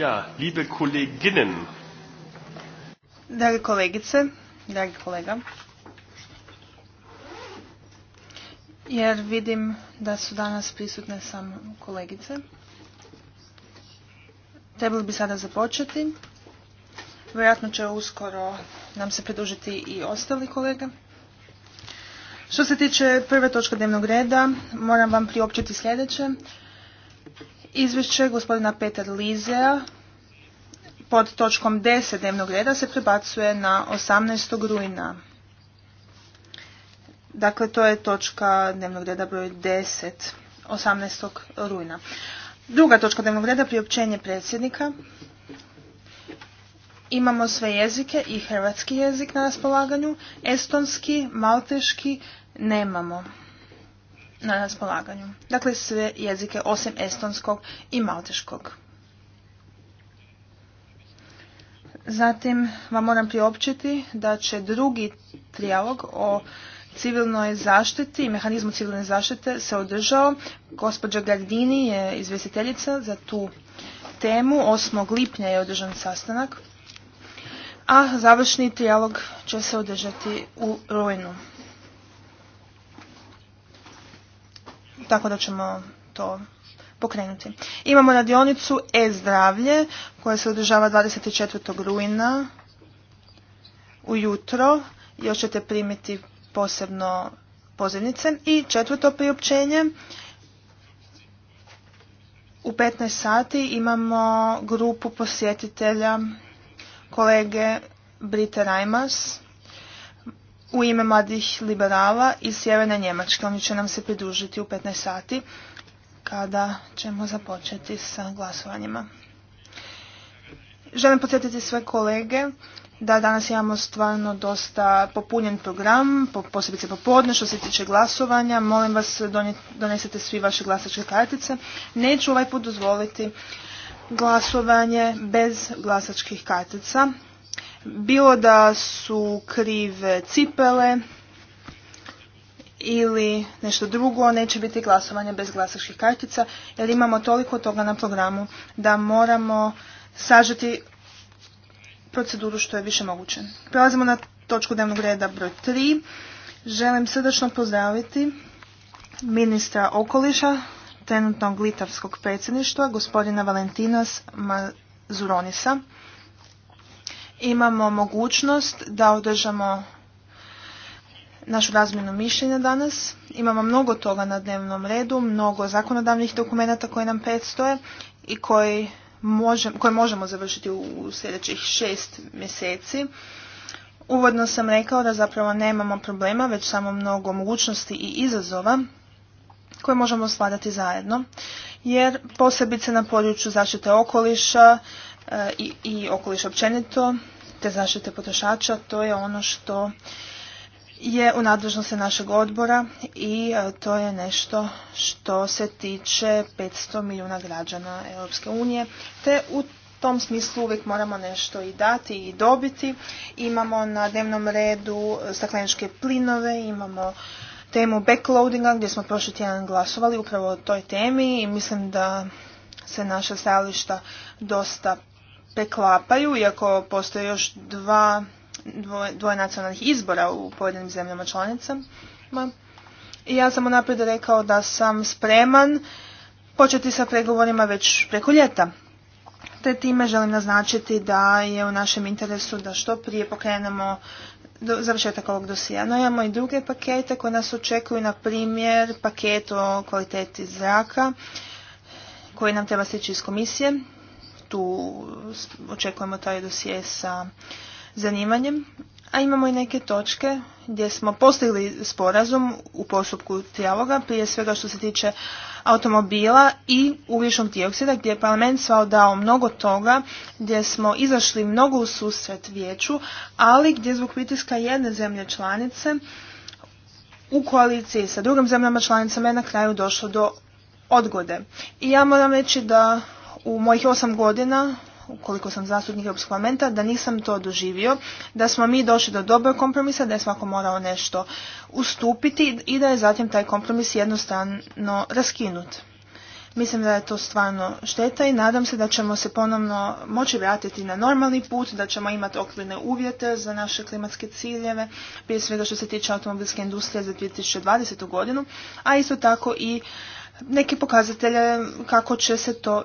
Ja, liebe Kolleginnen. Drage kolegice, dragi kolega. Jer vidim da su danas prisutne samo kolegice. Trebali bi sada započeti. Vjerojatno će uskoro nam se pridružiti i ostali kolega. Što se tiče prve točke dnevnog reda, moram vam priopćiti sljedeće. Izvješće gospodina Peter Lizea pod točkom 10 dnevnog reda se prebacuje na 18. rujna. Dakle, to je točka dnevnog reda broj 10, 18. rujna. Druga točka dnevnog reda, priopćenje predsjednika. Imamo sve jezike i hrvatski jezik na raspolaganju, estonski, malteški nemamo na raspolaganju. Dakle, sve jezike osim estonskog i malteškog. Zatim vam moram priopćiti da će drugi trijalog o civilnoj zaštiti i mehanizmu civilne zaštite se održao. Gospođa Gardini je izvjestiteljica za tu temu. 8. lipnja je održan sastanak, a završni trijalog će se održati u rujnu. tako da ćemo to pokrenuti. Imamo radionicu e-zdravlje koja se održava 24. rujna ujutro. Još ćete primiti posebno pozivnice. I četvrto priopćenje. U 15 sati imamo grupu posjetitelja kolege Brite u ime mladih liberala iz sjeverne Njemačke. Oni će nam se pridružiti u 15 sati kada ćemo započeti sa glasovanjima. Želim podsjetiti sve kolege da danas imamo stvarno dosta popunjen program, posebice popodne što se tiče glasovanja. Molim vas donesete svi vaše glasačke kartice. Neću ovaj put dozvoliti glasovanje bez glasačkih kartica. Bilo da su krive cipele ili nešto drugo, neće biti glasovanje bez glasačkih kartica, jer imamo toliko toga na programu da moramo sažeti proceduru što je više moguće. Prelazimo na točku dnevnog reda broj 3. Želim srdačno pozdraviti ministra okoliša trenutnog litavskog predsjedništva, gospodina Valentinas Mazuronisa imamo mogućnost da održamo našu razmjenu mišljenja danas. Imamo mnogo toga na dnevnom redu, mnogo zakonodavnih dokumenata koje nam predstoje i koje možemo završiti u sljedećih šest mjeseci. Uvodno sam rekao da zapravo nemamo problema, već samo mnogo mogućnosti i izazova koje možemo svladati zajedno, jer posebice na području zaštite okoliša, i, okoliš općenito te zaštite potrošača, to je ono što je u nadležnosti našeg odbora i e, to je nešto što se tiče 500 milijuna građana Europske unije, te u tom smislu uvijek moramo nešto i dati i dobiti. Imamo na dnevnom redu e, stakleničke plinove, imamo temu backloadinga gdje smo prošli tjedan glasovali upravo o toj temi i mislim da se naša stajališta dosta preklapaju, iako postoje još dva dvoje, nacionalnih izbora u pojedinim zemljama članicama. I ja sam unaprijed rekao da sam spreman početi sa pregovorima već preko ljeta. Te time želim naznačiti da je u našem interesu da što prije pokrenemo završetak ovog dosija. No imamo i druge pakete koje nas očekuju, na primjer paket o kvaliteti zraka koji nam treba stići iz komisije tu očekujemo taj dosije sa zanimanjem. A imamo i neke točke gdje smo postigli sporazum u postupku dijaloga prije svega što se tiče automobila i ugljičnog dioksida gdje je parlament svao dao mnogo toga, gdje smo izašli mnogo u susret vijeću, ali gdje zbog pritiska jedne zemlje članice u koaliciji sa drugim zemljama članicama je na kraju došlo do odgode. I ja moram reći da u mojih osam godina koliko sam zastupnik Europskog da nisam to doživio, da smo mi došli do dobrog kompromisa, da je svako morao nešto ustupiti i da je zatim taj kompromis jednostavno raskinut. Mislim da je to stvarno šteta i nadam se da ćemo se ponovno moći vratiti na normalni put, da ćemo imati okvirne uvjete za naše klimatske ciljeve, prije svega što se tiče automobilske industrije za 2020. godinu, a isto tako i neke pokazatelje kako će se to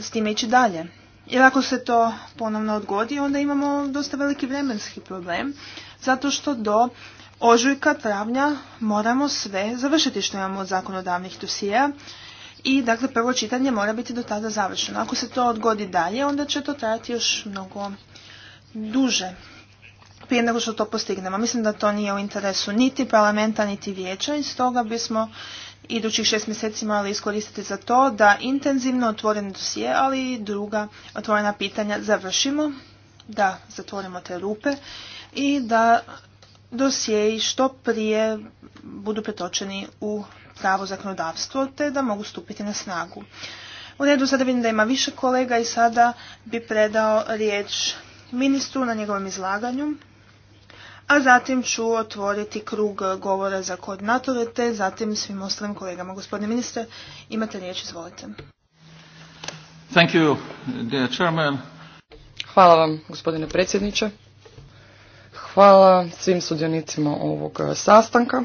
s time ići dalje. Jer ako se to ponovno odgodi, onda imamo dosta veliki vremenski problem, zato što do ožujka, travnja moramo sve završiti što imamo od zakonodavnih dosija i dakle prvo čitanje mora biti do tada završeno. Ako se to odgodi dalje, onda će to trajati još mnogo duže prije nego što to postignemo. Mislim da to nije u interesu niti parlamenta, niti vijeća i stoga bismo idućih šest mjeseci morali iskoristiti za to da intenzivno otvorene dosije, ali i druga otvorena pitanja završimo, da zatvorimo te rupe i da dosjeji što prije budu pretočeni u pravo zakonodavstvo te da mogu stupiti na snagu. U redu sada vidim da ima više kolega i sada bi predao riječ ministru na njegovom izlaganju a zatim ću otvoriti krug govora za koordinatore, te zatim svim ostalim kolegama. Gospodine ministre, imate riječ, izvolite. Thank you, dear chairman. Hvala vam, gospodine predsjedniče. Hvala svim sudionicima ovog e, sastanka.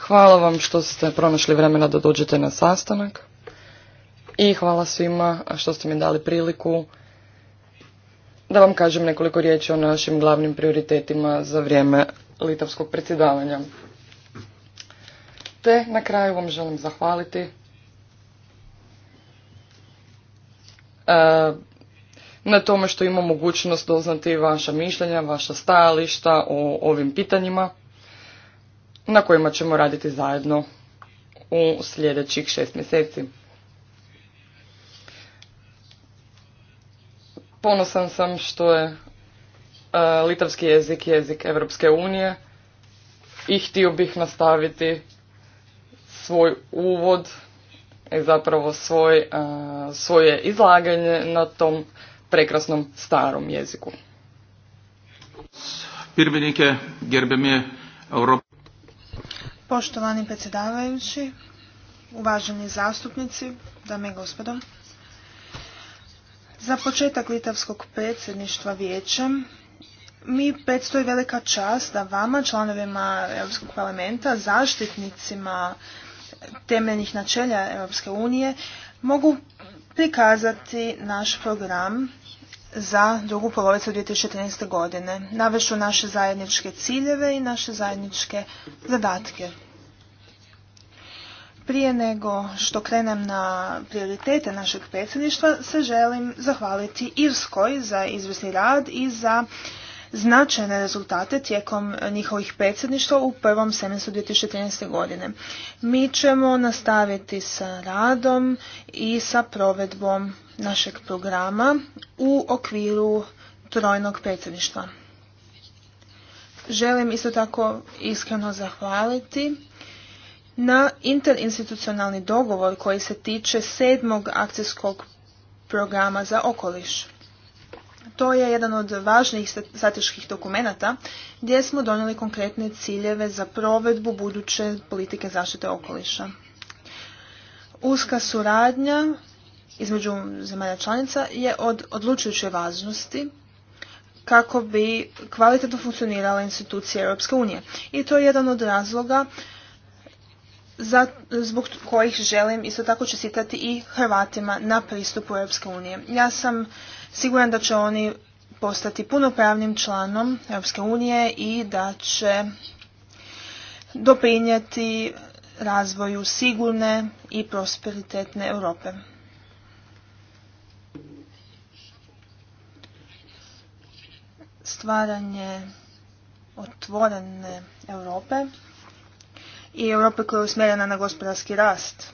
Hvala vam što ste pronašli vremena da dođete na sastanak. I hvala svima što ste mi dali priliku da vam kažem nekoliko riječi o našim glavnim prioritetima za vrijeme litavskog predsjedavanja. Te na kraju vam želim zahvaliti e, na tome što imam mogućnost doznati vaša mišljenja, vaša stajališta o ovim pitanjima na kojima ćemo raditi zajedno u sljedećih šest mjeseci. Ponosan sam što je e, litavski jezik jezik Europske unije i htio bih nastaviti svoj uvod i zapravo svoj, e, svoje izlaganje na tom prekrasnom starom jeziku. Pirbenike, Poštovani predsjedavajući, uvaženi zastupnici, dame i gospodo. Za početak litavskog predsjedništva vijećem mi predstoji velika čast da vama, članovima Europskog parlamenta, zaštitnicima temeljnih načelja Europske unije, mogu prikazati naš program za drugu polovicu 2014. godine. Navešu naše zajedničke ciljeve i naše zajedničke zadatke. Prije nego što krenem na prioritete našeg predsjedništva, se želim zahvaliti Irskoj za izvrsni rad i za značajne rezultate tijekom njihovih predsjedništva u prvom semestru 2013. godine. Mi ćemo nastaviti sa radom i sa provedbom našeg programa u okviru trojnog predsjedništva. Želim isto tako iskreno zahvaliti na interinstitucionalni dogovor koji se tiče sedmog akcijskog programa za okoliš. To je jedan od važnijih strateških dokumenata gdje smo donijeli konkretne ciljeve za provedbu buduće politike zaštite okoliša. Uska suradnja između zemalja članica je od odlučujuće važnosti kako bi kvalitetno funkcionirala institucija Europske unije. I to je jedan od razloga za, zbog kojih želim isto tako čestitati i Hrvatima na pristupu Europske unije. Ja sam siguran da će oni postati punopravnim članom Europske unije i da će doprinijeti razvoju sigurne i prosperitetne Europe. Stvaranje otvorene Europe i Europe koja je usmjerena na gospodarski rast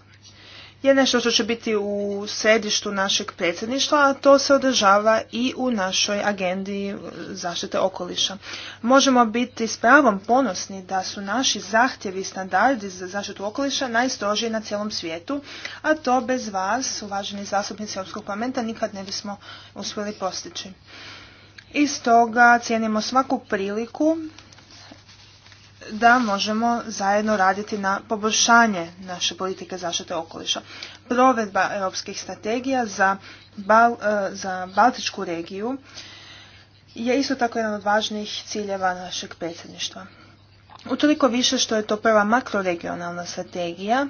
je nešto što će biti u središtu našeg predsjedništva, a to se održava i u našoj agendi zaštite okoliša. Možemo biti s pravom ponosni da su naši zahtjevi i standardi za zaštitu okoliša najstrožiji na cijelom svijetu, a to bez vas, uvaženi zastupnici Europskog parlamenta, nikad ne bismo uspjeli postići. I toga cijenimo svaku priliku da možemo zajedno raditi na poboljšanje naše politike zaštite okoliša. Provedba europskih strategija za, e, za Baltičku regiju je isto tako jedan od važnijih ciljeva našeg predsjedništva. Utoliko više što je to prva makroregionalna strategija,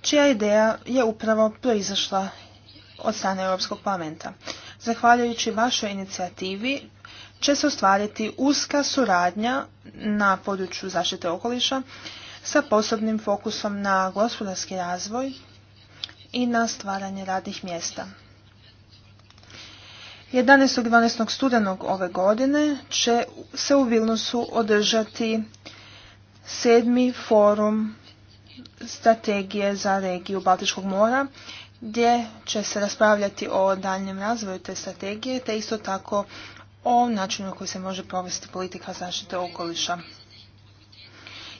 čija ideja je upravo proizašla od strane Europskog parlamenta. Zahvaljujući vašoj inicijativi će se ostvariti uska suradnja na području zaštite okoliša sa posebnim fokusom na gospodarski razvoj i na stvaranje radnih mjesta. 11. i 12. studenog ove godine će se u Vilnusu održati sedmi forum strategije za regiju Baltičkog mora gdje će se raspravljati o daljnjem razvoju te strategije te isto tako o načinu na koji se može provesti politika zaštite okoliša.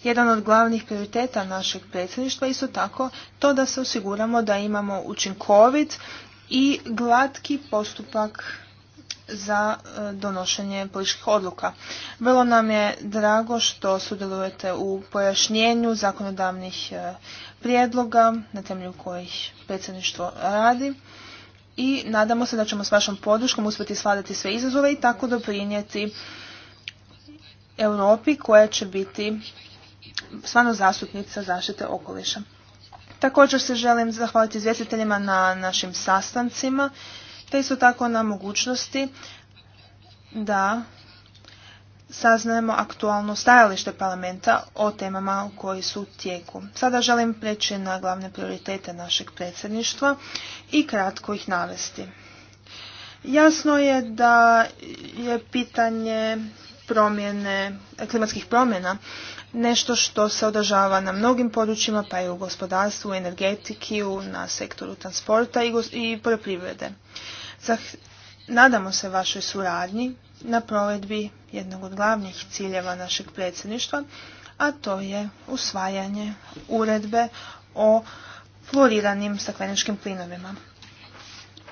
Jedan od glavnih prioriteta našeg predsjedništva isto tako to da se osiguramo da imamo učinkovit i glatki postupak za e, donošenje političkih odluka. Vrlo nam je drago što sudjelujete u pojašnjenju zakonodavnih e, prijedloga na temelju kojih predsjedništvo radi i nadamo se da ćemo s vašom podrškom uspjeti sladati sve izazove i tako doprinijeti Europi koja će biti stvarno zastupnica zaštite okoliša. Također se želim zahvaliti izvjestiteljima na našim sastancima, te isto tako na mogućnosti da saznajemo aktualno stajalište parlamenta o temama koji su u tijeku. Sada želim preći na glavne prioritete našeg predsjedništva i kratko ih navesti. Jasno je da je pitanje promjene, klimatskih promjena nešto što se održava na mnogim područjima, pa i u gospodarstvu, u energetiki, u, na sektoru transporta i, i poljoprivrede. Nadamo se vašoj suradnji na provedbi jednog od glavnih ciljeva našeg predsjedništva, a to je usvajanje uredbe o floriranim stakleničkim plinovima.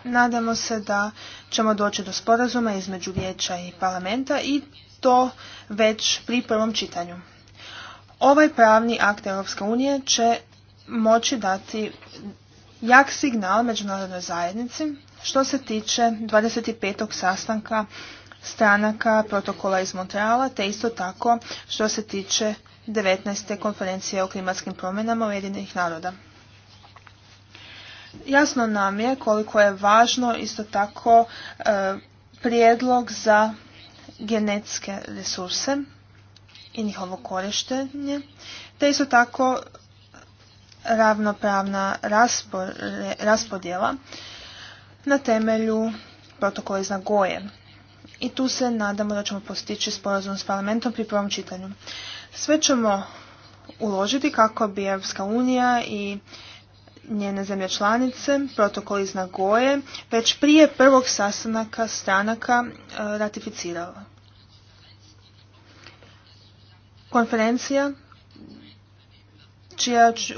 Nadamo se da ćemo doći do sporazuma između vijeća i parlamenta i to već pri prvom čitanju. Ovaj pravni akt Europske unije će moći dati jak signal međunarodnoj zajednici što se tiče 25. sastanka stranaka protokola iz Montreala, te isto tako što se tiče 19. konferencije o klimatskim promjenama UNA. naroda. Jasno nam je koliko je važno isto tako e, prijedlog za genetske resurse i njihovo korištenje, te isto tako ravnopravna raspodjela na temelju protokola iz Nagoje i tu se nadamo da ćemo postići sporazum s parlamentom pri prvom čitanju. Sve ćemo uložiti kako bi Europska unija i njene zemlje članice, protokol iz Nagoje, već prije prvog sastanaka stranaka e, ratificirala. Konferencija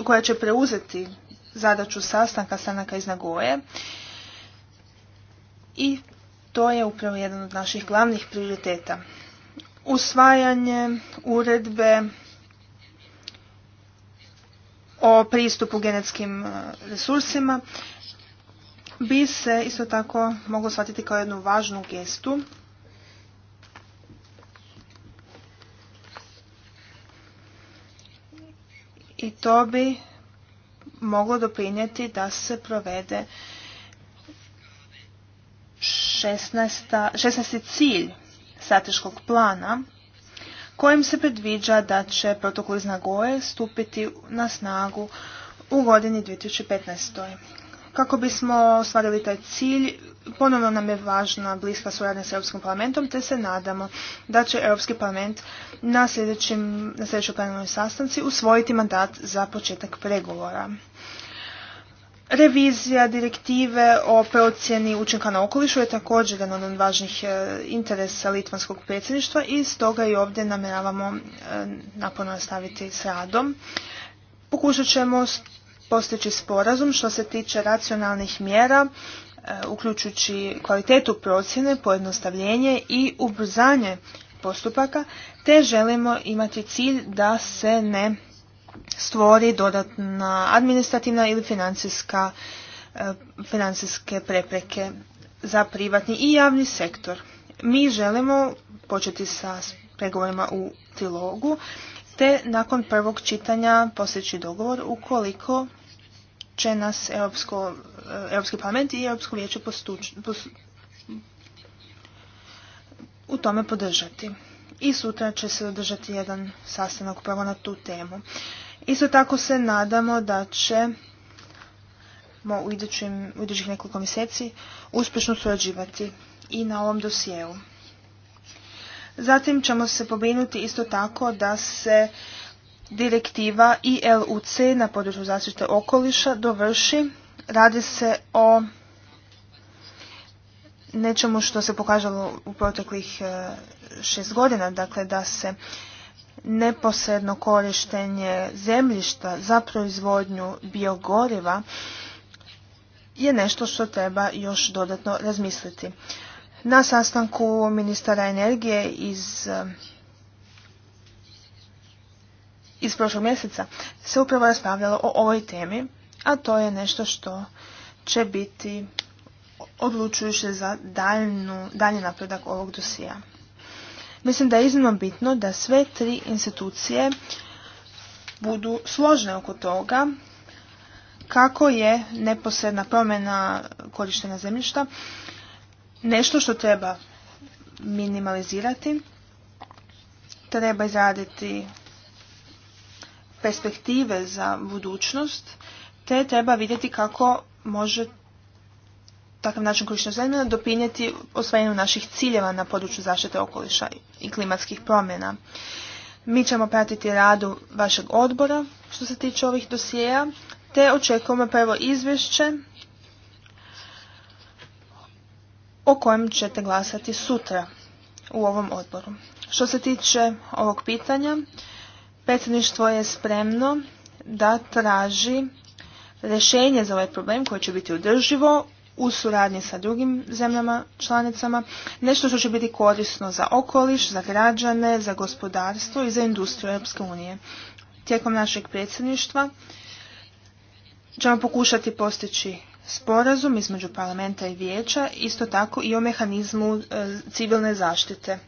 koja će preuzeti zadaću sastanka stranaka iz Nagoje i to je upravo jedan od naših glavnih prioriteta. Usvajanje uredbe o pristupu genetskim e, resursima bi se isto tako moglo shvatiti kao jednu važnu gestu i to bi moglo doprinijeti da se provede 16. cilj strateškog plana kojim se predviđa da će protokol iz Nagoje stupiti na snagu u godini 2015. Kako bismo ostvarili taj cilj, ponovno nam je važna bliska suradnja s Europskim parlamentom, te se nadamo da će Europski parlament na sljedećem, na sljedećoj plenarnoj sastanci usvojiti mandat za početak pregovora. Revizija direktive o procjeni učinka na okolišu je također jedan od važnih e, interesa litvanskog predsjedništva i stoga i ovdje namjeravamo e, naporno nastaviti s radom. Pokušat ćemo postići sporazum što se tiče racionalnih mjera e, uključujući kvalitetu procjene, pojednostavljenje i ubrzanje postupaka, te želimo imati cilj da se ne stvori dodatna administrativna ili financijska, e, financijske prepreke za privatni i javni sektor. Mi želimo početi sa pregovorima u trilogu te nakon prvog čitanja postići dogovor ukoliko će nas Europsko, e, Europski parlament i Europsko vijeće u tome podržati i sutra će se održati jedan sastanak upravo na tu temu. Isto tako se nadamo da će u idućih nekoliko mjeseci uspješno surađivati i na ovom dosjeu. Zatim ćemo se pobrinuti isto tako da se direktiva ILUC na području zaštite okoliša dovrši. Radi se o nečemu što se pokazalo u proteklih e, šest godina, dakle da se neposredno korištenje zemljišta za proizvodnju biogoriva je nešto što treba još dodatno razmisliti. Na sastanku ministara energije iz e, iz prošlog mjeseca se upravo raspravljalo o ovoj temi, a to je nešto što će biti odlučujuće za daljnu, napredak ovog dosija. Mislim da je iznimno bitno da sve tri institucije budu složne oko toga kako je neposredna promjena korištenja zemljišta nešto što treba minimalizirati, treba izraditi perspektive za budućnost, te treba vidjeti kako može takav način korištenja zemljena doprinijeti osvajanju naših ciljeva na području zaštite okoliša i klimatskih promjena. Mi ćemo pratiti radu vašeg odbora što se tiče ovih dosijeja, te očekujemo prvo izvješće o kojem ćete glasati sutra u ovom odboru. Što se tiče ovog pitanja, predsjedništvo je spremno da traži rješenje za ovaj problem koje će biti održivo u suradnji sa drugim zemljama članicama, nešto što će biti korisno za okoliš, za građane, za gospodarstvo i za industriju Europske unije. Tijekom našeg predsjedništva ćemo pokušati postići sporazum između parlamenta i vijeća, isto tako i o mehanizmu e, civilne zaštite.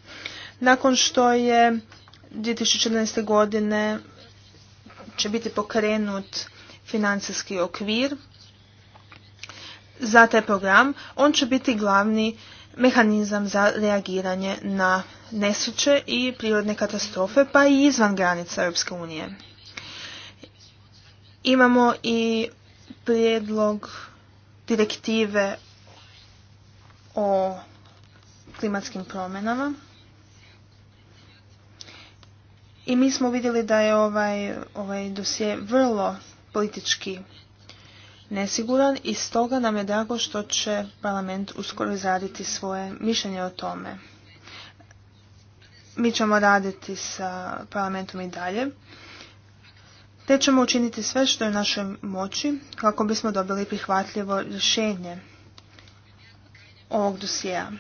Nakon što je 2014. godine će biti pokrenut financijski okvir za taj program, on će biti glavni mehanizam za reagiranje na nesreće i prirodne katastrofe, pa i izvan granica Europske unije. Imamo i prijedlog direktive o klimatskim promjenama. I mi smo vidjeli da je ovaj, ovaj dosje vrlo politički nesiguran i stoga nam je drago što će parlament uskoro izraditi svoje mišljenje o tome. Mi ćemo raditi sa parlamentom i dalje, te ćemo učiniti sve što je u našoj moći kako bismo dobili prihvatljivo rješenje ovog dosjea.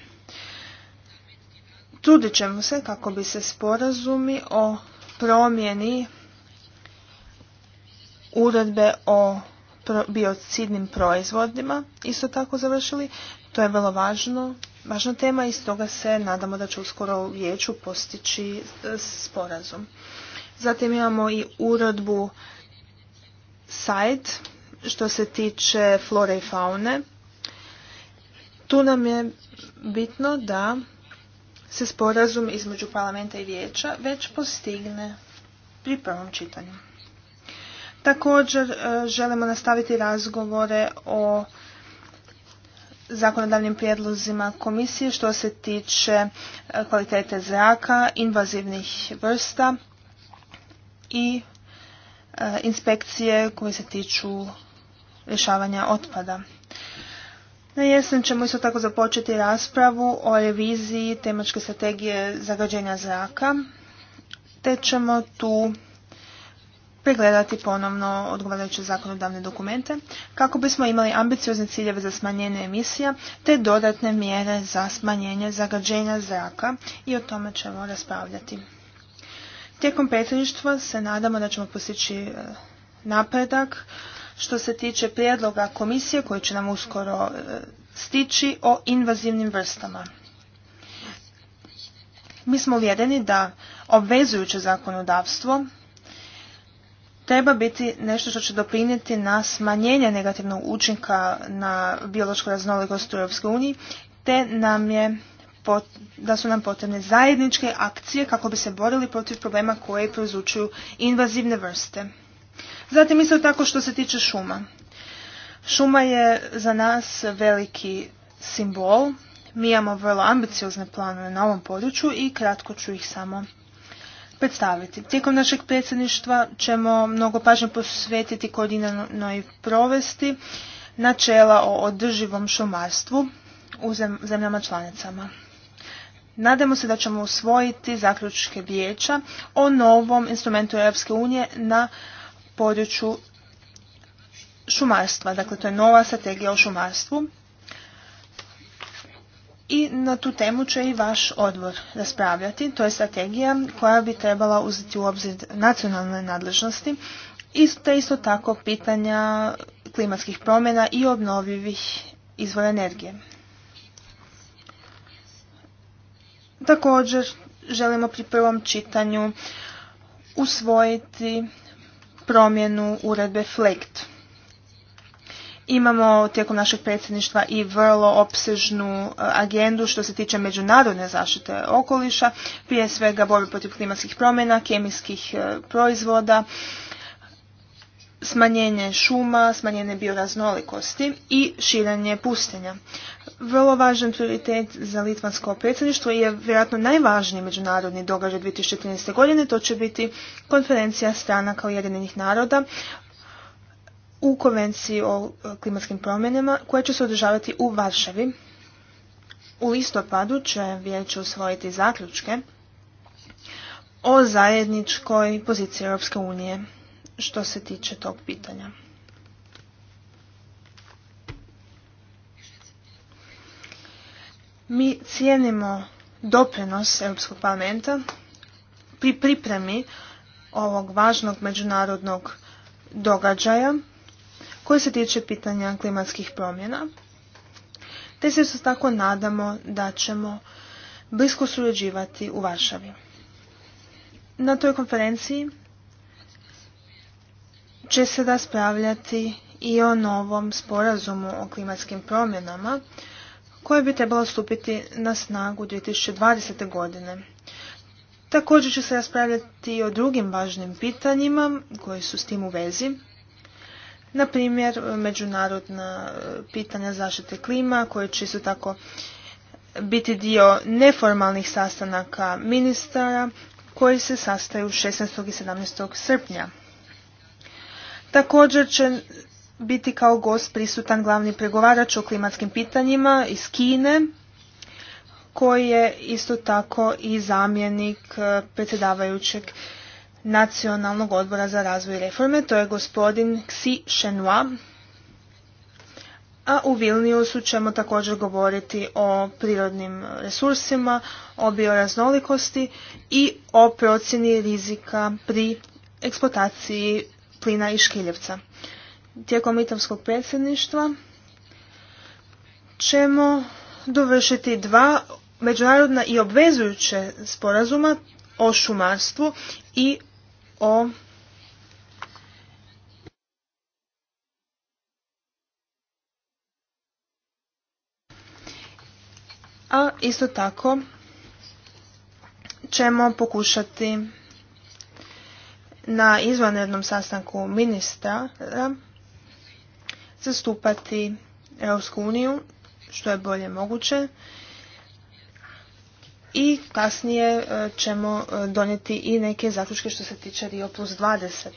Trudit ćemo se kako bi se sporazumi o promjeni uredbe o biocidnim proizvodima isto tako završili. To je vrlo važno, važna tema i stoga se nadamo da će uskoro u vijeću postići e, sporazum. Zatim imamo i uredbu SAID što se tiče flore i faune. Tu nam je bitno da se sporazum između parlamenta i vijeća već postigne pri prvom čitanju. Također e, želimo nastaviti razgovore o zakonodavnim prijedlozima komisije što se tiče e, kvalitete zraka, invazivnih vrsta i e, inspekcije koje se tiču rješavanja otpada. Na jesen ćemo isto tako započeti raspravu o reviziji temačke strategije zagađenja zraka, te ćemo tu pregledati ponovno odgovarajuće zakonodavne dokumente kako bismo imali ambiciozne ciljeve za smanjenje emisija te dodatne mjere za smanjenje zagađenja zraka i o tome ćemo raspravljati. Tijekom petrištva se nadamo da ćemo postići e, napredak što se tiče prijedloga komisije koji će nam uskoro e, stići o invazivnim vrstama. Mi smo uvjereni da obvezujuće zakonodavstvo treba biti nešto što će doprinijeti na smanjenje negativnog učinka na biološku raznolikost u EU, te nam je da su nam potrebne zajedničke akcije kako bi se borili protiv problema koje prouzročuju invazivne vrste. Zatim isto tako što se tiče šuma. Šuma je za nas veliki simbol. Mi imamo vrlo ambiciozne planove na ovom području i kratko ću ih samo predstaviti. Tijekom našeg predsjedništva ćemo mnogo pažnje posvetiti koordinanoj provesti načela o održivom šumarstvu u zemljama članicama. Nadamo se da ćemo usvojiti zaključke vijeća o novom instrumentu Europske unije na području šumarstva. Dakle, to je nova strategija o šumarstvu i na tu temu će i vaš odbor raspravljati. To je strategija koja bi trebala uzeti u obzir nacionalne nadležnosti i te isto tako pitanja klimatskih promjena i obnovljivih izvora energije. Također želimo pri prvom čitanju usvojiti promjenu uredbe FLECT. Imamo tijekom našeg predsjedništva i vrlo opsežnu e, agendu što se tiče međunarodne zaštite okoliša, prije svega borbe protiv klimatskih promjena, kemijskih e, proizvoda, smanjenje šuma, smanjenje bioraznolikosti i širenje pustinja. Vrlo važan prioritet za litvansko predsjedništvo je vjerojatno najvažniji međunarodni događaj 2013. godine, to će biti konferencija stranaka Ujedinjenih naroda u konvenciji o e, klimatskim promjenama koja će se održavati u Varšavi. U listopadu će vijeće usvojiti zaključke o zajedničkoj poziciji Europske unije što se tiče tog pitanja. Mi cijenimo doprinos Europskog parlamenta pri pripremi ovog važnog međunarodnog događaja koji se tiče pitanja klimatskih promjena. Te se isto tako nadamo da ćemo blisko surađivati u Varšavi. Na toj konferenciji će se raspravljati i o novom sporazumu o klimatskim promjenama koje bi trebalo stupiti na snagu 2020. godine. Također će se raspravljati i o drugim važnim pitanjima koji su s tim u vezi, na primjer, međunarodna e, pitanja zaštite klima koje će isto tako biti dio neformalnih sastanaka ministara koji se sastaju 16. i 17. srpnja. Također će biti kao gost prisutan glavni pregovarač o klimatskim pitanjima iz Kine, koji je isto tako i zamjenik e, predsjedavajućeg Nacionalnog odbora za razvoj i reforme, to je gospodin Xi Shenhua. A u Vilniusu ćemo također govoriti o prirodnim resursima, o bioraznolikosti i o procjeni rizika pri eksploataciji plina i škiljevca. Tijekom itavskog predsjedništva ćemo dovršiti dva međunarodna i obvezujuće sporazuma o šumarstvu i o a isto tako ćemo pokušati na izvanrednom sastanku ministra zastupati Europsku uniju što je bolje moguće i kasnije e, ćemo e, donijeti i neke zaključke što se tiče Rio plus 20.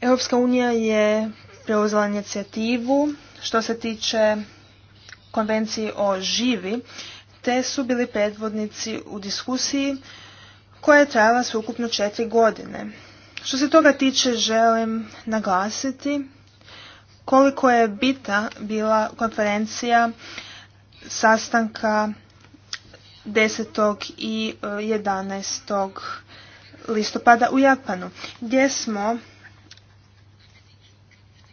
Europska unija je preuzela inicijativu što se tiče konvenciji o živi, te su bili predvodnici u diskusiji koja je trajala ukupno četiri godine. Što se toga tiče želim naglasiti koliko je bita bila konferencija sastanka 10. i 11. E, listopada u Japanu, gdje smo,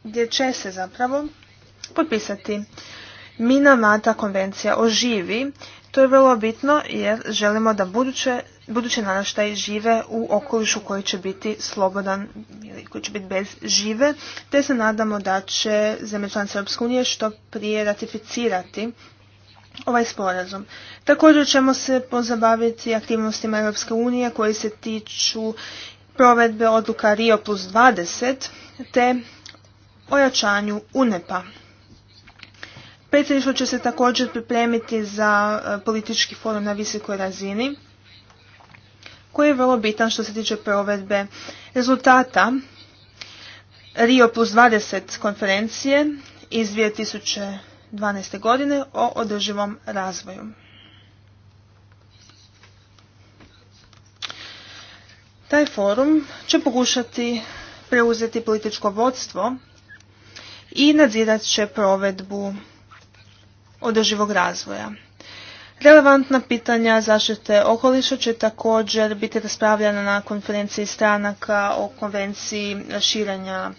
gdje će se zapravo potpisati Minamata konvencija o živi. To je vrlo bitno jer želimo da buduće, buduće žive u okolišu koji će biti slobodan, koji će biti bez žive, te se nadamo da će zemlje članice Europske unije što prije ratificirati ovaj sporazum. Također ćemo se pozabaviti aktivnostima Europske unije koji se tiču provedbe odluka Rio plus 20 te ojačanju UNEPA. Predsjedništvo će se također pripremiti za e, politički forum na visokoj razini koji je vrlo bitan što se tiče provedbe rezultata Rio plus 20 konferencije iz 2012. godine o održivom razvoju. Taj forum će pokušati preuzeti političko vodstvo i nadzirat će provedbu održivog razvoja. Relevantna pitanja zaštite okoliša će također biti raspravljena na konferenciji stranaka o konvenciji širenja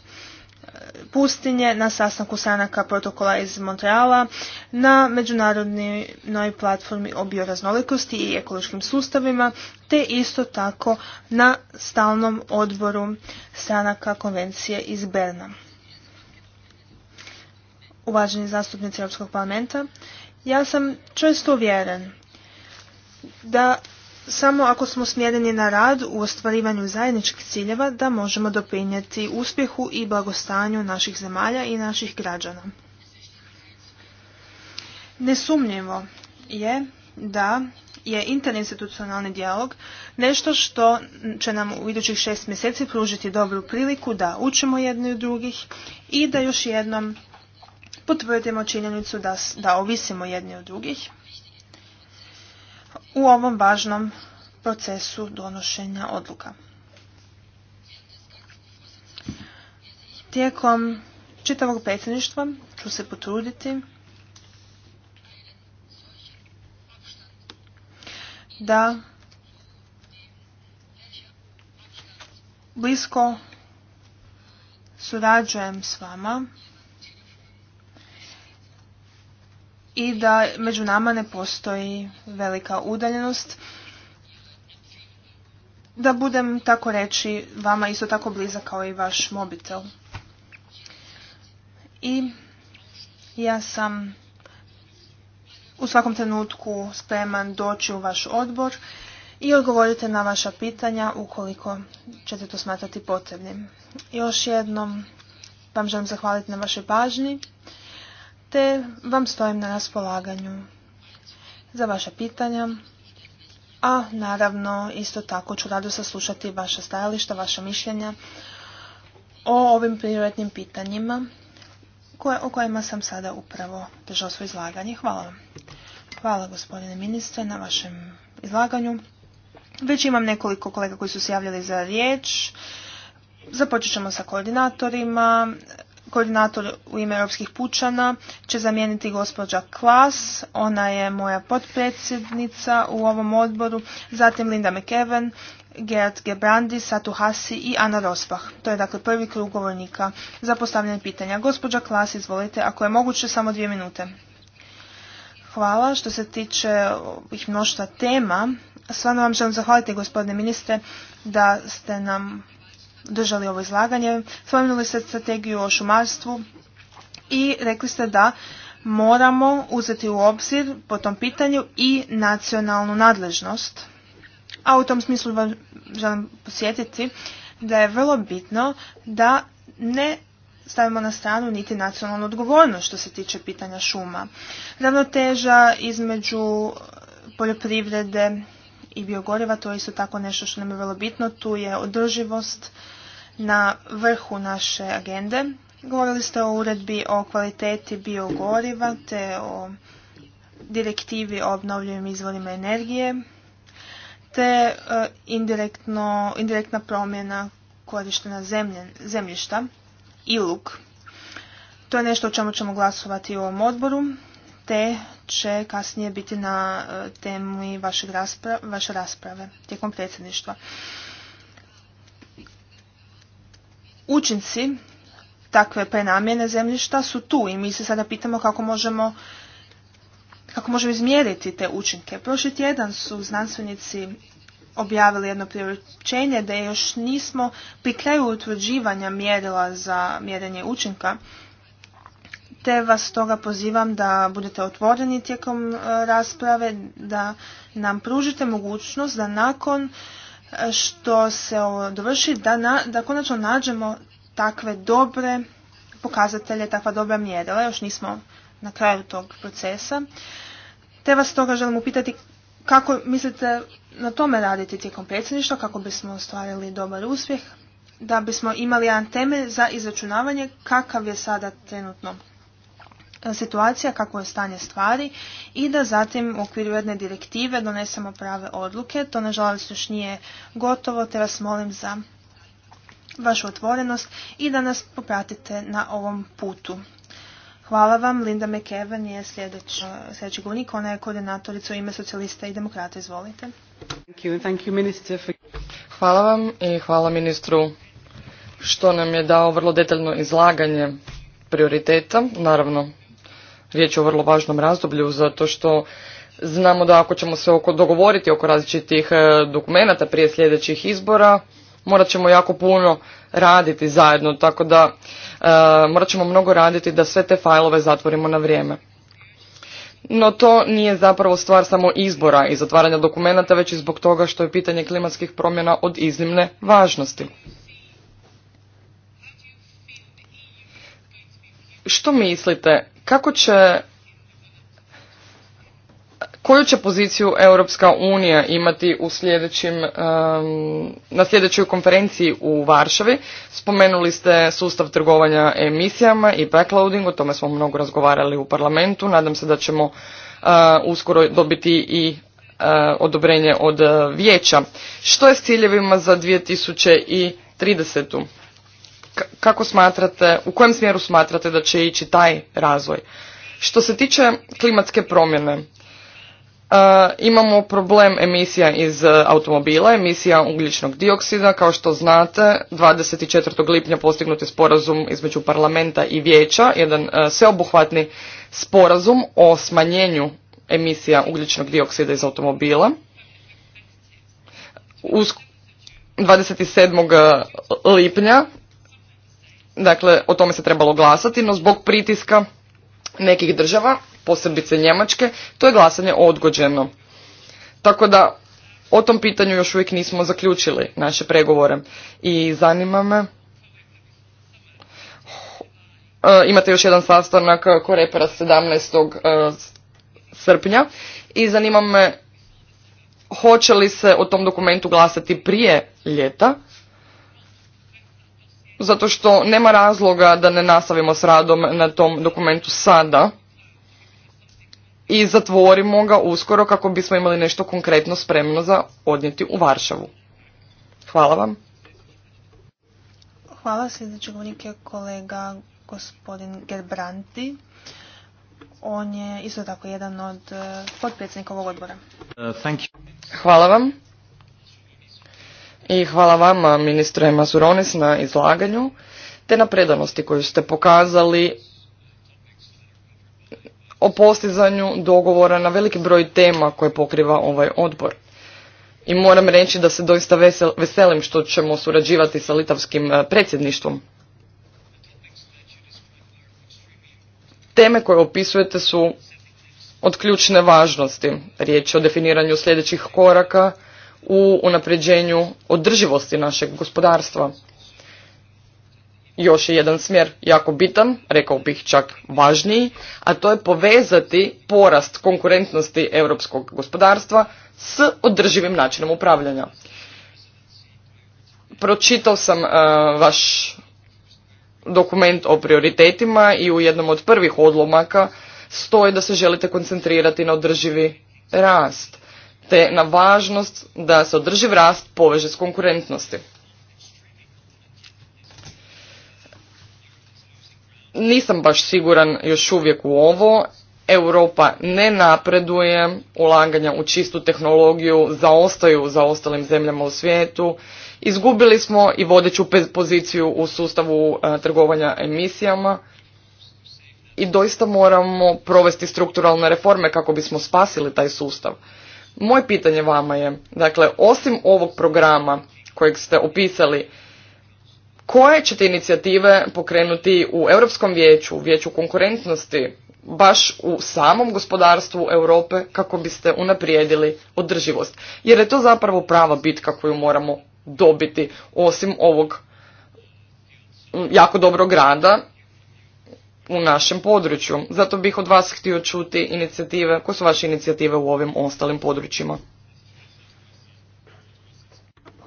pustinje na sastanku stranaka protokola iz Montreala na međunarodnoj platformi o bioraznolikosti i ekološkim sustavima te isto tako na stalnom odboru stranaka konvencije iz Berna. Uvaženi zastupnici Europskog parlamenta, ja sam često uvjeren da samo ako smo smjereni na rad u ostvarivanju zajedničkih ciljeva da možemo doprinijeti uspjehu i blagostanju naših zemalja i naših građana. Nesumnjivo je da je interinstitucionalni dijalog nešto što će nam u idućih šest mjeseci pružiti dobru priliku da učimo jedni od drugih i da još jednom potvrdimo činjenicu da, da ovisimo jedni od drugih u ovom važnom procesu donošenja odluka. Tijekom čitavog predsjedništva ću se potruditi da blisko surađujem s vama i da među nama ne postoji velika udaljenost. Da budem tako reći vama isto tako bliza kao i vaš mobitel. I ja sam u svakom trenutku spreman doći u vaš odbor i odgovorite na vaša pitanja ukoliko ćete to smatrati potrebnim. Još jednom vam želim zahvaliti na vašoj pažnji vam stojim na raspolaganju za vaša pitanja. A naravno isto tako ću rado saslušati vaša stajališta, vaša mišljenja o ovim prioritetnim pitanjima koje, o kojima sam sada upravo držao svoje izlaganje. Hvala vam. Hvala gospodine ministre na vašem izlaganju. Već imam nekoliko kolega koji su se javljali za riječ. Započet ćemo sa koordinatorima. Koordinator u ime Europskih pučana će zamijeniti gospođa Klas, ona je moja potpredsjednica u ovom odboru, zatim Linda McEwen, Gerard Gebrandi, Satu Hasi i Ana Rosbach. To je dakle prvi krug govornika za postavljanje pitanja. Gospođa Klas, izvolite, ako je moguće, samo dvije minute. Hvala. Što se tiče ovih mnoštva tema, stvarno vam želim zahvaliti gospodine ministre da ste nam držali ovo izlaganje, spomenuli ste strategiju o šumarstvu i rekli ste da moramo uzeti u obzir po tom pitanju i nacionalnu nadležnost. A u tom smislu vam želim posjetiti da je vrlo bitno da ne stavimo na stranu niti nacionalnu odgovornost što se tiče pitanja šuma. Ravnoteža između poljoprivrede i biogoriva, to je isto tako nešto što nam je vrlo bitno. Tu je održivost na vrhu naše agende. Govorili ste o uredbi o kvaliteti biogoriva te o direktivi o obnovljivim izvorima energije te e, indirektno, indirektna promjena korištena zemljišta i luk. To je nešto o čemu ćemo glasovati u ovom odboru, te će kasnije biti na e, temi vaše rasprave tijekom predsjedništva učinci takve prenamjene zemljišta su tu i mi se sada pitamo kako možemo kako možemo izmjeriti te učinke. Prošli tjedan su znanstvenici objavili jedno priručenje da još nismo pri kraju utvrđivanja mjerila za mjerenje učinka, te vas toga pozivam da budete otvoreni tijekom e, rasprave, da nam pružite mogućnost da nakon što se ovo dovrši, da, da konačno nađemo takve dobre pokazatelje, takva dobra mjerila. Još nismo na kraju tog procesa. Te vas toga želim upitati kako mislite na tome raditi tijekom predsjedništva, kako bismo ostvarili dobar uspjeh, da bismo imali jedan temelj za izračunavanje kakav je sada trenutno E, situacija, kako je stanje stvari i da zatim u okviru jedne direktive donesemo prave odluke. To nažalost još nije gotovo, te vas molim za vašu otvorenost i da nas popratite na ovom putu. Hvala vam, Linda McEwen je sljedeć, sljedeći govornik, ona je koordinatorica u ime socijalista i demokrata, izvolite. Hvala vam i hvala ministru što nam je dao vrlo detaljno izlaganje prioriteta, naravno Riječ je o vrlo važnom razdoblju zato što znamo da ako ćemo se oko, dogovoriti oko različitih e, dokumenata prije sljedećih izbora, morat ćemo jako puno raditi zajedno, tako da e, morat ćemo mnogo raditi da sve te fajlove zatvorimo na vrijeme. No to nije zapravo stvar samo izbora i zatvaranja dokumenata, već i zbog toga što je pitanje klimatskih promjena od iznimne važnosti. Što mislite, kako će koju će poziciju Europska unija imati u sljedećim, na sljedećoj konferenciji u Varšavi? Spomenuli ste sustav trgovanja emisijama i backloading, o tome smo mnogo razgovarali u parlamentu. Nadam se da ćemo eh, uskoro dobiti i eh, odobrenje od eh, vijeća. Što je s ciljevima za 2030 kako smatrate, u kojem smjeru smatrate da će ići taj razvoj? Što se tiče klimatske promjene, e, imamo problem emisija iz e, automobila, emisija ugljičnog dioksida. Kao što znate, 24. lipnja postignut je sporazum između parlamenta i vijeća, jedan e, sveobuhvatni sporazum o smanjenju emisija ugljičnog dioksida iz automobila. Uz 27. lipnja Dakle, o tome se trebalo glasati, no zbog pritiska nekih država, posebice Njemačke, to je glasanje odgođeno. Tako da o tom pitanju još uvijek nismo zaključili naše pregovore. I zanima me, eh, imate još jedan sastanak Korepera 17. Eh, srpnja i zanima me hoće li se o tom dokumentu glasati prije ljeta zato što nema razloga da ne nastavimo s radom na tom dokumentu sada i zatvorimo ga uskoro kako bismo imali nešto konkretno spremno za odnijeti u Varšavu. Hvala vam. Hvala, kolega gospodin Gerbranti. On je isto tako jedan od eh, potpredsjednika ovog odbora. Uh, Hvala vam i hvala vama ministre Mazuronis na izlaganju te na predanosti koju ste pokazali o postizanju dogovora na veliki broj tema koje pokriva ovaj odbor. I moram reći da se doista veselim što ćemo surađivati sa litavskim e, predsjedništvom. Teme koje opisujete su od ključne važnosti. Riječ je o definiranju sljedećih koraka, u unapređenju održivosti našeg gospodarstva. Još je jedan smjer jako bitan, rekao bih čak važniji, a to je povezati porast konkurentnosti europskog gospodarstva s održivim načinom upravljanja. Pročitao sam e, vaš dokument o prioritetima i u jednom od prvih odlomaka stoji da se želite koncentrirati na održivi rast te na važnost da se održiv rast poveže s konkurentnosti. Nisam baš siguran još uvijek u ovo. Europa ne napreduje, ulaganja u čistu tehnologiju zaostaju za ostalim zemljama u svijetu. Izgubili smo i vodeću poziciju u sustavu e, trgovanja emisijama i doista moramo provesti strukturalne reforme kako bismo spasili taj sustav. Moje pitanje vama je, dakle, osim ovog programa kojeg ste opisali, koje ćete inicijative pokrenuti u Europskom vijeću, u vijeću konkurentnosti, baš u samom gospodarstvu Europe kako biste unaprijedili održivost? Jer je to zapravo prava bitka koju moramo dobiti, osim ovog jako dobrog rada u našem području. Zato bih od vas htio čuti inicijative, koje su vaše inicijative u ovim ostalim područjima.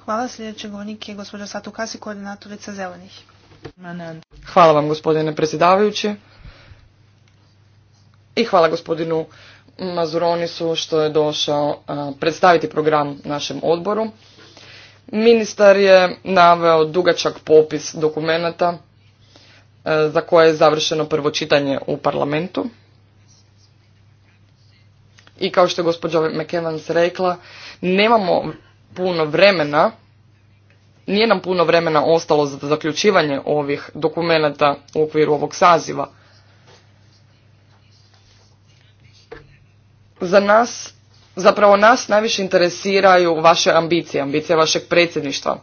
Hvala. Sljedeći govornik gospođa Satu Kasi, koordinatorica Zelenih. Hvala vam gospodine predsjedavajući. I hvala gospodinu Mazuronisu što je došao predstaviti program našem odboru. Ministar je naveo dugačak popis dokumenata E, za koje je završeno prvo čitanje u parlamentu. I kao što je gospođa McEvans rekla, nemamo puno vremena, nije nam puno vremena ostalo za zaključivanje ovih dokumenata u okviru ovog saziva. Za nas, zapravo nas najviše interesiraju vaše ambicije, ambicije vašeg predsjedništva.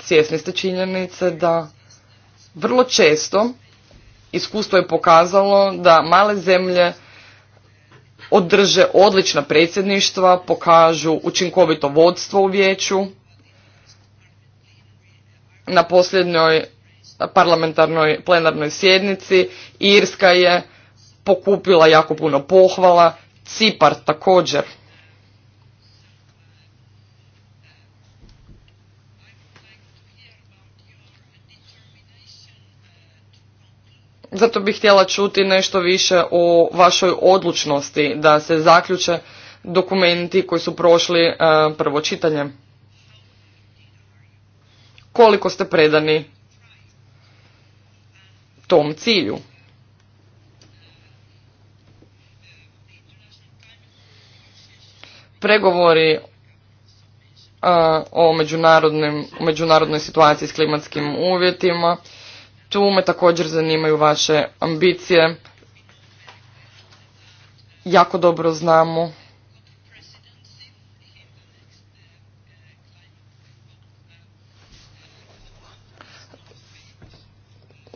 Svjesni ste činjenice da vrlo često iskustvo je pokazalo da male zemlje održe odlična predsjedništva, pokažu učinkovito vodstvo u vijeću. Na posljednjoj parlamentarnoj plenarnoj sjednici Irska je pokupila jako puno pohvala, Cipar također. Zato bih htjela čuti nešto više o vašoj odlučnosti da se zaključe dokumenti koji su prošli e, prvo čitanje. Koliko ste predani tom cilju? Pregovori e, o međunarodnoj situaciji s klimatskim uvjetima tu me također zanimaju vaše ambicije. Jako dobro znamo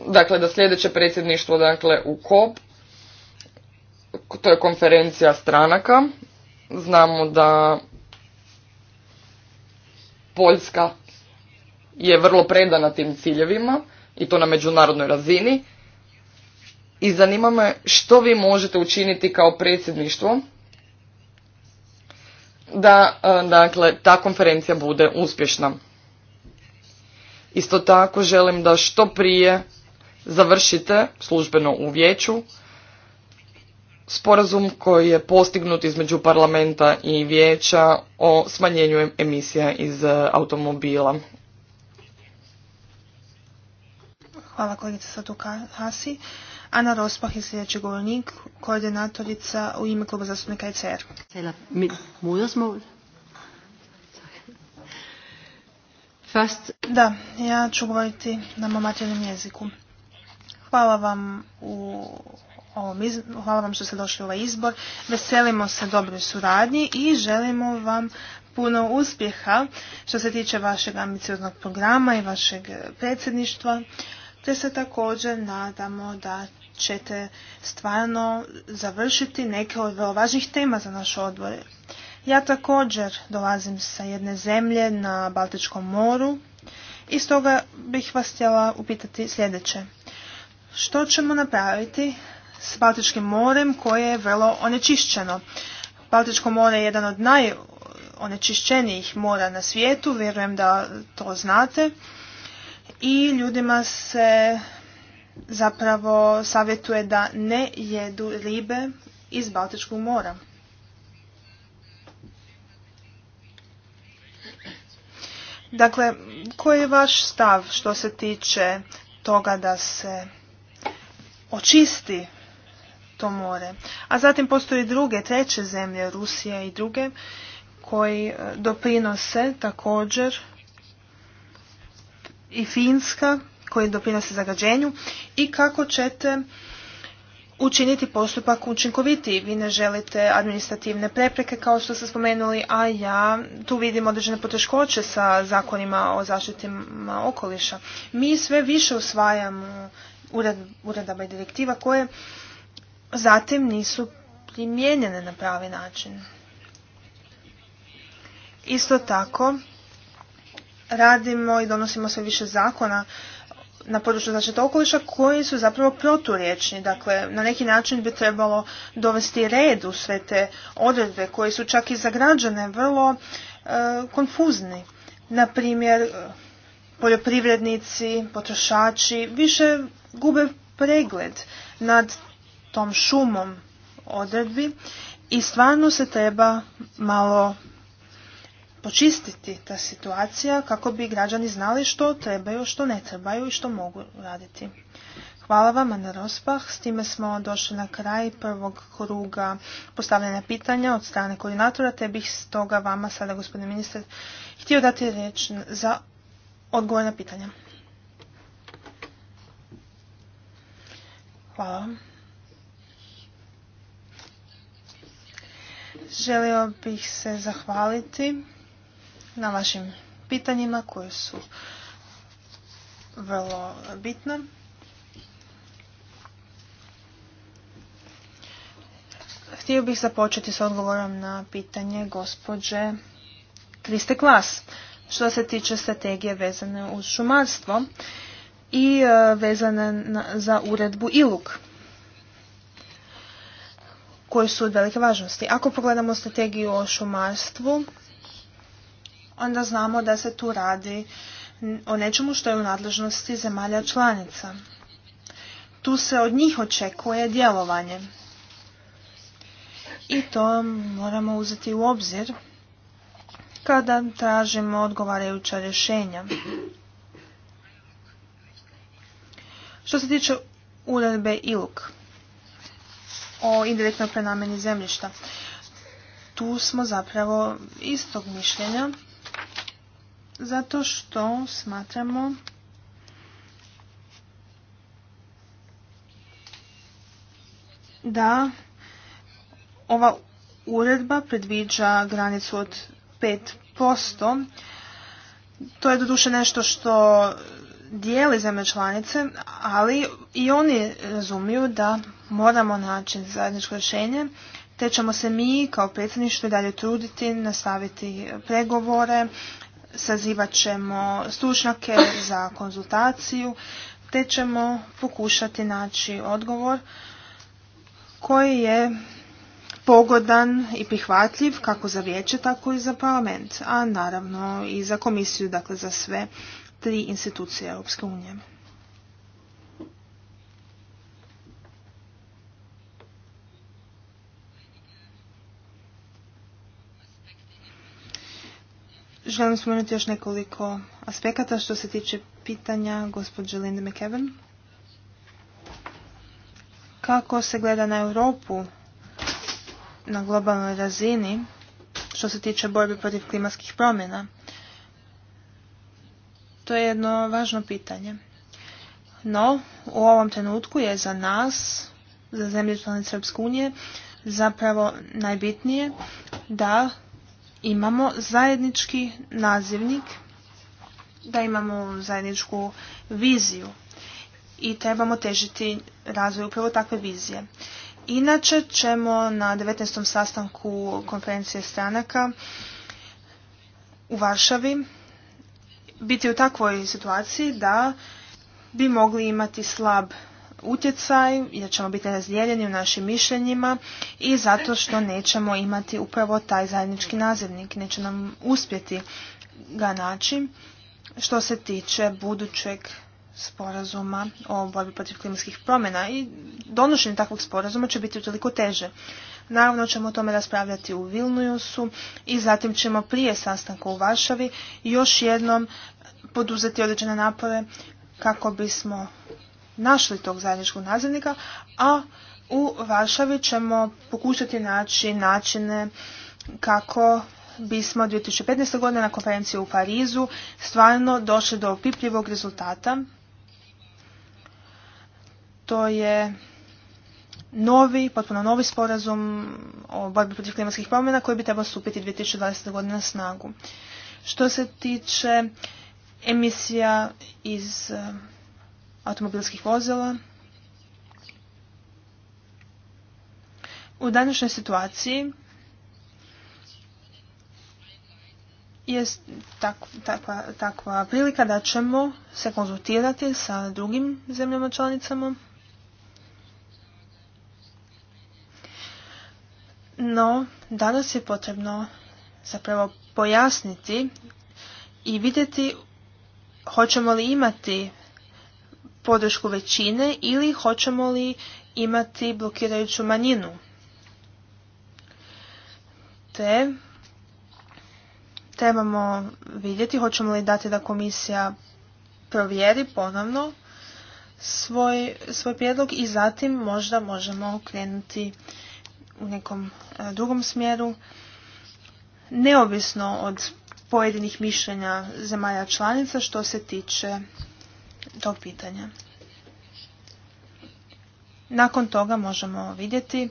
dakle da sljedeće predsjedništvo dakle u KOP to je konferencija stranaka znamo da Poljska je vrlo predana tim ciljevima i to na međunarodnoj razini. I zanima me što vi možete učiniti kao predsjedništvo da e, dakle, ta konferencija bude uspješna. Isto tako želim da što prije završite službeno u vijeću sporazum koji je postignut između parlamenta i vijeća o smanjenju emisija iz e, automobila Hvala kolegice Satu Hasi. Ana Rospah je sljedeći govornik, koordinatorica u ime kluba zastupnika ECR. Da, ja ću govoriti na mom jeziku. Hvala vam u ovom iz... hvala vam što ste došli u ovaj izbor. Veselimo se dobroj suradnji i želimo vam puno uspjeha što se tiče vašeg ambicioznog programa i vašeg predsjedništva te se također nadamo da ćete stvarno završiti neke od vrlo važnih tema za naš odbor. Ja također dolazim sa jedne zemlje na Baltičkom moru i stoga bih vas htjela upitati sljedeće. Što ćemo napraviti s Baltičkim morem koje je vrlo onečišćeno? Baltičko more je jedan od najonečišćenijih mora na svijetu, vjerujem da to znate i ljudima se zapravo savjetuje da ne jedu ribe iz Baltičkog mora. Dakle, koji je vaš stav što se tiče toga da se očisti to more? A zatim postoji druge, treće zemlje, Rusija i druge, koji e, doprinose također i Finska koji doprinose zagađenju i kako ćete učiniti postupak učinkovitiji. Vi ne želite administrativne prepreke kao što ste spomenuli, a ja tu vidim određene poteškoće sa zakonima o zaštitima okoliša. Mi sve više usvajamo ured, uredaba i direktiva koje zatim nisu primijenjene na pravi način. Isto tako, radimo i donosimo sve više zakona na području zaštite okoliša koji su zapravo proturječni. Dakle, na neki način bi trebalo dovesti red u sve te odredbe koje su čak i za građane vrlo e, konfuzni. Na primjer, e, poljoprivrednici, potrošači više gube pregled nad tom šumom odredbi i stvarno se treba malo počistiti ta situacija kako bi građani znali što trebaju, što ne trebaju i što mogu raditi. Hvala vam, na Rospah. S time smo došli na kraj prvog kruga postavljanja pitanja od strane koordinatora, te bih stoga vama sada, gospodine ministar, htio dati riječ za odgovor na pitanja. Hvala vam. Želio bih se zahvaliti na vašim pitanjima koje su vrlo bitna. Htio bih započeti s odgovorom na pitanje gospođe Kriste Klas što se tiče strategije vezane uz šumarstvo i e, vezane za uredbu ILUK koje su od velike važnosti. Ako pogledamo strategiju o šumarstvu, onda znamo da se tu radi o nečemu što je u nadležnosti zemalja članica. Tu se od njih očekuje djelovanje. I to moramo uzeti u obzir kada tražimo odgovarajuća rješenja. Što se tiče uredbe ILUK o indirektnoj prenameni zemljišta, tu smo zapravo istog mišljenja zato što smatramo da ova uredba predviđa granicu od 5%. To je doduše nešto što dijeli zemlje članice, ali i oni razumiju da moramo naći zajedničko rješenje, te ćemo se mi kao predsjedništvo dalje truditi, nastaviti pregovore, sazivat ćemo stručnjake za konzultaciju, te ćemo pokušati naći odgovor koji je pogodan i prihvatljiv kako za vijeće, tako i za parlament, a naravno i za komisiju, dakle za sve tri institucije Europske unije. Želim spomenuti još nekoliko aspekata što se tiče pitanja gospođe Linde McKevin. Kako se gleda na Europu na globalnoj razini što se tiče borbe protiv klimatskih promjena? To je jedno važno pitanje. No, u ovom trenutku je za nas, za zemlje članice Srpske unije, zapravo najbitnije da imamo zajednički nazivnik, da imamo zajedničku viziju i trebamo težiti razvoju upravo takve vizije. Inače ćemo na 19. sastanku konferencije stranaka u Varšavi biti u takvoj situaciji da bi mogli imati slab utjecaj, jer ćemo biti razdijeljeni u našim mišljenjima i zato što nećemo imati upravo taj zajednički nazivnik, neće nam uspjeti ga naći što se tiče budućeg sporazuma o borbi protiv klimatskih promjena i donošenje takvog sporazuma će biti utoliko teže. Naravno ćemo o tome raspravljati u Vilnujusu i zatim ćemo prije sastanka u Varšavi još jednom poduzeti određene napore kako bismo našli tog zajedničkog nazivnika, a u Varšavi ćemo pokušati naći načine kako bismo 2015. godine na konferenciji u Parizu stvarno došli do opipljivog rezultata. To je novi, potpuno novi sporazum o borbi protiv klimatskih promjena koji bi trebao stupiti 2020. godine na snagu. Što se tiče emisija iz automobilskih vozila. U današnjoj situaciji je takva, takva prilika da ćemo se konzultirati sa drugim zemljama članicama. No, danas je potrebno zapravo pojasniti i vidjeti hoćemo li imati podršku većine ili hoćemo li imati blokirajuću manjinu. Te trebamo vidjeti hoćemo li dati da komisija provjeri ponovno svoj, svoj prijedlog i zatim možda možemo krenuti u nekom e, drugom smjeru neovisno od pojedinih mišljenja zemalja članica što se tiče tog pitanja. Nakon toga možemo vidjeti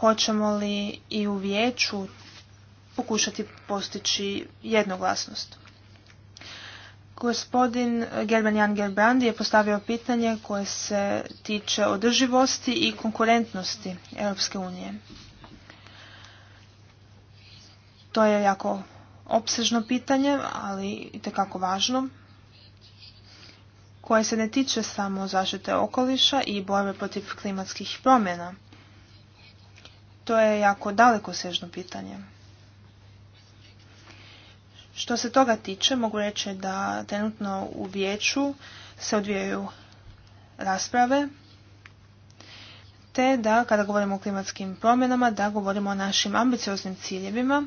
hoćemo li i u vijeću pokušati postići jednoglasnost. Gospodin German Jan Gerbrandi je postavio pitanje koje se tiče održivosti i konkurentnosti Europske unije. To je jako opsežno pitanje, ali i tekako važno koje se ne tiče samo zaštite okoliša i borbe protiv klimatskih promjena. To je jako daleko sežno pitanje. Što se toga tiče, mogu reći da trenutno u vijeću se odvijaju rasprave, te da kada govorimo o klimatskim promjenama, da govorimo o našim ambicioznim ciljevima,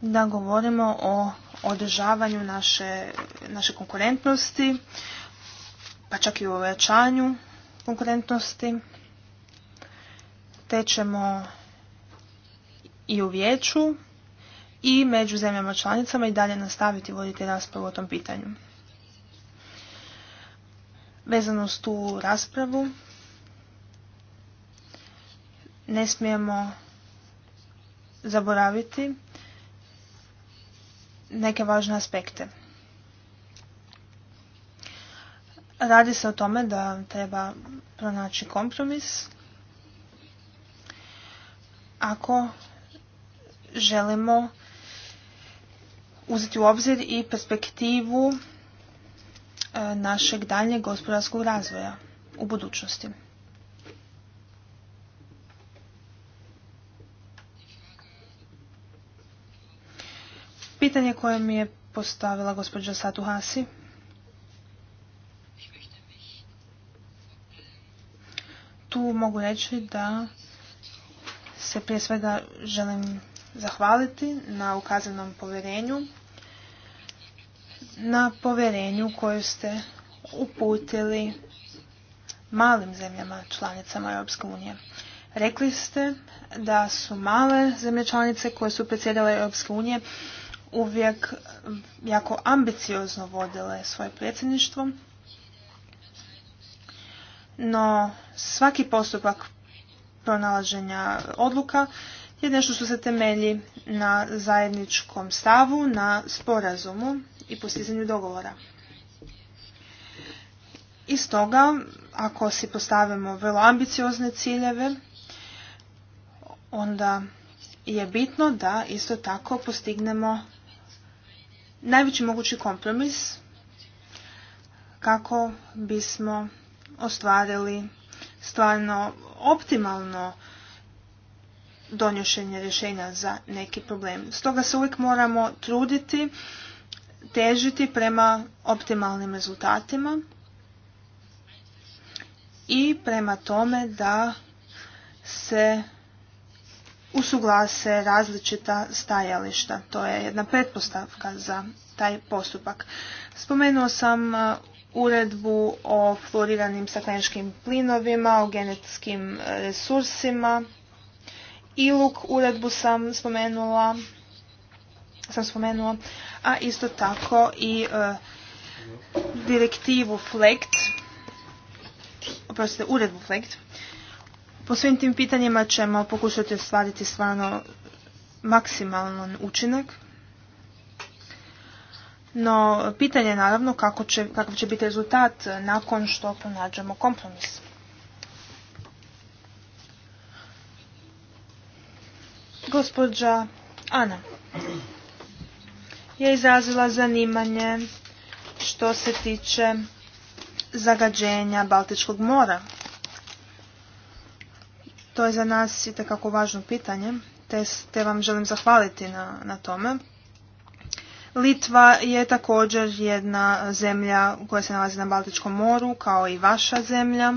da govorimo o održavanju naše, naše konkurentnosti, pa čak i u ojačanju konkurentnosti, te ćemo i u vijeću i među zemljama članicama i dalje nastaviti voditi raspravu o tom pitanju. Vezano s tu raspravu ne smijemo zaboraviti neke važne aspekte. Radi se o tome da treba pronaći kompromis ako želimo uzeti u obzir i perspektivu e, našeg daljnjeg gospodarskog razvoja u budućnosti. pitanje koje mi je postavila gospođa Satuhasi. Tu mogu reći da se prije svega želim zahvaliti na ukazanom povjerenju, na povjerenju koju ste uputili malim zemljama članicama Europske unije. Rekli ste da su male zemlje članice koje su predsjedale Europske unije uvijek jako ambiciozno vodile svoje predsjedništvo. No, svaki postupak pronalaženja odluka je nešto što se temelji na zajedničkom stavu, na sporazumu i postizanju dogovora. I stoga, ako si postavimo vrlo ambiciozne ciljeve, onda je bitno da isto tako postignemo najveći mogući kompromis kako bismo ostvarili stvarno optimalno donošenje rješenja za neki problem. Stoga se uvijek moramo truditi, težiti prema optimalnim rezultatima i prema tome da se usuglase različita stajališta. To je jedna pretpostavka za taj postupak. Spomenuo sam e, uredbu o floriranim stakleničkim plinovima, o genetskim resursima. ILUK uredbu sam spomenula, sam spomenula, a isto tako i e, direktivu FLECT, oprostite, uredbu FLECT, po svim tim pitanjima ćemo pokušati ostvariti stvarno maksimalan učinak. No, pitanje je naravno kako će, kakav će biti rezultat nakon što pronađemo kompromis. Gospođa Ana je izrazila zanimanje što se tiče zagađenja Baltičkog mora. To je za nas i važno pitanje, te, te vam želim zahvaliti na, tome. Litva je također jedna zemlja koja se nalazi na Baltičkom moru, kao i vaša zemlja.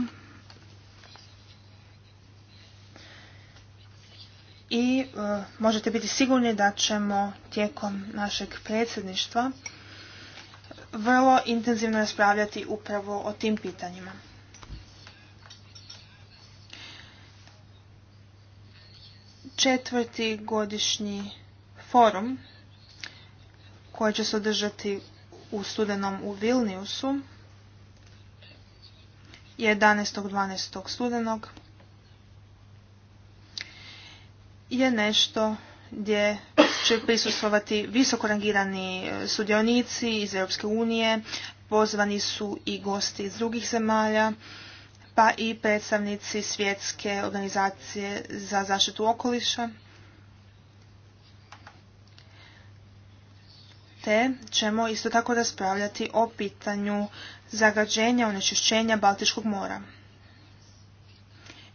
I e, možete biti sigurni da ćemo tijekom našeg predsjedništva vrlo intenzivno raspravljati upravo o tim pitanjima. četvrti godišnji forum koji će se održati u studenom u Vilniusu 11.12. studenog je nešto gdje će prisustvovati visoko rangirani e, sudionici iz Europske unije, pozvani su i gosti iz drugih zemalja, pa i predstavnici svjetske organizacije za zaštitu okoliša. Te ćemo isto tako raspravljati o pitanju zagađenja, onečišćenja Baltičkog mora.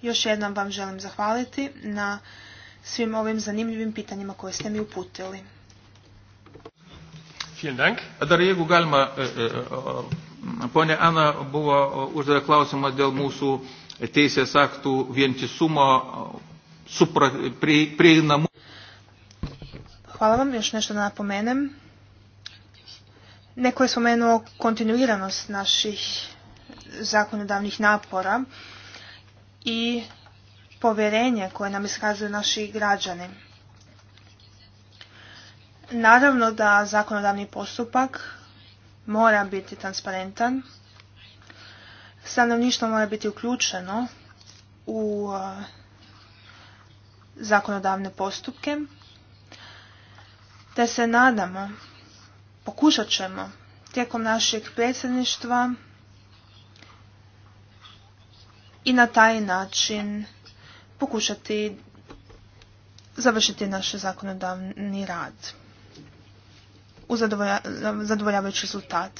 Još jednom vam želim zahvaliti na svim ovim zanimljivim pitanjima koje ste mi uputili. Vielen Pone Ana buvo e, uždavę klausimą dėl mūsų teisės aktų vientisumo e, prieinamų. Hvala vam, još nešto da napomenem. Neko je spomenuo kontinuiranost naših zakonodavnih napora i povjerenje koje nam iskazuju naši građani. Naravno da zakonodavni postupak mora biti transparentan. Stanovništvo mora biti uključeno u e, zakonodavne postupke. Te se nadamo, pokušat ćemo tijekom našeg predsjedništva i na taj način pokušati završiti naš zakonodavni rad u zadovoljavajući rezultat.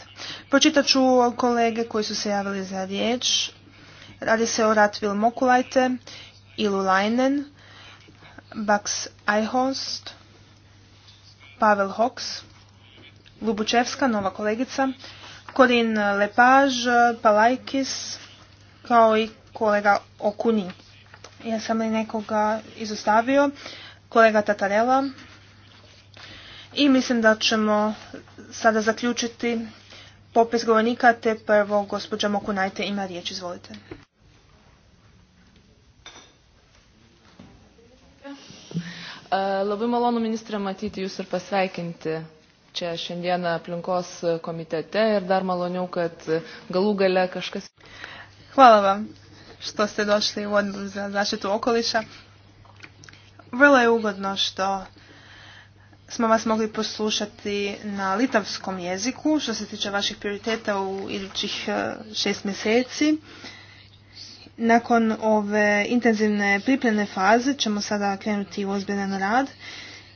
Pročitat ću kolege koji su se javili za riječ. Radi se o Ratvil Mokulajte, Ilu Lajnen, Baks Eihost, Pavel Hoks, Lubučevska, nova kolegica, Korin Lepaž, Palajkis, kao i kolega Okuni. Ja sam li nekoga izostavio? Kolega Tatarela, i mislim da ćemo sada zaključiti popis govornika, te prvo gospođa Mokunajte ima riječ, izvolite. E, Labai malonu ministrė matyti jūs ir pasveikinti čia šiandieną aplinkos komitete ir dar maloniau, kad galų gale kažkas. Hvala vam što ste došli u odbor za zaštitu okoliša. Vrlo je ugodno što smo vas mogli poslušati na litavskom jeziku što se tiče vaših prioriteta u idućih e, šest mjeseci. Nakon ove intenzivne pripremne faze ćemo sada krenuti u ozbiljan rad.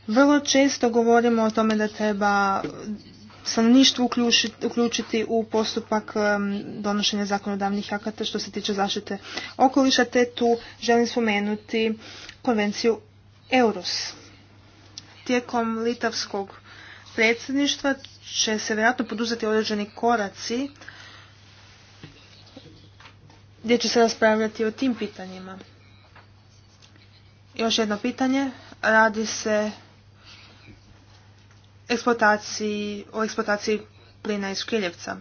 Vrlo često govorimo o tome da treba stanovništvo uključiti u postupak e, donošenja zakonodavnih akata što se tiče zaštite okoliša, te tu želim spomenuti konvenciju EUROS tijekom litavskog predsjedništva će se vjerojatno poduzeti određeni koraci gdje će se raspravljati o tim pitanjima. Još jedno pitanje. Radi se o eksploataciji plina iz Škriljevca.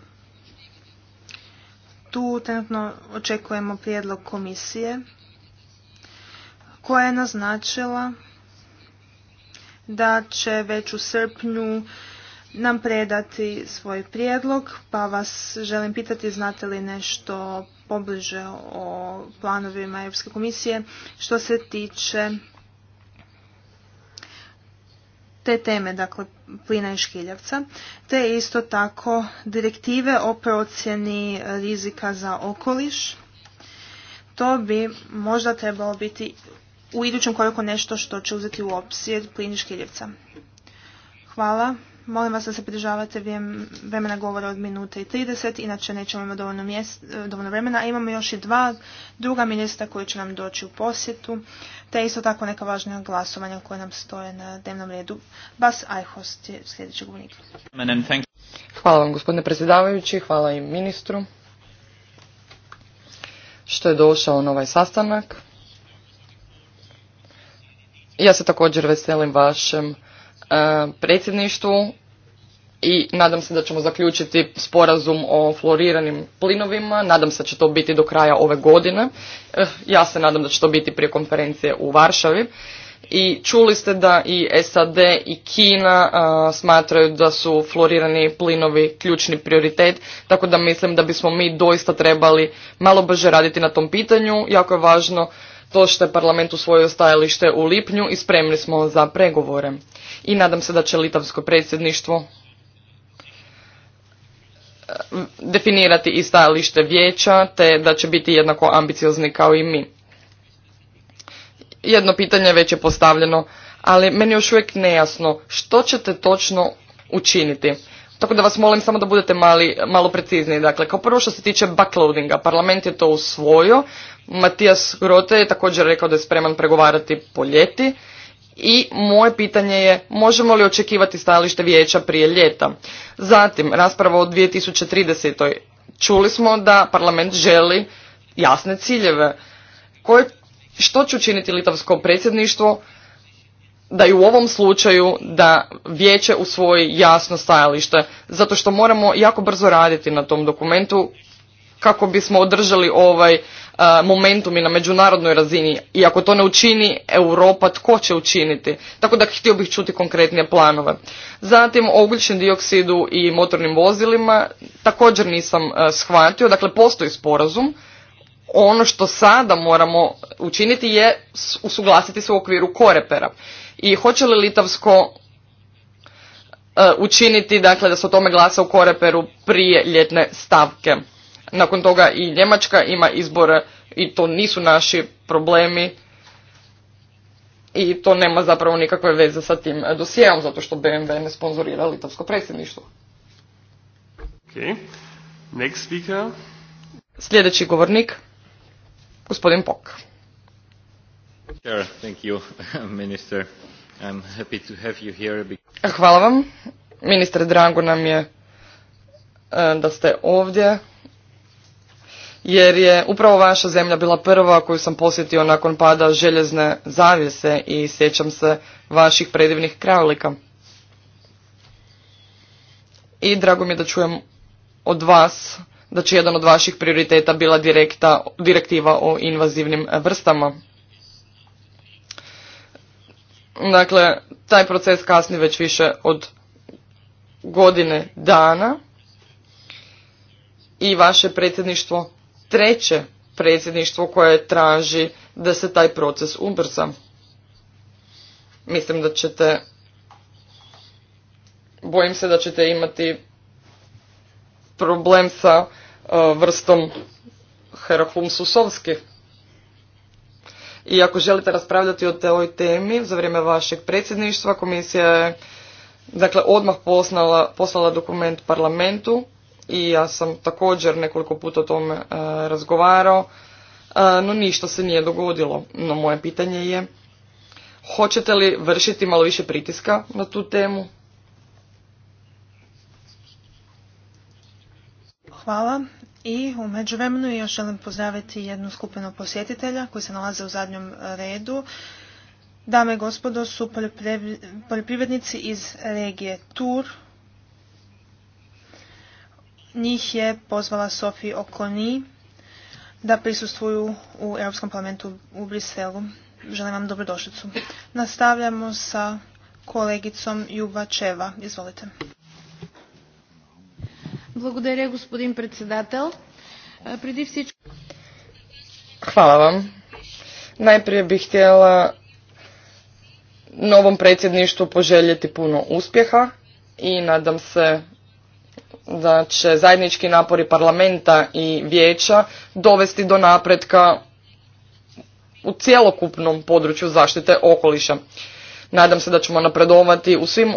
Tu trenutno očekujemo prijedlog komisije koja je naznačila da će već u srpnju nam predati svoj prijedlog, pa vas želim pitati znate li nešto pobliže o planovima Europske komisije što se tiče te teme, dakle plina i škiljavca, te isto tako direktive o procjeni rizika za okoliš. To bi možda trebalo biti u idućem koraku nešto što će uzeti u obzir klinički škiljevca. Hvala. Molim vas da se pridržavate vremena govora od minute i 30, inače nećemo imati dovoljno, vremena. A imamo još i dva druga ministra koji će nam doći u posjetu, te isto tako neka važnija glasovanja koje nam stoje na dnevnom redu. Bas Ajhost je sljedeći govornik. Hvala vam gospodine predsjedavajući, hvala i ministru što je došao na ovaj sastanak. Ja se također veselim vašem e, predsjedništvu i nadam se da ćemo zaključiti sporazum o floriranim plinovima. Nadam se da će to biti do kraja ove godine. E, ja se nadam da će to biti prije konferencije u Varšavi. I čuli ste da i SAD i Kina e, smatraju da su florirani plinovi ključni prioritet, tako da mislim da bismo mi doista trebali malo brže raditi na tom pitanju. Jako je važno to što je parlament usvojio stajalište u lipnju i spremni smo za pregovore. I nadam se da će litavsko predsjedništvo e, definirati i stajalište vijeća, te da će biti jednako ambiciozni kao i mi. Jedno pitanje već je postavljeno, ali meni još uvijek nejasno što ćete točno učiniti. Tako da vas molim samo da budete mali, malo precizniji. Dakle, kao prvo što se tiče backloadinga, parlament je to usvojio. Matijas Grote je također rekao da je spreman pregovarati po ljeti. I moje pitanje je, možemo li očekivati stajalište vijeća prije ljeta? Zatim, rasprava o 2030. Čuli smo da parlament želi jasne ciljeve. Koje, što će učiniti litavsko predsjedništvo da i u ovom slučaju da vijeće usvoji jasno stajalište, zato što moramo jako brzo raditi na tom dokumentu kako bismo održali ovaj e, momentum i na međunarodnoj razini. I ako to ne učini Europa, tko će učiniti? Tako da htio bih čuti konkretnije planove. Zatim o ugljičnom dioksidu i motornim vozilima također nisam e, shvatio. Dakle, postoji sporazum. Ono što sada moramo učiniti je usuglasiti se u okviru korepera i hoće li Litavsko e, učiniti dakle da se o tome glasa u Koreperu prije ljetne stavke. Nakon toga i Njemačka ima izbore i to nisu naši problemi i to nema zapravo nikakve veze sa tim e, dosijevom, zato što BMW ne sponzorira litavsko predsjedništvo. Sljedeći govornik, gospodin Pok. Sure, thank you, Hvala vam. Ministre, drago nam je e, da ste ovdje jer je upravo vaša zemlja bila prva koju sam posjetio nakon pada željezne zavjese i sjećam se vaših predivnih kravlika. I drago mi je da čujem od vas da će jedan od vaših prioriteta bila direktiva o invazivnim vrstama. Dakle, taj proces kasni već više od godine dana i vaše predsjedništvo treće predsjedništvo koje traži da se taj proces ubrza. Mislim da ćete, bojim se da ćete imati problem sa e, vrstom Herofum Susovskih. I ako želite raspravljati o toj temi za vrijeme vašeg predsjedništva, komisija je dakle, odmah poslala, poslala dokument parlamentu i ja sam također nekoliko puta o tome e, razgovarao, e, no ništa se nije dogodilo. No moje pitanje je, hoćete li vršiti malo više pritiska na tu temu? Hvala. I u međuvremenu još želim pozdraviti jednu skupinu posjetitelja koji se nalaze u zadnjem redu. Dame i gospodo su poljoprivrednici iz regije Tur. Njih je pozvala Sofi Okoni da prisustvuju u Europskom parlamentu u Briselu. Želim vam dobrodošlicu. Nastavljamo sa kolegicom Juba Čeva. Izvolite. Благодаря, господин председател. Преди Hvala vam. Najprije bih htjela novom predsjedništvu poželjeti puno uspjeha i nadam se da će zajednički napori parlamenta i vijeća dovesti do napretka u cjelokupnom području zaštite okoliša. Nadam se da ćemo napredovati u svim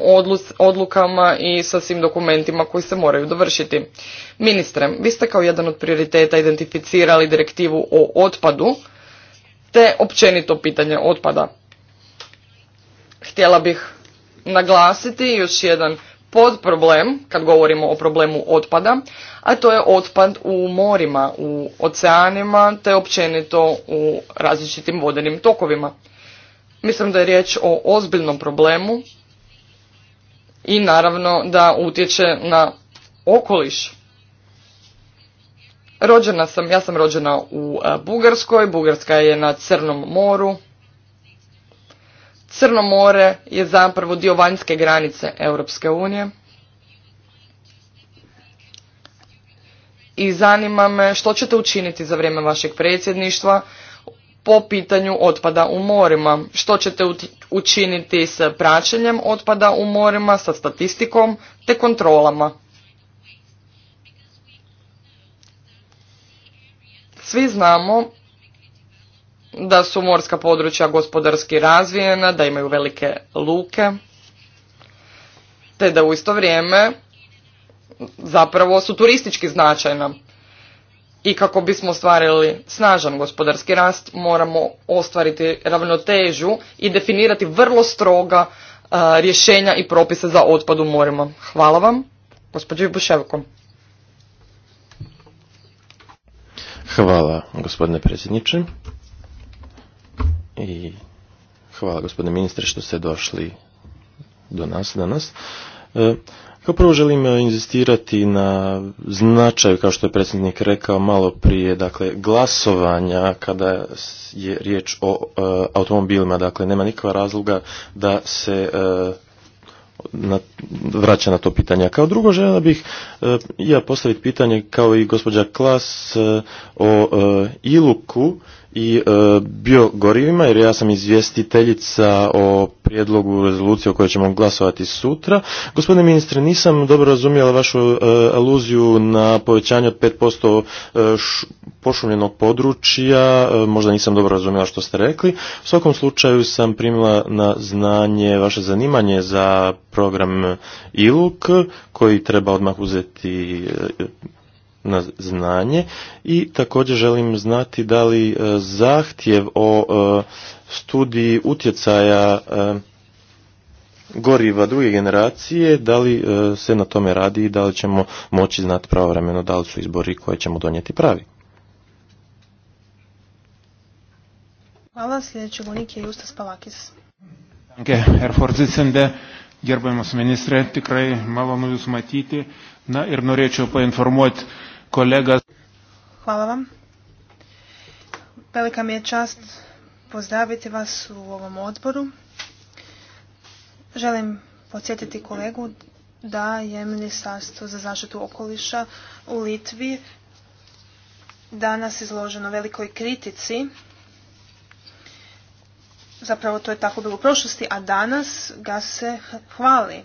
odlukama i sa svim dokumentima koji se moraju dovršiti. Ministre, vi ste kao jedan od prioriteta identificirali direktivu o otpadu te općenito pitanje otpada. Htjela bih naglasiti još jedan podproblem kad govorimo o problemu otpada, a to je otpad u morima, u oceanima te općenito u različitim vodenim tokovima. Mislim da je riječ o ozbiljnom problemu i naravno da utječe na okoliš. Rođena sam, ja sam rođena u e, Bugarskoj, Bugarska je na Crnom moru. Crno more je zapravo dio vanjske granice Europske unije. I zanima me što ćete učiniti za vrijeme vašeg predsjedništva po pitanju otpada u morima. Što ćete učiniti s praćenjem otpada u morima, sa statistikom te kontrolama? Svi znamo da su morska područja gospodarski razvijena, da imaju velike luke, te da u isto vrijeme zapravo su turistički značajna i kako bismo ostvarili snažan gospodarski rast moramo ostvariti ravnotežu i definirati vrlo stroga e, rješenja i propise za otpad u morima. Hvala vam. Gospođo Buševko. Hvala gospodine predsjedniče i hvala gospodine ministre što ste došli do nas danas. E, kao prvo želim eh, inzistirati na značaju, kao što je predsjednik rekao malo prije, dakle glasovanja kada je riječ o eh, automobilima, dakle nema nikakva razloga da se eh, na, vraća na to pitanje. kao drugo željela bih ja postaviti pitanje kao i gospođa Klas o Iluku i e, biogorivima jer ja sam izvjestiteljica o prijedlogu rezolucije o kojoj ćemo glasovati sutra. Gospodine ministre, nisam dobro razumjela vašu e, aluziju na povećanje od 5% e, š, pošumljenog područja, e, možda nisam dobro razumjela što ste rekli. U svakom slučaju sam primila na znanje vaše zanimanje za program ILUK koji treba odmah uzeti na znanje i također želim znati da li e, zahtjev o e, studiji utjecaja e, goriva druge generacije, da li se na tome radi i da li ćemo moći znati pravovremeno da li su izbori koje ćemo donijeti pravi. Hvala, sljedeći govornik je Justas Palakis. Danke, Herr Vorsitzende, ministre, tikrai malo nuju smatiti Na ir norėčiau painformuoti kolega. Hvala vam. Velika mi je čast pozdraviti vas u ovom odboru. Želim podsjetiti kolegu da je Ministarstvo za zaštitu okoliša u Litvi danas izloženo velikoj kritici. Zapravo to je tako bilo u prošlosti, a danas ga se hvali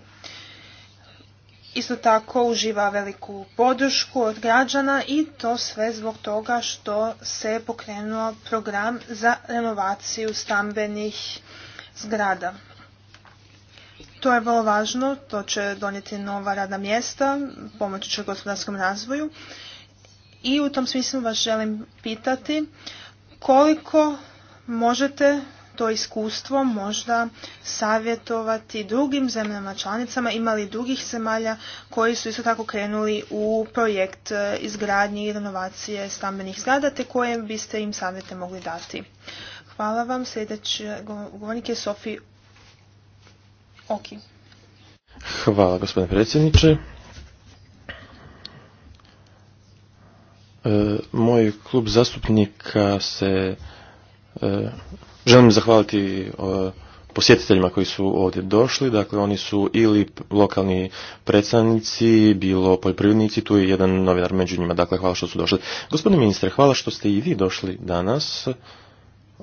isto tako uživa veliku podršku od građana i to sve zbog toga što se pokrenuo program za renovaciju stambenih zgrada. To je vrlo važno, to će donijeti nova radna mjesta, pomoći će gospodarskom razvoju i u tom smislu vas želim pitati koliko možete to iskustvo možda savjetovati drugim zemljama članicama, imali drugih zemalja koji su isto tako krenuli u projekt e, izgradnje i renovacije stambenih zgrada te koje biste im savjete mogli dati. Hvala vam. Sljedeći govornik je Sofi Oki. Hvala gospodine predsjedniče. E, moj klub zastupnika se e, Želim zahvaliti e, posjetiteljima koji su ovdje došli, dakle oni su ili lokalni predstavnici, bilo poljoprivrednici, tu je jedan novinar među njima, dakle hvala što su došli. Gospodine ministre, hvala što ste i vi došli danas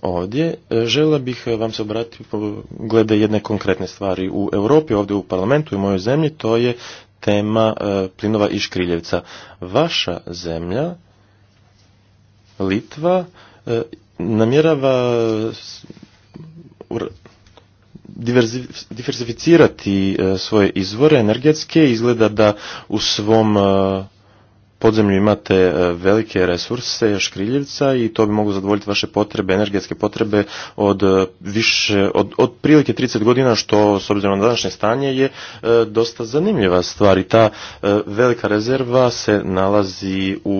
ovdje. E, žela bih e, vam se obratiti glede jedne konkretne stvari u Europi, ovdje u parlamentu i mojoj zemlji, to je tema plinova i škriljevca. Vaša zemlja, Litva, namjerava diversificirati e, svoje izvore energetske, izgleda da u svom e, podzemlju imate e, velike resurse škriljevca i to bi moglo zadovoljiti vaše potrebe, energetske potrebe od e, više, od, od prilike 30 godina što s obzirom na današnje stanje je e, dosta zanimljiva stvar i ta velika rezerva se nalazi u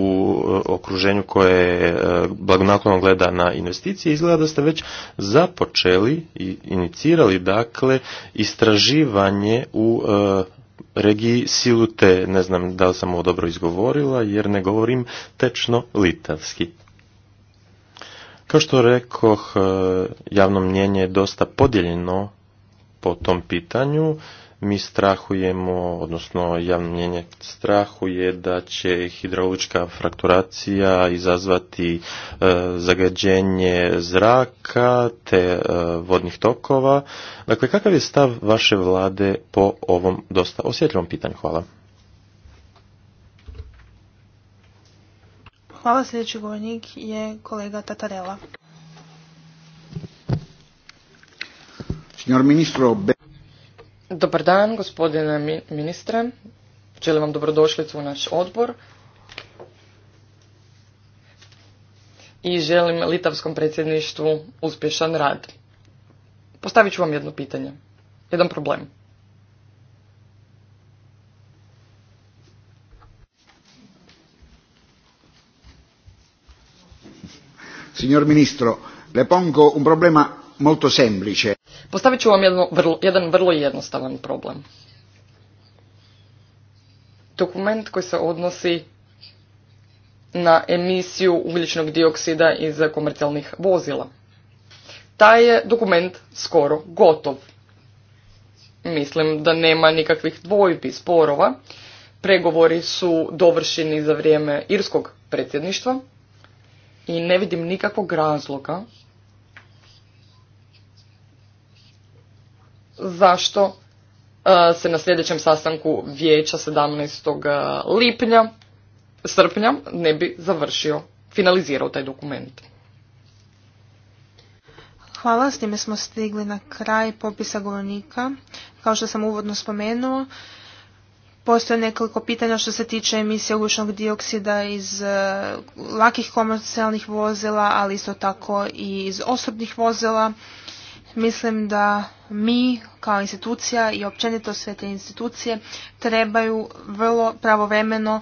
okruženju koje blagonaklono gleda na investicije. Izgleda da ste već započeli i inicirali dakle istraživanje u regiji te ne znam da li sam ovo dobro izgovorila jer ne govorim tečno litavski. Kao što rekoh, e, javno mnjenje je dosta podijeljeno po tom pitanju mi strahujemo, odnosno javno mnjenje strahuje da će hidraulička frakturacija izazvati e, zagađenje zraka te e, vodnih tokova. Dakle, kakav je stav vaše vlade po ovom dosta osjetljivom pitanju? Hvala. Hvala, sljedeći govornik je kolega Tatarela. Dobar dan, gospodine ministre. Želim vam dobrodošlicu u naš odbor. I želim litavskom predsjedništvu uspješan rad. Postavit ću vam jedno pitanje. Jedan problem. Signor ministro, le pongo un problema molto semplice. Postavit ću vam vrlo, jedan vrlo jednostavan problem. Dokument koji se odnosi na emisiju ugljičnog dioksida iz komercijalnih vozila. Taj je dokument skoro gotov. Mislim da nema nikakvih dvojbi, sporova. Pregovori su dovršeni za vrijeme irskog predsjedništva i ne vidim nikakvog razloga zašto uh, se na sljedećem sastanku vijeća 17. Uh, lipnja, srpnja, ne bi završio, finalizirao taj dokument. Hvala, s time smo stigli na kraj popisa govornika. Kao što sam uvodno spomenuo, postoje nekoliko pitanja što se tiče emisije ugljičnog dioksida iz uh, lakih komercijalnih vozila, ali isto tako i iz osobnih vozila. Mislim da mi kao institucija i općenito sve te institucije trebaju vrlo pravovremeno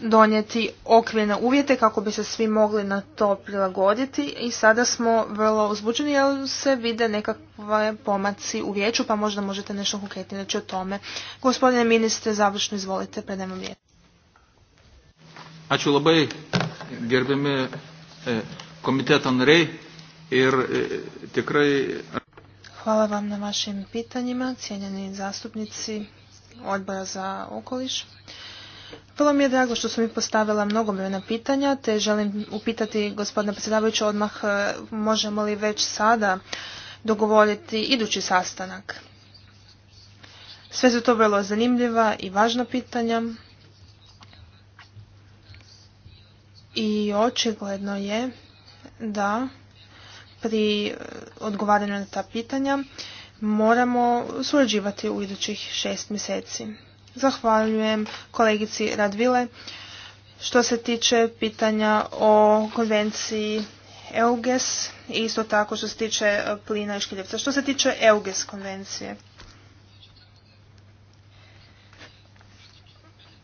donijeti okvirne uvjete kako bi se svi mogli na to prilagoditi i sada smo vrlo uzbuđeni jer se vide nekakve pomaci u vijeću pa možda možete nešto konkretnije reći o tome. Gospodine ministre, završno izvolite, predajmo ir e, tikrai... Hvala vam na vašim pitanjima, cijenjeni zastupnici odbora za okoliš. Vrlo mi je drago što su mi postavila mnogobrojna pitanja, te želim upitati gospodina predsjedavajuća odmah e, možemo li već sada dogovoriti idući sastanak. Sve su to vrlo zanimljiva i važna pitanja. I očigledno je da pri eh, odgovaranju na ta pitanja moramo surađivati u idućih šest mjeseci. Zahvaljujem kolegici Radvile. Što se tiče pitanja o konvenciji EUGES i isto tako što se tiče eh, plina i škiljevca. Što se tiče EUGES konvencije,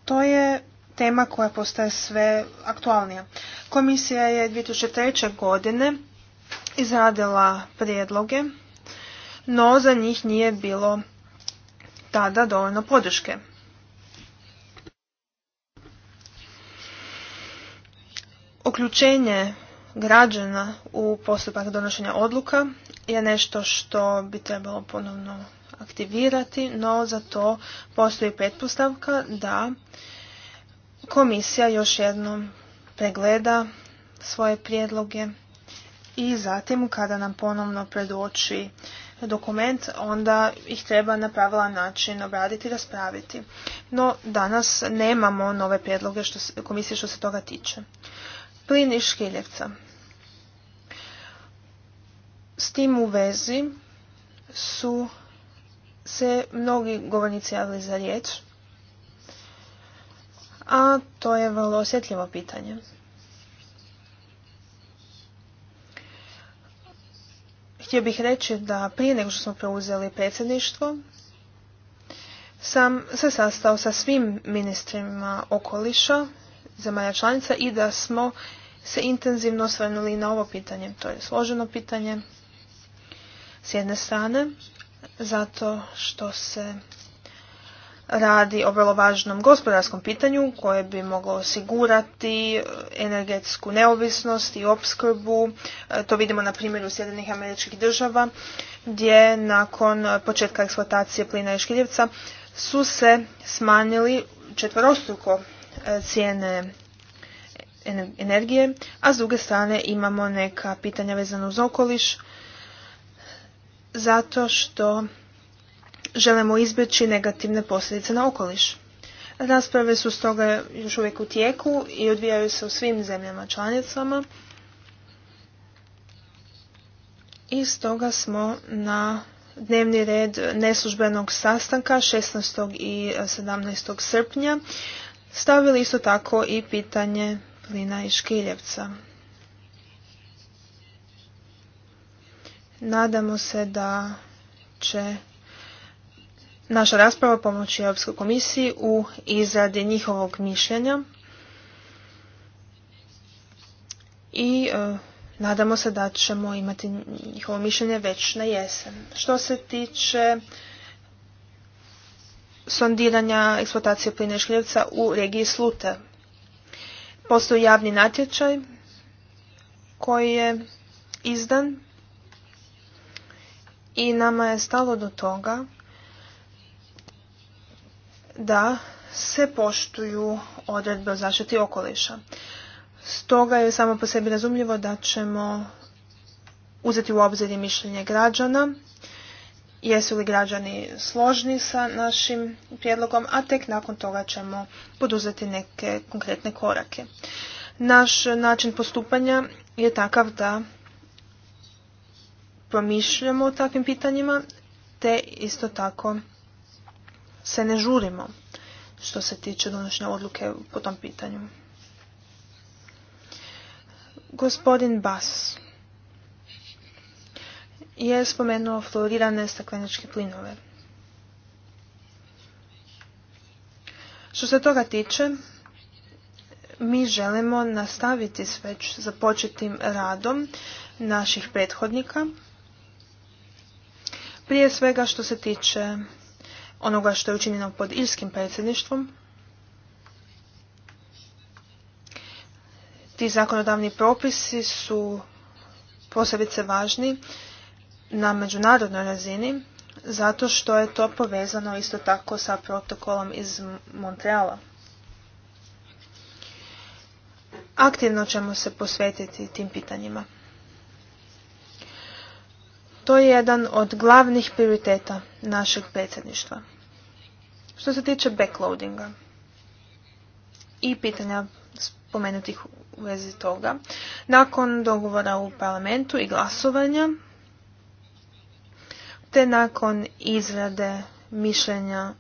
to je tema koja postaje sve aktualnija. Komisija je 2003. godine izradila prijedloge, no za njih nije bilo tada dovoljno podrške. Uključenje građana u postupak donošenja odluka je nešto što bi trebalo ponovno aktivirati, no za to postoji pretpostavka da komisija još jednom pregleda svoje prijedloge i zatim kada nam ponovno predoči dokument, onda ih treba na pravilan način obraditi i raspraviti. No danas nemamo nove prijedloge što komisije što se toga tiče. Plin i škiljevca. S tim u vezi su se mnogi govornici javili za riječ, a to je vrlo osjetljivo pitanje. Htio bih reći da prije nego što smo preuzeli predsjedništvo, sam se sastao sa svim ministrima okoliša zemalja članica i da smo se intenzivno osvrnuli na ovo pitanje. To je složeno pitanje s jedne strane, zato što se radi o vrlo važnom gospodarskom pitanju koje bi moglo osigurati e, energetsku neovisnost i opskrbu. E, to vidimo na primjeru Sjedinih američkih država gdje nakon početka eksploatacije plina i škiljevca su se smanjili četvorostruko e, cijene energije, a s druge strane imamo neka pitanja vezana uz okoliš zato što želimo izbjeći negativne posljedice na okoliš. Rasprave su stoga još uvijek u tijeku i odvijaju se u svim zemljama članicama. I stoga smo na dnevni red neslužbenog sastanka 16. i 17. srpnja stavili isto tako i pitanje plina i škiljevca. Nadamo se da će naša rasprava pomoći Europskoj komisiji u izradi njihovog mišljenja i e, nadamo se da ćemo imati njihovo mišljenje već na jesen. Što se tiče sondiranja eksploatacije plina u regiji Slute. Postoji javni natječaj koji je izdan i nama je stalo do toga da se poštuju odredbe o zaštiti okoliša. Stoga je samo po sebi razumljivo da ćemo uzeti u obzir i mišljenje građana, jesu li građani složni sa našim prijedlogom, a tek nakon toga ćemo poduzeti neke konkretne korake. Naš način postupanja je takav da promišljamo o takvim pitanjima, te isto tako se ne žurimo što se tiče donošenja odluke po tom pitanju. Gospodin Bas je spomenuo fluorirane stakleničke plinove. Što se toga tiče, mi želimo nastaviti s već započetim radom naših prethodnika. Prije svega što se tiče onoga što je učinjeno pod ilskim predsjedništvom. Ti zakonodavni propisi su posebice važni na međunarodnoj razini zato što je to povezano isto tako sa protokolom iz Montreala. Aktivno ćemo se posvetiti tim pitanjima. To je jedan od glavnih prioriteta našeg predsjedništva. Što se tiče backloadinga i pitanja spomenutih u vezi toga, nakon dogovora u parlamentu i glasovanja, te nakon izrade mišljenja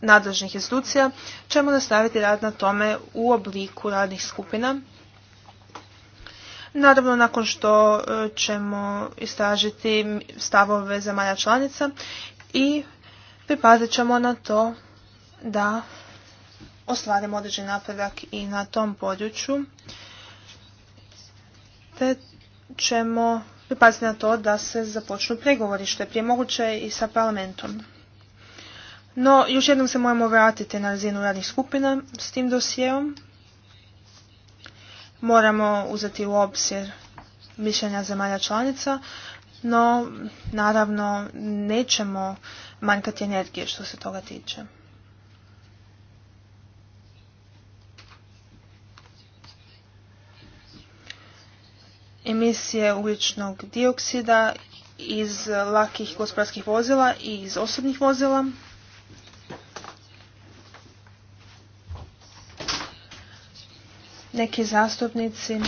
nadležnih institucija ćemo nastaviti rad na tome u obliku radnih skupina Naravno, nakon što e, ćemo istražiti stavove zemalja članica i pripazit ćemo na to da ostvarimo određen napredak i na tom području, te ćemo pripaziti na to da se započnu pregovori, što je prije moguće i sa parlamentom. No, još jednom se moramo vratiti na razinu radnih skupina s tim dosijeom moramo uzeti u obzir mišljenja zemalja članica, no naravno nećemo manjkati energije što se toga tiče. Emisije ugljičnog dioksida iz lakih gospodarskih vozila i iz osobnih vozila Neki zastupnici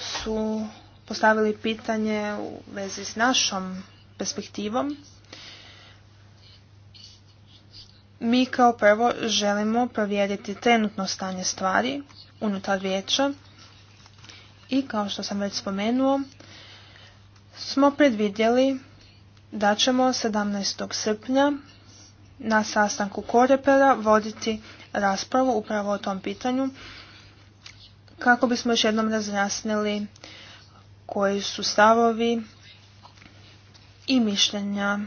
su postavili pitanje u vezi s našom perspektivom. Mi kao prvo želimo provjeriti trenutno stanje stvari unutar vijeća i kao što sam već spomenuo smo predvidjeli da ćemo 17. srpnja na sastanku Korepera voditi raspravu upravo o tom pitanju kako bismo još jednom razjasnili koji su stavovi i mišljenja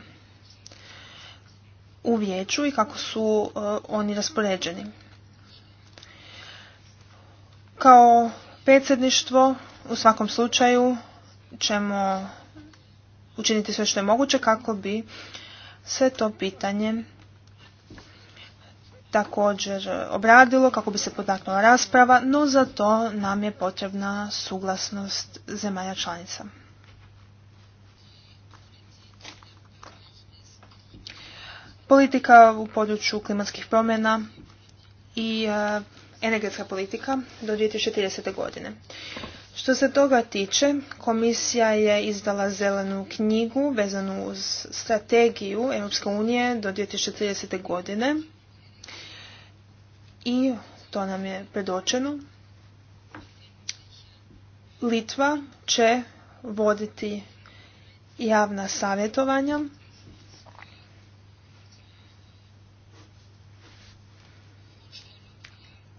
u vijeću i kako su e, oni raspoređeni. Kao predsjedništvo u svakom slučaju ćemo učiniti sve što je moguće kako bi se to pitanje također obradilo kako bi se potaknula rasprava, no za to nam je potrebna suglasnost zemalja članica. Politika u području klimatskih promjena i e, energetska politika do 2030. godine. Što se toga tiče, komisija je izdala zelenu knjigu vezanu uz strategiju Europske unije do 2030. godine i to nam je predočeno. Litva će voditi javna savjetovanja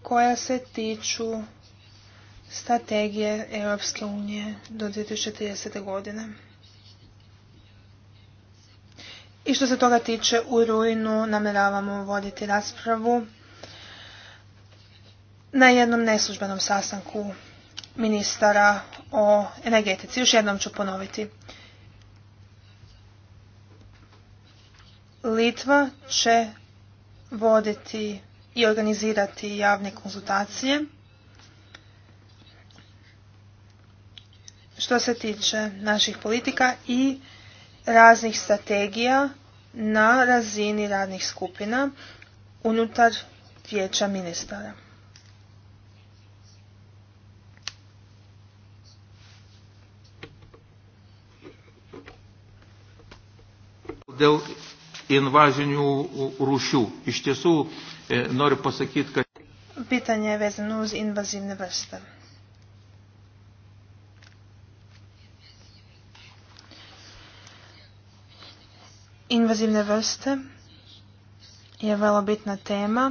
koja se tiču strategije Europske unije do 2030. godine. I što se toga tiče, u rujnu namjeravamo voditi raspravu na jednom neslužbenom sastanku ministara o energetici. Još jednom ću ponoviti. Litva će voditi i organizirati javne konzultacije. Što se tiče naših politika i raznih strategija na razini radnih skupina unutar vijeća ministara. dėl invazinių rūšių. Iš tiesų e, noriu pasakyti, kad. Pitanje je vezano uz invazivne vrste. Invazivne vrste je vrlo bitna tema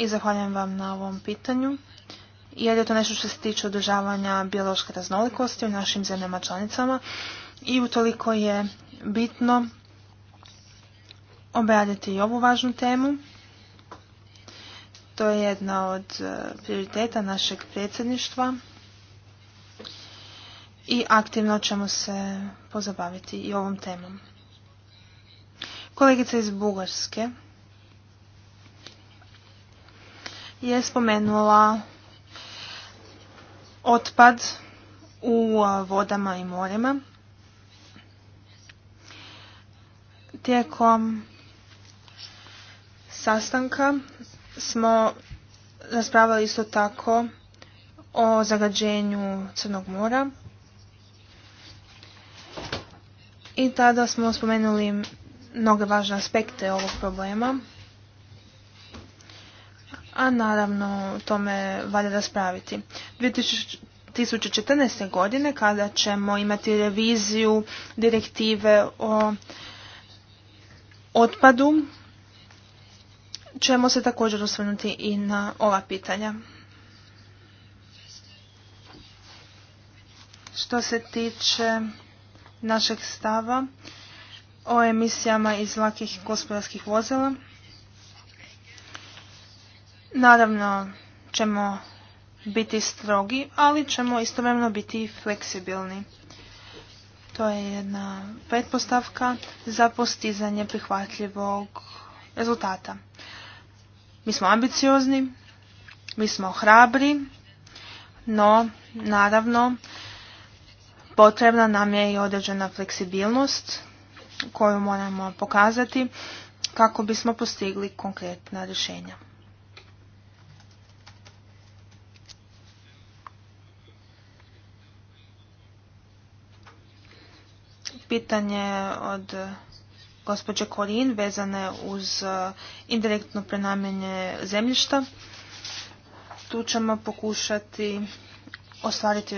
i zahvaljujem vam na ovom pitanju jer je to nešto što se tiče održavanja biološke raznolikosti u našim zemljama članicama i utoliko je bitno obraditi i ovu važnu temu. To je jedna od e, prioriteta našeg predsjedništva i aktivno ćemo se pozabaviti i ovom temom. Kolegica iz Bugarske je spomenula otpad u e, vodama i morema tijekom sastanka smo raspravljali isto tako o zagađenju Crnog mora. I tada smo spomenuli mnoge važne aspekte ovog problema. A naravno tome valja raspraviti. 2014. godine kada ćemo imati reviziju direktive o otpadu ćemo se također osvrnuti i na ova pitanja. Što se tiče našeg stava o emisijama iz lakih gospodarskih vozila, naravno ćemo biti strogi, ali ćemo istovremeno biti fleksibilni. To je jedna pretpostavka za postizanje prihvatljivog rezultata. Mi smo ambiciozni, mi smo hrabri, no naravno potrebna nam je i određena fleksibilnost koju moramo pokazati kako bismo postigli konkretna rješenja. Pitanje od gospođe Korin vezane uz uh, indirektno prenamjenje zemljišta. Tu ćemo pokušati ostvariti,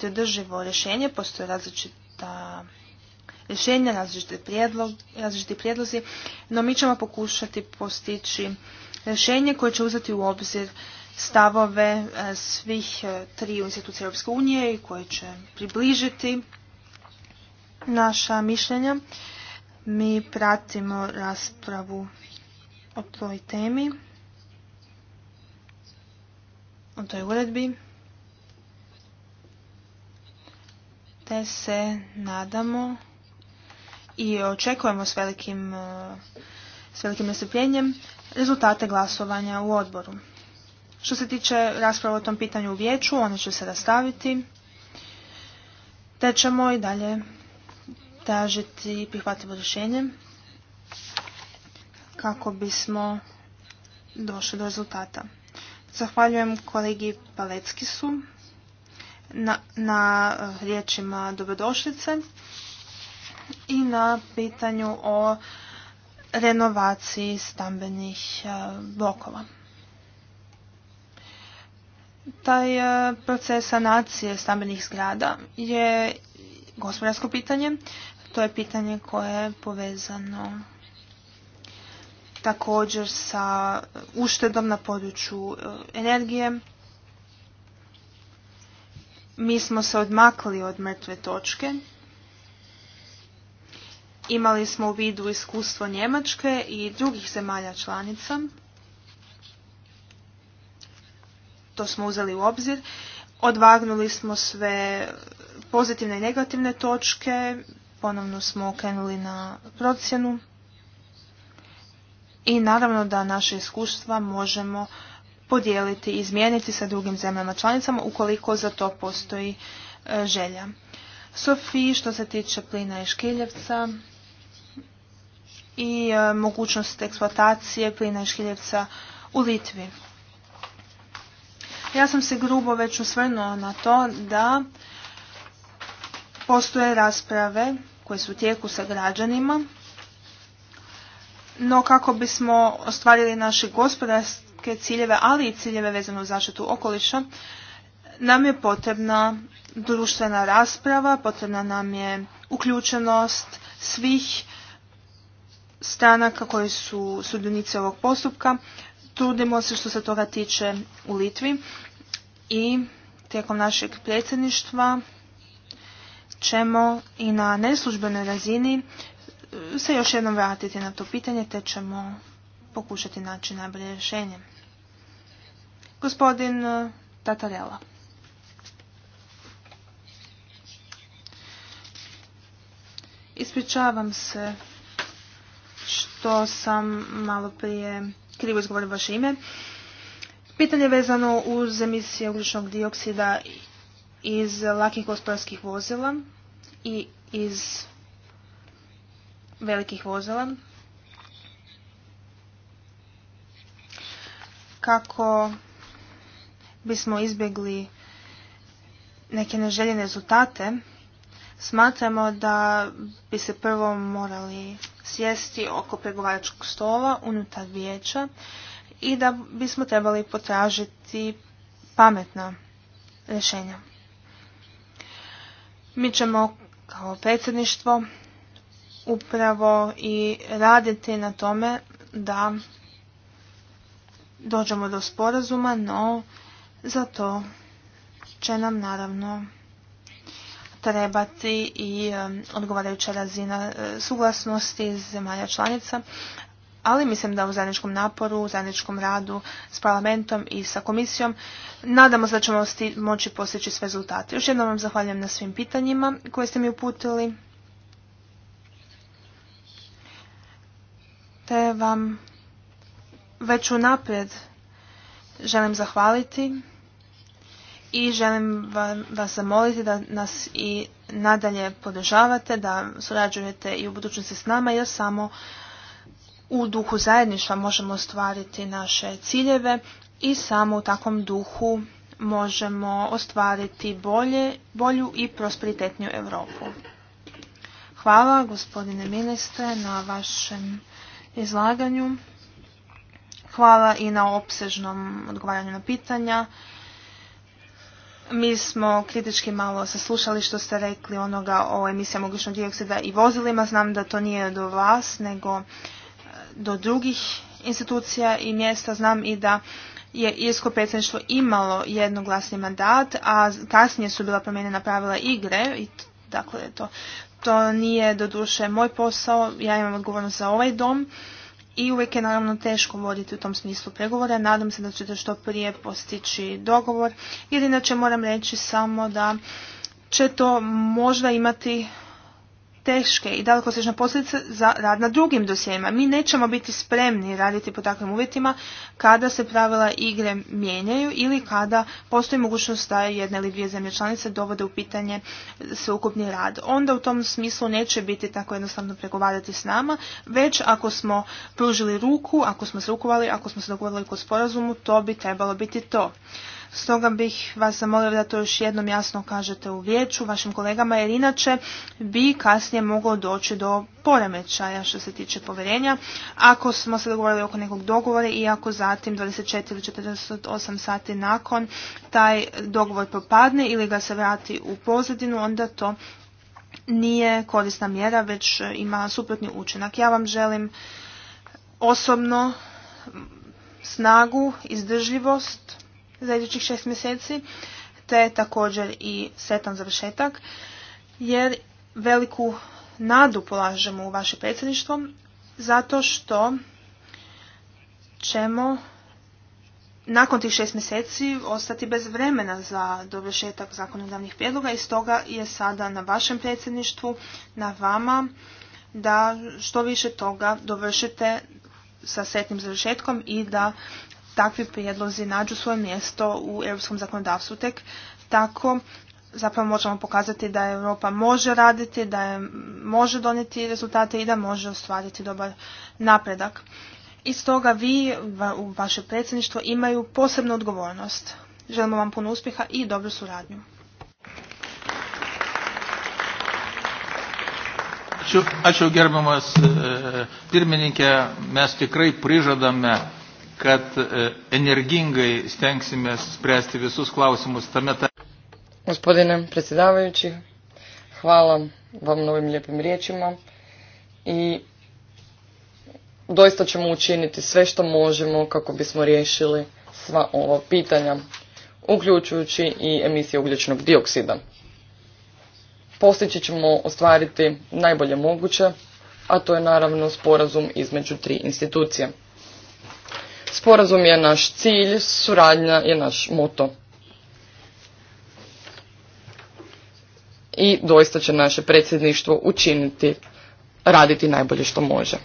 drživo održivo rješenje. Postoje različita rješenja, različiti, različiti prijedlozi, no mi ćemo pokušati postići rješenje koje će uzeti u obzir stavove uh, svih uh, tri institucije Europske unije i koje će približiti naša mišljenja mi pratimo raspravu o toj temi, o toj uredbi, te se nadamo i očekujemo s velikim, s velikim nestrpljenjem rezultate glasovanja u odboru. Što se tiče rasprava o tom pitanju u vijeću, one će se rastaviti, te ćemo i dalje tražiti prihvatljivo rješenje kako bismo došli do rezultata. Zahvaljujem kolegi Paleckisu na, na eh, riječima dobrodošlice i na pitanju o renovaciji stambenih eh, blokova. Taj eh, proces sanacije stambenih zgrada je gospodarsko pitanje to je pitanje koje je povezano također sa uštedom na području e, energije. Mi smo se odmakli od mrtve točke. Imali smo u vidu iskustvo Njemačke i drugih zemalja članica. To smo uzeli u obzir. Odvagnuli smo sve pozitivne i negativne točke, Ponovno smo okrenuli na procjenu i naravno da naše iskustva možemo podijeliti i izmijeniti sa drugim zemljama članicama ukoliko za to postoji e, želja. Sofiji što se tiče plina i škiljevca i mogućnost eksploatacije plina i škiljevca u Litvi. Ja sam se grubo već usvrnuo na to da postoje rasprave su u tijeku sa građanima. No kako bismo ostvarili naše gospodarske ciljeve, ali i ciljeve vezane u zaštitu okoliša, nam je potrebna društvena rasprava, potrebna nam je uključenost svih stranaka koji su sudionici ovog postupka. Trudimo se što se toga tiče u Litvi i tijekom našeg predsjedništva ćemo i na neslužbenoj razini e, se još jednom vratiti na to pitanje te ćemo pokušati naći najbolje rješenje. Gospodin e, Tatarela. Ispričavam se što sam malo prije krivo izgovorio vaše ime. Pitanje vezano uz emisije ugljičnog dioksida iz lakih gospodarskih vozila i iz velikih vozila kako bismo izbjegli neke neželjene rezultate, smatramo da bi se prvo morali sjesti oko pregovaračkog stola unutar vijeća i da bismo trebali potražiti pametna rješenja. Mi ćemo kao predsjedništvo upravo i raditi na tome da dođemo do sporazuma, no za to će nam naravno trebati i um, odgovarajuća razina e, suglasnosti zemalja članica, ali mislim da u zajedničkom naporu, u zajedničkom radu s parlamentom i sa komisijom nadamo se da ćemo moći postići sve rezultate. Još jednom vam zahvaljujem na svim pitanjima koje ste mi uputili. Te vam već unaprijed želim zahvaliti i želim vas zamoliti da nas i nadalje podržavate, da surađujete i u budućnosti s nama jer samo u duhu zajedništva možemo ostvariti naše ciljeve i samo u takvom duhu možemo ostvariti bolje, bolju i prosperitetniju Europu. Hvala gospodine ministre na vašem izlaganju. Hvala i na opsežnom odgovaranju na pitanja. Mi smo kritički malo saslušali što ste rekli onoga o emisijama ugljičnog dioksida i vozilima. Znam da to nije do vas, nego do drugih institucija i mjesta. Znam i da je irsko predsjedništvo imalo jednoglasni mandat, a kasnije su bila promijenjena pravila igre i dakle to, to nije doduše moj posao, ja imam odgovornost za ovaj dom i uvijek je naravno teško voditi u tom smislu pregovora. Nadam se da ćete što prije postići dogovor jer inače moram reći samo da će to možda imati teške i daleko sežne posljedice za rad na drugim dosjeima Mi nećemo biti spremni raditi po takvim uvjetima kada se pravila igre mijenjaju ili kada postoji mogućnost da jedna ili dvije zemlje članice dovode u pitanje sveukupni rad. Onda u tom smislu neće biti tako jednostavno pregovarati s nama, već ako smo pružili ruku, ako smo se ako smo se dogovorili kod sporazumu, to bi trebalo biti to. Stoga bih vas zamolio da to još jednom jasno kažete u vijeću vašim kolegama jer inače bi kasnije moglo doći do poremećaja što se tiče povjerenja ako smo se dogovorili oko nekog dogovora i ako zatim 24 ili 48 sati nakon taj dogovor propadne ili ga se vrati u pozadinu onda to nije korisna mjera već ima suprotni učinak. Ja vam želim osobno snagu, izdržljivost za idućih šest mjeseci, te također i setan završetak, jer veliku nadu polažemo u vaše predsjedništvo, zato što ćemo nakon tih šest mjeseci ostati bez vremena za dovršetak zakonodavnih prijedloga i stoga je sada na vašem predsjedništvu, na vama, da što više toga dovršite sa setnim završetkom i da takvi prijedlozi nađu svoje mjesto u europskom zakonodavstvu. Tek tako zapravo možemo pokazati da Europa može raditi, da je, može donijeti rezultate i da može ostvariti dobar napredak. I stoga vi u vaše predsjedništvo imaju posebnu odgovornost. Želimo vam puno uspjeha i dobru suradnju. Ačiū gerbiamas e, pirmininkė, mes tikrai prižadame kad e, energingai stengsime spręsti Gospodine predsjedavajući, hvala vam novim lijepim riječima i doista ćemo učiniti sve što možemo kako bismo riješili sva ova pitanja, uključujući i emisije ugljičnog dioksida. Postići ćemo ostvariti najbolje moguće, a to je naravno sporazum između tri institucije. Sporazum je naš cilj, suradnja je naš moto. I doista će naše predsjedništvo učiniti, raditi najbolje što može.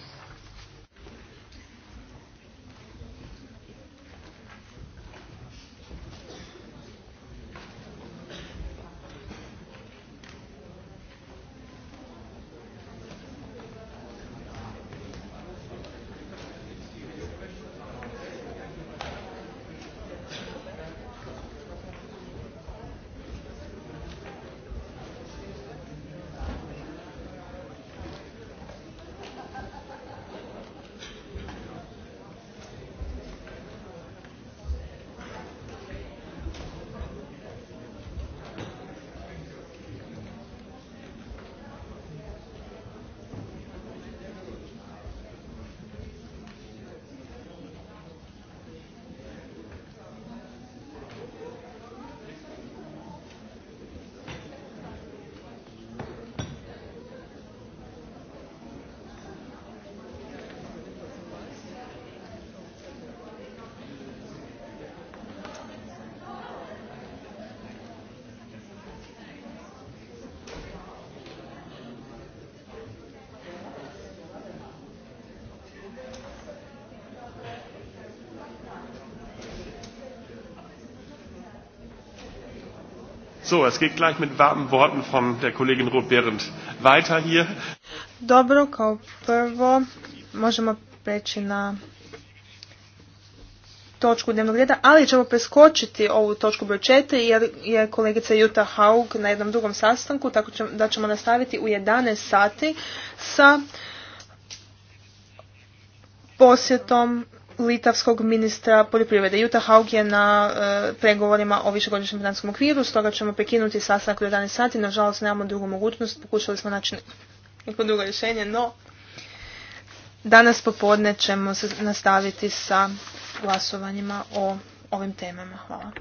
es geht gleich mit Worten von der Kollegin Ruth hier. Dobro, kao prvo možemo preći na točku dnevnog reda, ali ćemo preskočiti ovu točku broj četiri, jer je kolegica Juta Haug na jednom drugom sastanku, tako da ćemo nastaviti u 11 sati sa posjetom litavskog ministra poljoprivrede. Juta Haug je na e, pregovorima o višegodišnjem financijskom okviru, stoga ćemo prekinuti sastanak u 11 sati. Nažalost, nemamo drugu mogućnost, pokušali smo naći neko drugo rješenje, no danas popodne ćemo se nastaviti sa glasovanjima o ovim temama. Hvala.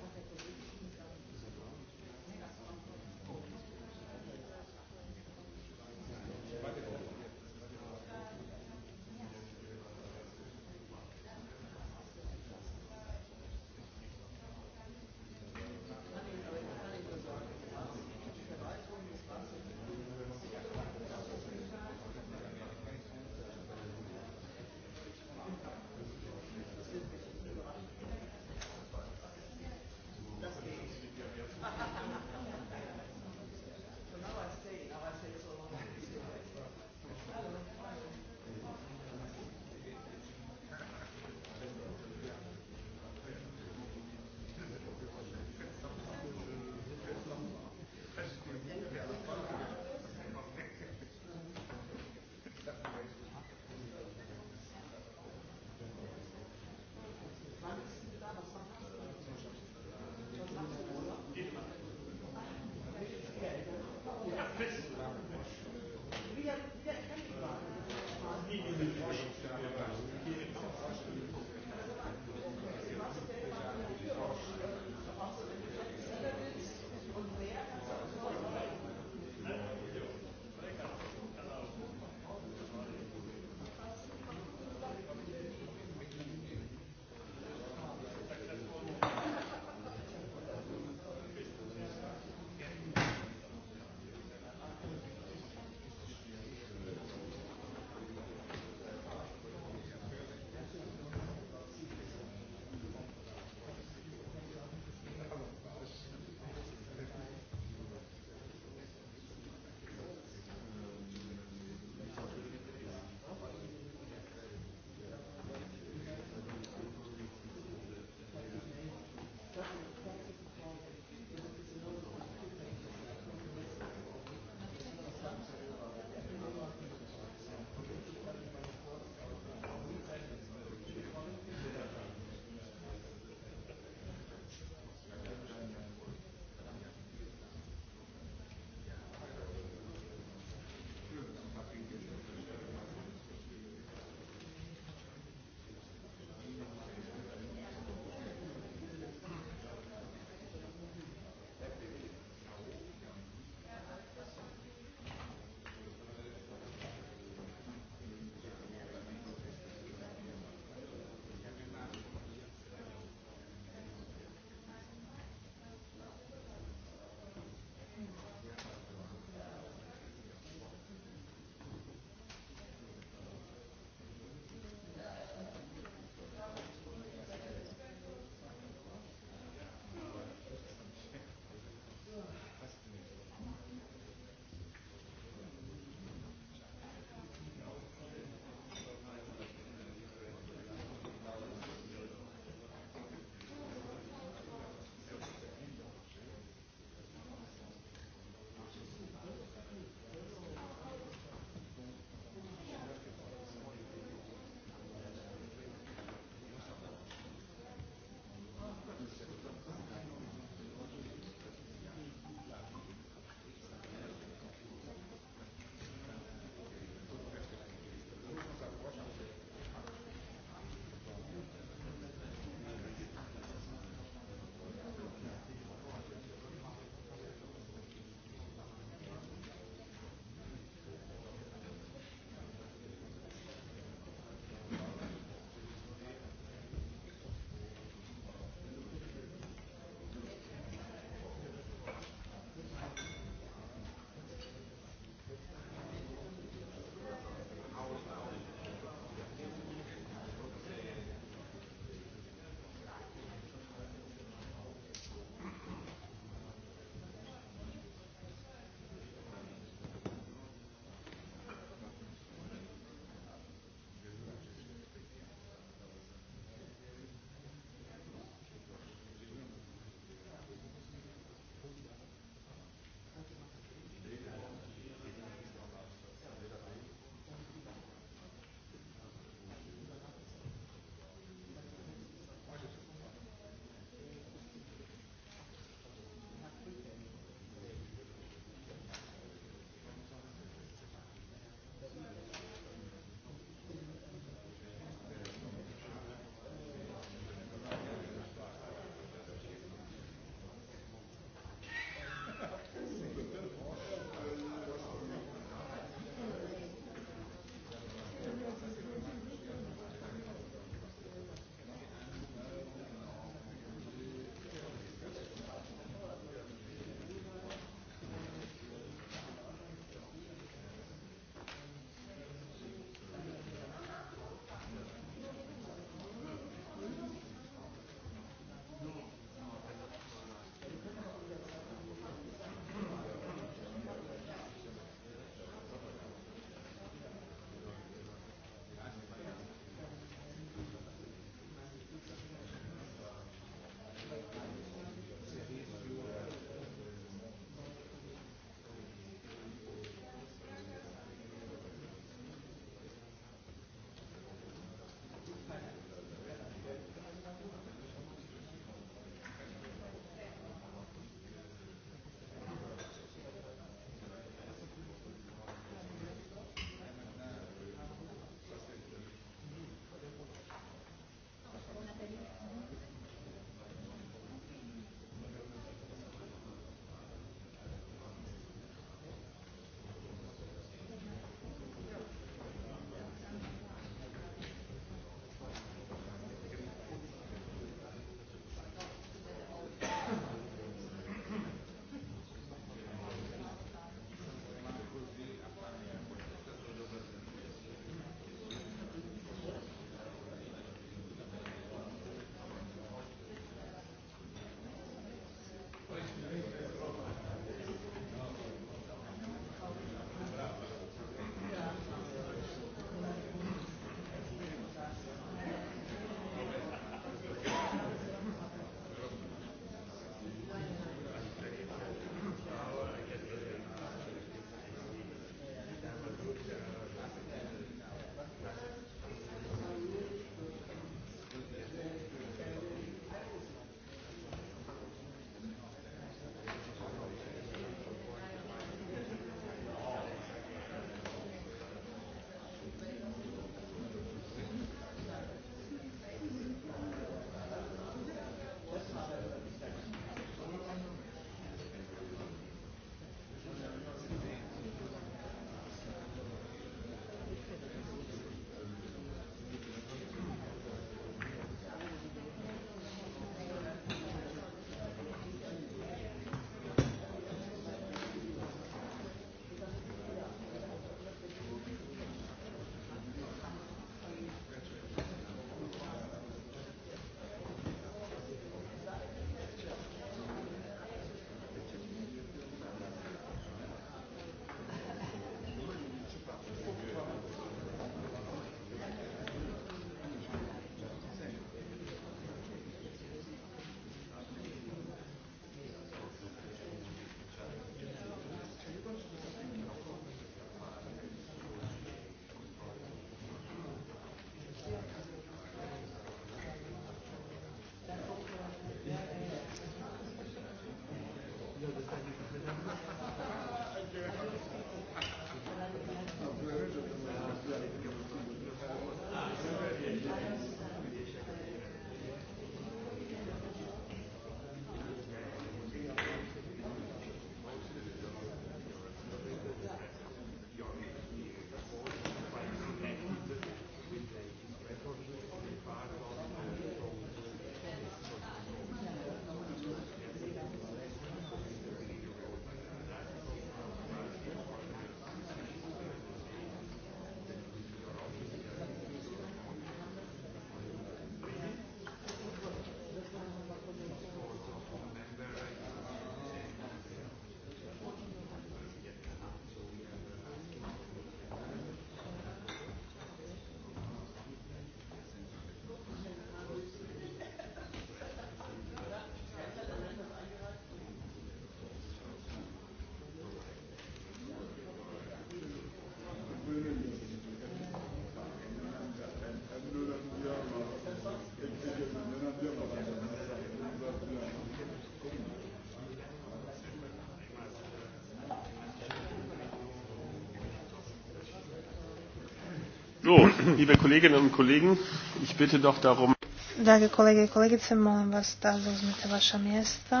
Drage kolege i kolegice, molim vas da zauzmete vaša mjesta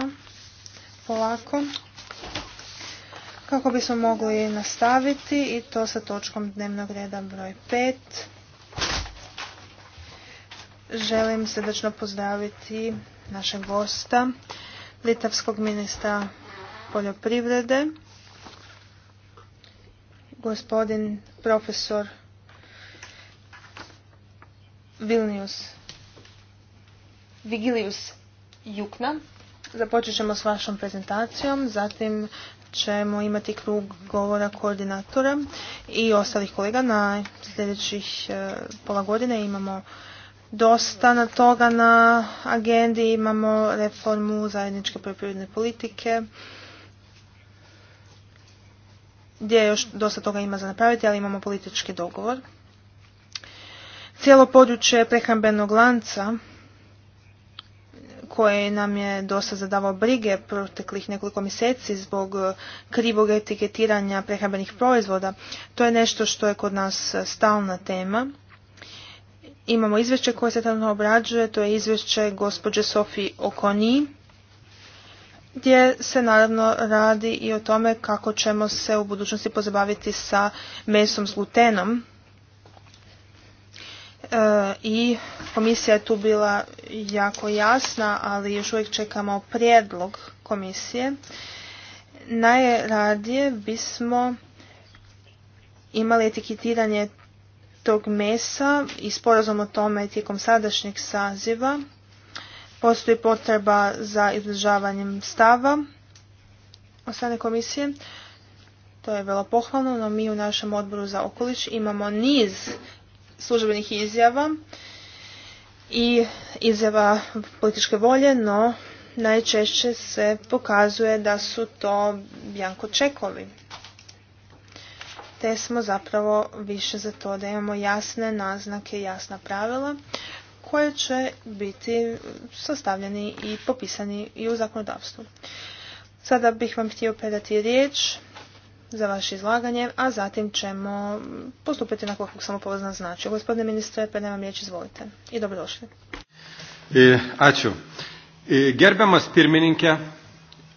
polako. Kako bismo mogli nastaviti i to sa točkom dnevnog reda broj 5. Želim srdečno pozdraviti našeg gosta, litavskog ministra poljoprivrede, gospodin profesor Vilnius Vigilius Jukna. Započet ćemo s vašom prezentacijom, zatim ćemo imati krug govora koordinatora i ostalih kolega na sljedećih e, pola godine imamo dosta na toga na agendi, imamo reformu zajedničke poljoprivredne politike gdje još dosta toga ima za napraviti, ali imamo politički dogovor. Cijelo područje prehrambenog lanca koje nam je dosta zadavao brige proteklih nekoliko mjeseci zbog krivog etiketiranja prehrambenih proizvoda, to je nešto što je kod nas stalna tema. Imamo izvješće koje se tamo obrađuje, to je izvješće gospođe Sofi Okoni, gdje se naravno radi i o tome kako ćemo se u budućnosti pozabaviti sa mesom s glutenom E, i komisija je tu bila jako jasna, ali još uvijek čekamo prijedlog komisije. Najradije bismo imali etiketiranje tog mesa i sporazum o tome tijekom sadašnjeg saziva. Postoji potreba za izražavanjem stava ostane komisije. To je vrlo pohvalno, no mi u našem odboru za okoliš imamo niz službenih izjava i izjava političke volje, no najčešće se pokazuje da su to bjanko čekovi. Te smo zapravo više za to da imamo jasne naznake, jasna pravila koje će biti sastavljeni i popisani i u zakonodavstvu. Sada bih vam htio predati riječ za vaše izlaganje, a zatim ćemo postupiti na kako sam upoznan znači. Gospodine ministre, predajem vam riječ, izvolite. I dobrodošli. E, ačiū. E, gerbiamas pirmininkė,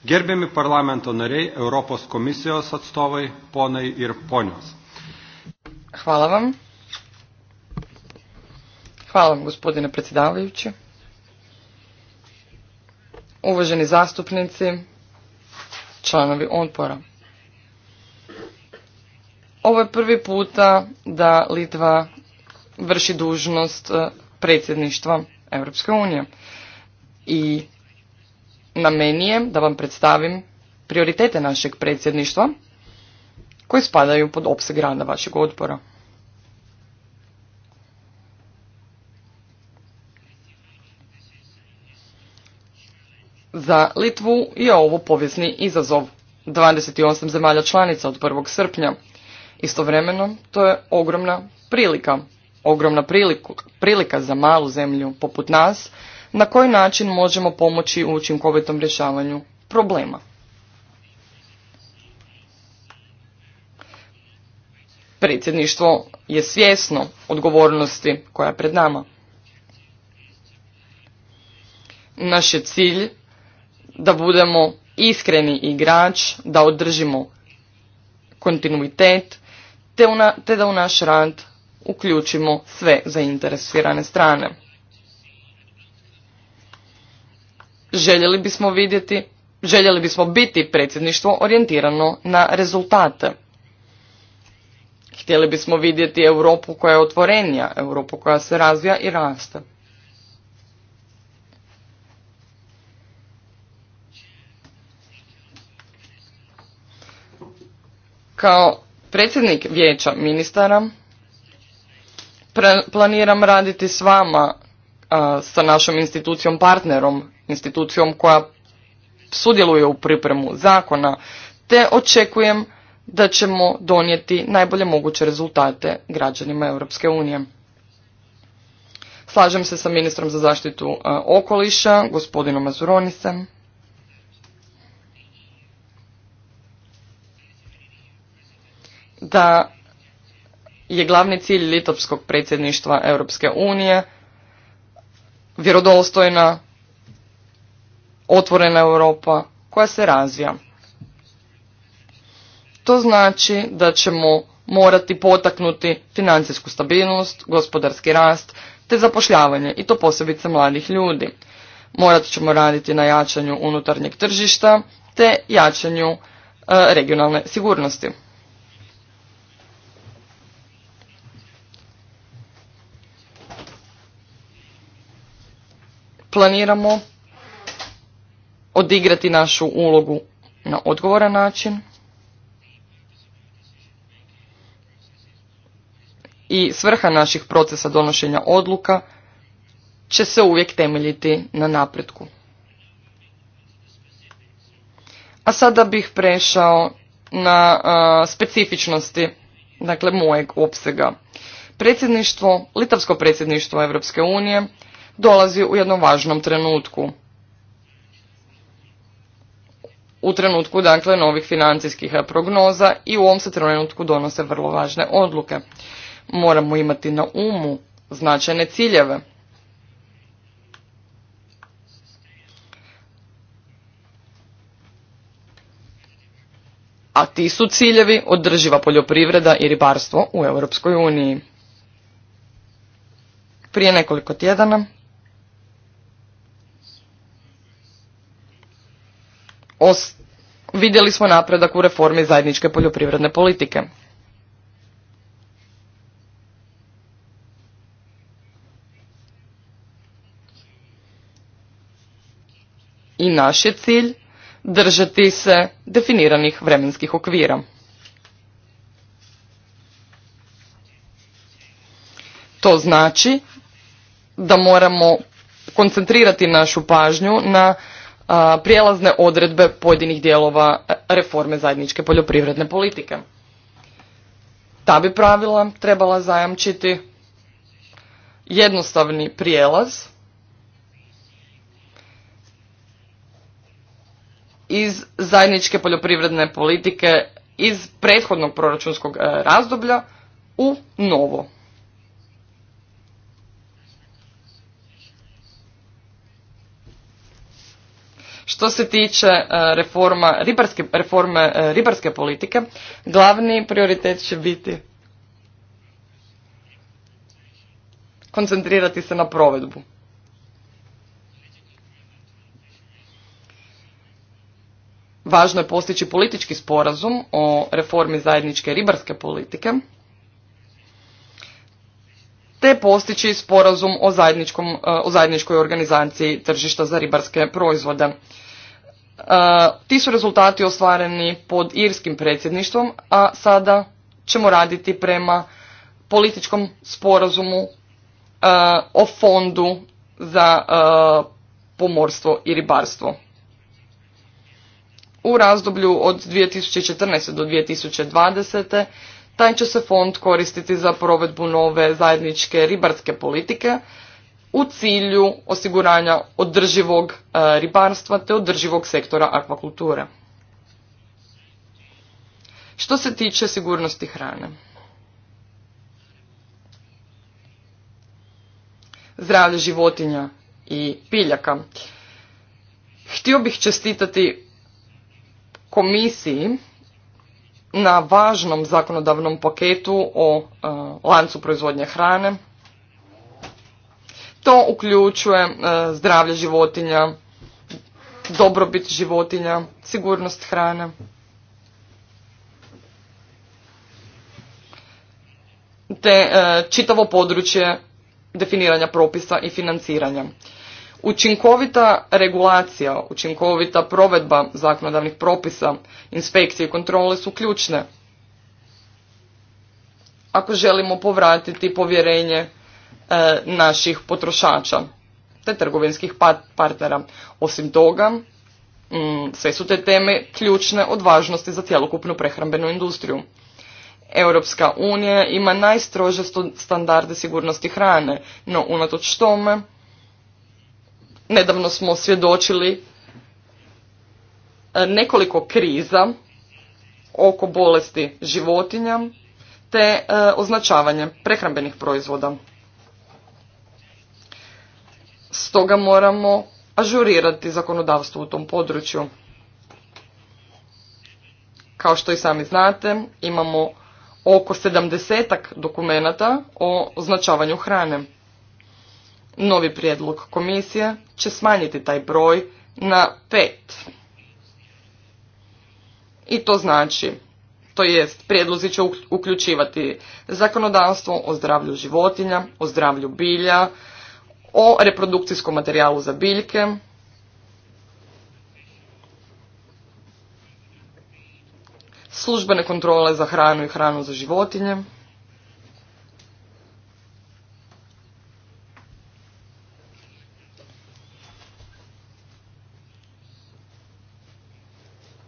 gerbiami parlamento nariai, Europos komisijos atstovai, ponai ir ponios. Hvala vam. Hvala vam, gospodine predsjedavajući. Uvaženi zastupnici, članovi odbora ovo je prvi puta da Litva vrši dužnost e, predsjedništva Europske unije. I na meni je da vam predstavim prioritete našeg predsjedništva koji spadaju pod opseg rada vašeg odbora. Za Litvu je ovo povijesni izazov. 28 zemalja članica od 1. srpnja Istovremeno, to je ogromna prilika. Ogromna prilika za malu zemlju poput nas, na koji način možemo pomoći u učinkovitom rješavanju problema. Predsjedništvo je svjesno odgovornosti koja je pred nama. Naš je cilj da budemo iskreni igrač, da održimo kontinuitet te, una, te da u naš rad uključimo sve zainteresirane strane. Željeli bismo vidjeti, željeli bismo biti predsjedništvo orijentirano na rezultate. Htjeli bismo vidjeti Europu koja je otvorenija, Europu koja se razvija i raste. Kao Predsjednik vijeća ministara planiram raditi s vama, sa našom institucijom partnerom, institucijom koja sudjeluje u pripremu zakona, te očekujem da ćemo donijeti najbolje moguće rezultate građanima Europske unije. Slažem se sa ministrom za zaštitu okoliša, gospodinom Azuronisem. da je glavni cilj litopskog predsjedništva Europske unije vjerodostojna, otvorena Europa koja se razvija. To znači da ćemo morati potaknuti financijsku stabilnost, gospodarski rast te zapošljavanje i to posebice mladih ljudi. Morat ćemo raditi na jačanju unutarnjeg tržišta te jačanju e, regionalne sigurnosti. planiramo odigrati našu ulogu na odgovoran način i svrha naših procesa donošenja odluka će se uvijek temeljiti na napretku. A sada bih prešao na specifičnosti dakle mojeg opsega. Predsjedništvo, litavsko predsjedništvo Europske unije dolazi u jednom važnom trenutku. U trenutku dakle novih financijskih prognoza i u ovom se trenutku donose vrlo važne odluke. Moramo imati na umu značajne ciljeve. a ti su ciljevi održiva poljoprivreda i ribarstvo u Europskoj uniji. Prije nekoliko tjedana vidjeli smo napredak u reformi zajedničke poljoprivredne politike. I naš je cilj držati se definiranih vremenskih okvira. To znači da moramo koncentrirati našu pažnju na prijelazne odredbe pojedinih dijelova e, reforme zajedničke poljoprivredne politike. Ta bi pravila trebala zajamčiti jednostavni prijelaz iz zajedničke poljoprivredne politike iz prethodnog proračunskog e, razdoblja u novo Što se tiče e, reforma, ribarske, reforme e, ribarske politike, glavni prioritet će biti koncentrirati se na provedbu. Važno je postići politički sporazum o reformi zajedničke ribarske politike te postići sporazum o, e, o zajedničkoj organizaciji tržišta za ribarske proizvode. E, ti su rezultati ostvareni pod irskim predsjedništvom, a sada ćemo raditi prema političkom sporazumu e, o fondu za pomorstvo i ribarstvo. U razdoblju od 2014. do 2020. Taj će se fond koristiti za provedbu nove zajedničke ribarske politike u cilju osiguranja održivog e, ribarstva te održivog sektora akvakulture. Što se tiče sigurnosti hrane. Zdravlje životinja i piljaka. Htio bih čestitati komisiji na važnom zakonodavnom paketu o e, lancu proizvodnje hrane. To uključuje e, zdravlje životinja, dobrobit životinja, sigurnost hrane. te e, čitavo područje definiranja propisa i financiranja. Učinkovita regulacija, učinkovita provedba zakonodavnih propisa, inspekcije i kontrole su ključne. Ako želimo povratiti povjerenje e, naših potrošača te trgovinskih pa-, partnera. Osim toga, mm, sve su te teme ključne od važnosti za cjelokupnu prehrambenu industriju. Europska unija ima najstrože standarde sigurnosti hrane, no unatoč tome Nedavno smo svjedočili e, nekoliko kriza oko bolesti životinja te e, označavanje prehrambenih proizvoda. Stoga moramo ažurirati zakonodavstvo u tom području. Kao što i sami znate, imamo oko sedamdesetak dokumenata o označavanju hrane. Novi prijedlog komisije će smanjiti taj broj na pet. I to znači, to jest, prijedlozi će uključivati zakonodavstvo o zdravlju životinja, o zdravlju bilja, o reprodukcijskom materijalu za biljke, službene kontrole za hranu i hranu za životinje,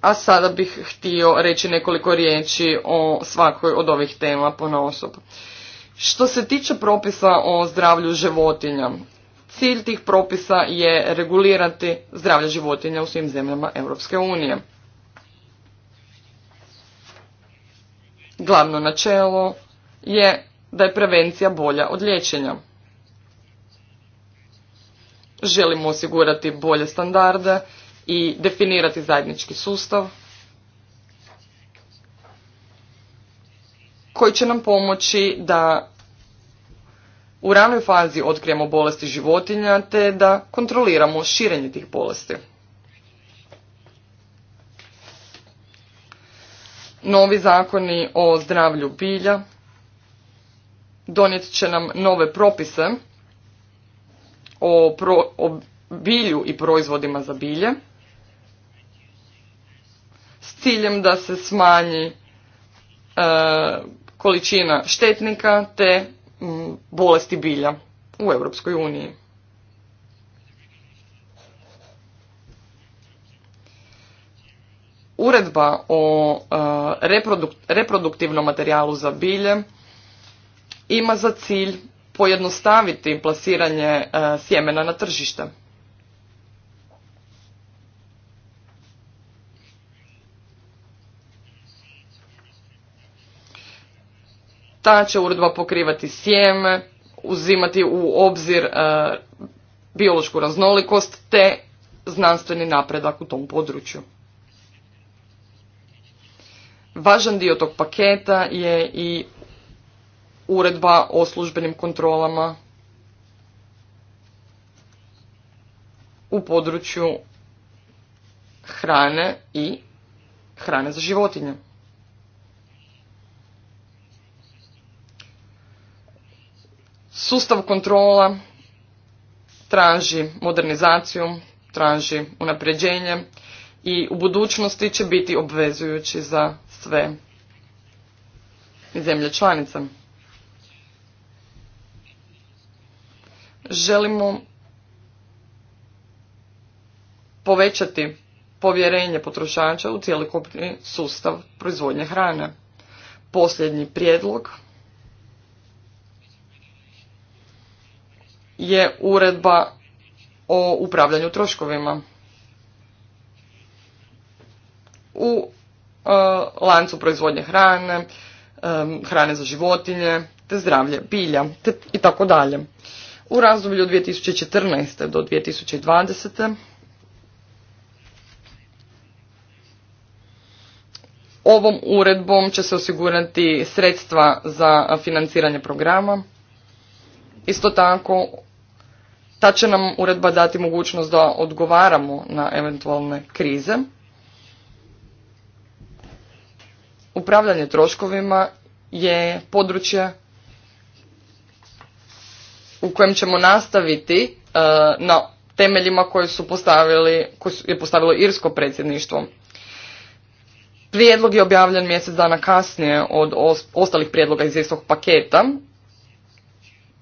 A sada bih htio reći nekoliko riječi o svakoj od ovih tema ponaosob. Što se tiče propisa o zdravlju životinja, cilj tih propisa je regulirati zdravlje životinja u svim zemljama Europske unije. Glavno načelo je da je prevencija bolja od liječenja. Želimo osigurati bolje standarde i definirati zajednički sustav koji će nam pomoći da u ranoj fazi otkrijemo bolesti životinja te da kontroliramo širenje tih bolesti. Novi zakoni o zdravlju bilja donijet će nam nove propise o, bilju i proizvodima za bilje s ciljem da se smanji e, količina štetnika te bolesti bilja u Europskoj uniji. Uredba o e, reproduktivnom materijalu za bilje ima za cilj pojednostaviti plasiranje e, sjemena na tržište. Ta će uredba pokrivati sjeme, uzimati u obzir e, biološku raznolikost te znanstveni napredak u tom području. Važan dio tog paketa je i uredba o službenim kontrolama u području hrane i hrane za životinje. Sustav kontrola traži modernizaciju, traži unapređenje i u budućnosti će biti obvezujući za sve zemlje članice. Želimo povećati povjerenje potrošača u cjelokupni sustav proizvodnje hrane. Posljednji prijedlog je uredba o upravljanju troškovima. U e, lancu proizvodnje hrane, e, hrane za životinje, te zdravlje bilja te, i tako dalje. U razdoblju 2014. do 2020. Ovom uredbom će se osigurati sredstva za financiranje programa. Isto tako ta će nam uredba dati mogućnost da odgovaramo na eventualne krize. Upravljanje troškovima je područje u kojem ćemo nastaviti e, na temeljima koje su postavili, koje je postavilo irsko predsjedništvo. Prijedlog je objavljen mjesec dana kasnije od ostalih prijedloga iz istog paketa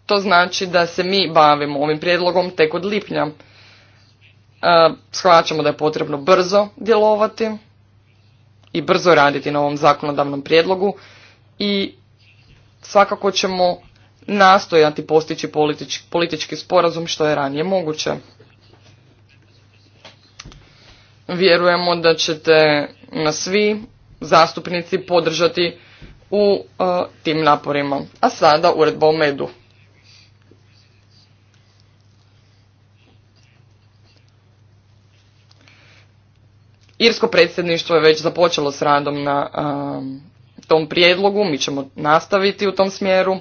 to znači da se mi bavimo ovim prijedlogom tek od lipnja. E, shvaćamo da je potrebno brzo djelovati i brzo raditi na ovom zakonodavnom prijedlogu i svakako ćemo nastojati postići politički sporazum što je ranije moguće. Vjerujemo da ćete na svi zastupnici podržati u e, tim naporima. A sada uredba o medu. Irsko predsjedništvo je već započelo s radom na um, tom prijedlogu, mi ćemo nastaviti u tom smjeru.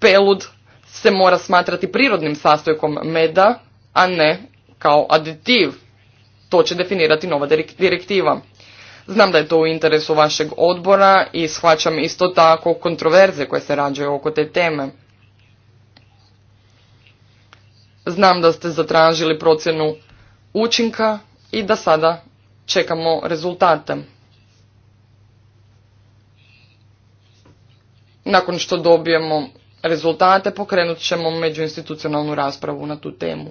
Pelud se mora smatrati prirodnim sastojkom meda, a ne kao aditiv. To će definirati nova direktiva. Znam da je to u interesu vašeg odbora i shvaćam isto tako kontroverze koje se rađaju oko te teme. Znam da ste zatražili procjenu učinka i da sada čekamo rezultate. Nakon što dobijemo rezultate, pokrenut ćemo međuinstitucionalnu raspravu na tu temu.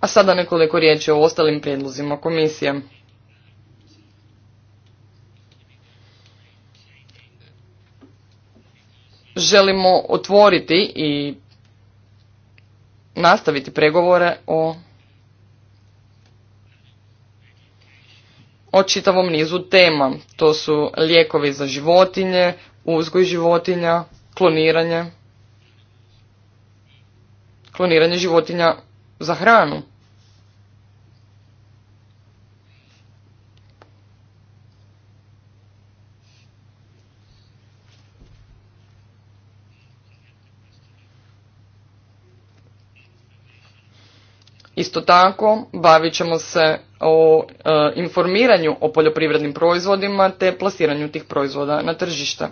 A sada nekoliko riječi o ostalim prijedlozima komisije. Želimo otvoriti i nastaviti pregovore o o čitavom nizu tema. To su lijekovi za životinje, uzgoj životinja, kloniranje, kloniranje životinja za hranu. Isto tako, bavit ćemo se o e, informiranju o poljoprivrednim proizvodima te plasiranju tih proizvoda na tržište.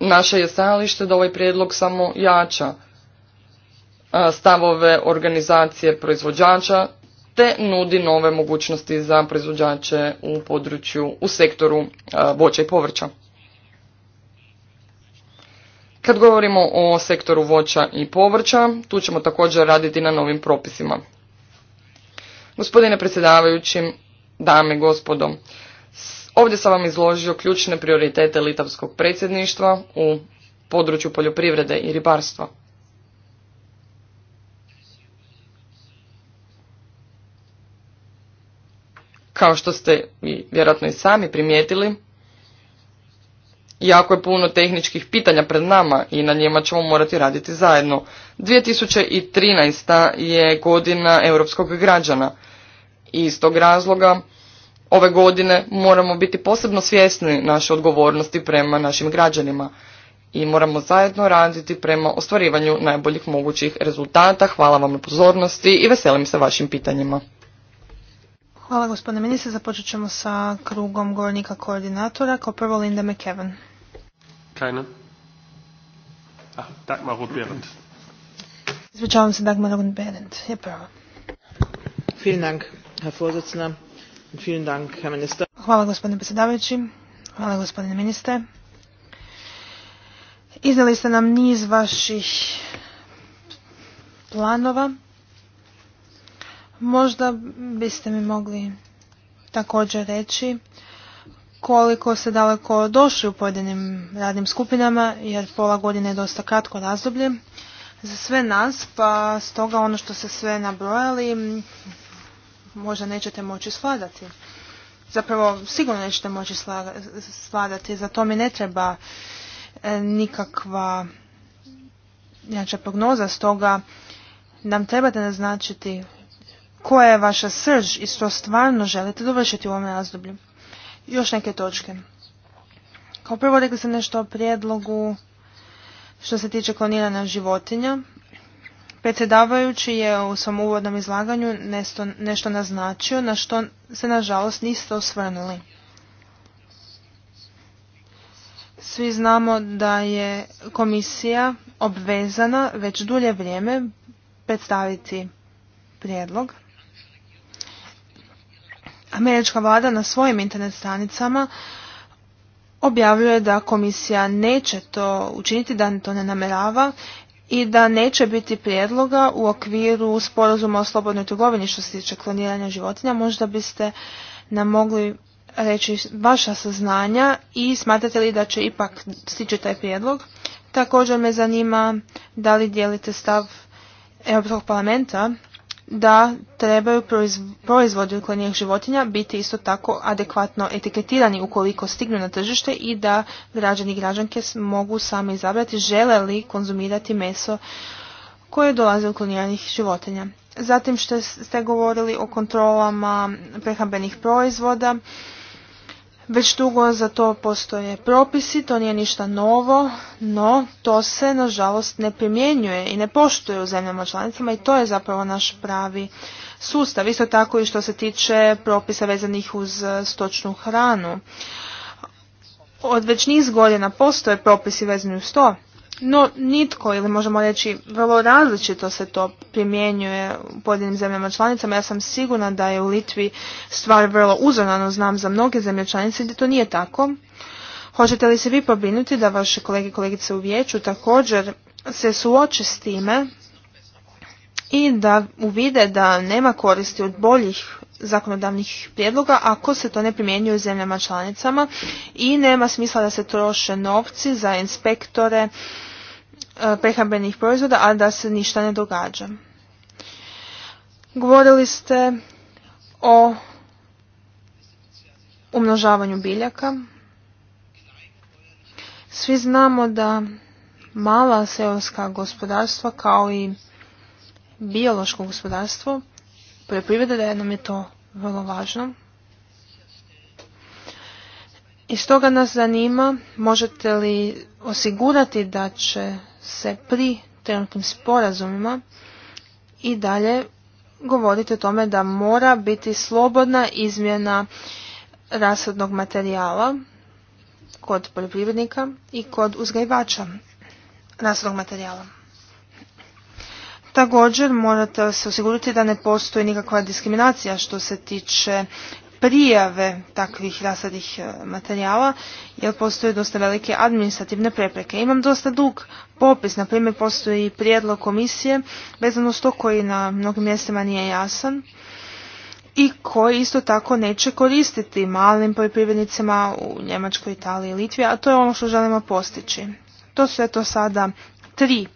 Naše je stajalište da ovaj prijedlog samo jača e, stavove organizacije proizvođača te nudi nove mogućnosti za proizvođače u području, u sektoru e, voća i povrća. Kad govorimo o sektoru voća i povrća, tu ćemo također raditi na novim propisima. Gospodine predsjedavajući, dame i gospodo, ovdje sam vam izložio ključne prioritete litavskog predsjedništva u području poljoprivrede i ribarstva. Kao što ste vjerojatno i sami primijetili, Jako je puno tehničkih pitanja pred nama i na njima ćemo morati raditi zajedno. 2013. je godina europskog građana. I iz tog razloga ove godine moramo biti posebno svjesni naše odgovornosti prema našim građanima i moramo zajedno raditi prema ostvarivanju najboljih mogućih rezultata. Hvala vam na pozornosti i veselim se vašim pitanjima. Hvala gospodine ministre. Započet ćemo sa krugom govornika koordinatora. Kao prvo Linda McKevan. Keine? Ach, Dagmar Roth-Behrendt. Ispričavam se Dagmar Roth-Behrendt. Je Vielen Dank, Herr Vorsitzender. Und Vielen Dank, Herr Minister. Hvala gospodine predsjedavajući. Hvala gospodine ministre. Izdali ste nam niz vaših planova. Možda biste mi mogli također reći koliko se daleko došli u pojedinim radnim skupinama, jer pola godine je dosta kratko razdoblje za sve nas, pa stoga ono što se sve nabrojali možda nećete moći svladati. Zapravo, sigurno nećete moći svladati, za to mi ne treba e, nikakva jača prognoza, stoga nam trebate naznačiti koja je vaša srž i što stvarno želite dovršiti u ovom razdoblju. Još neke točke. Kao prvo rekli sam nešto o prijedlogu što se tiče kloniranja životinja. Predsjedavajući je u svom uvodnom izlaganju nešto, nešto naznačio na što se nažalost niste osvrnuli. Svi znamo da je komisija obvezana već dulje vrijeme predstaviti prijedlog Američka vlada na svojim internet stranicama objavljuje da komisija neće to učiniti, da to ne namerava i da neće biti prijedloga u okviru sporazuma o slobodnoj trgovini što se tiče kloniranja životinja. Možda biste nam mogli reći vaša saznanja i smatrate li da će ipak stići taj prijedlog. Također me zanima da li dijelite stav Europskog parlamenta da trebaju proizvodi uklonjenih životinja biti isto tako adekvatno etiketirani ukoliko stignu na tržište i da građani i građanke mogu sami izabrati žele li konzumirati meso koje dolazi od kloniranih životinja. Zatim što ste govorili o kontrolama prehrambenih proizvoda, već dugo za to postoje propisi, to nije ništa novo, no to se nažalost ne primjenjuje i ne poštuje u zemljama članicama i to je zapravo naš pravi sustav. Isto tako i što se tiče propisa vezanih uz e, stočnu hranu. Od već niz godina postoje propisi vezani uz to, no, nitko ili možemo reći vrlo različito se to primjenjuje u pojedinim zemljama članicama. Ja sam sigurna da je u Litvi stvar vrlo uzorana, znam za mnoge zemlje članice gdje to nije tako. Hoćete li se vi pobrinuti da vaše kolege i kolegice u vijeću također se suoče s time i da uvide da nema koristi od boljih zakonodavnih prijedloga ako se to ne primjenjuje u zemljama članicama i nema smisla da se troše novci za inspektore E, prehrambenih proizvoda, a da se ništa ne događa. Govorili ste o umnožavanju biljaka. Svi znamo da mala seoska gospodarstva kao i biološko gospodarstvo, poljoprivreda da nam je to vrlo važno. I stoga nas zanima, možete li osigurati da će se pri trenutnim sporazumima i dalje govoriti o tome da mora biti slobodna izmjena rashodnog materijala kod poljoprivrednika i kod uzgajivača rashodnog materijala. Također morate se osigurati da ne postoji nikakva diskriminacija što se tiče prijave takvih rasadnih e, materijala, jer postoje dosta velike administrativne prepreke. Imam dosta dug popis, na primjer postoji prijedlog komisije vezano s to koji na mnogim mjestima nije jasan i koji isto tako neće koristiti malim poljoprivrednicima u Njemačkoj, Italiji i Litvi, a to je ono što želimo postići. To su eto sada tri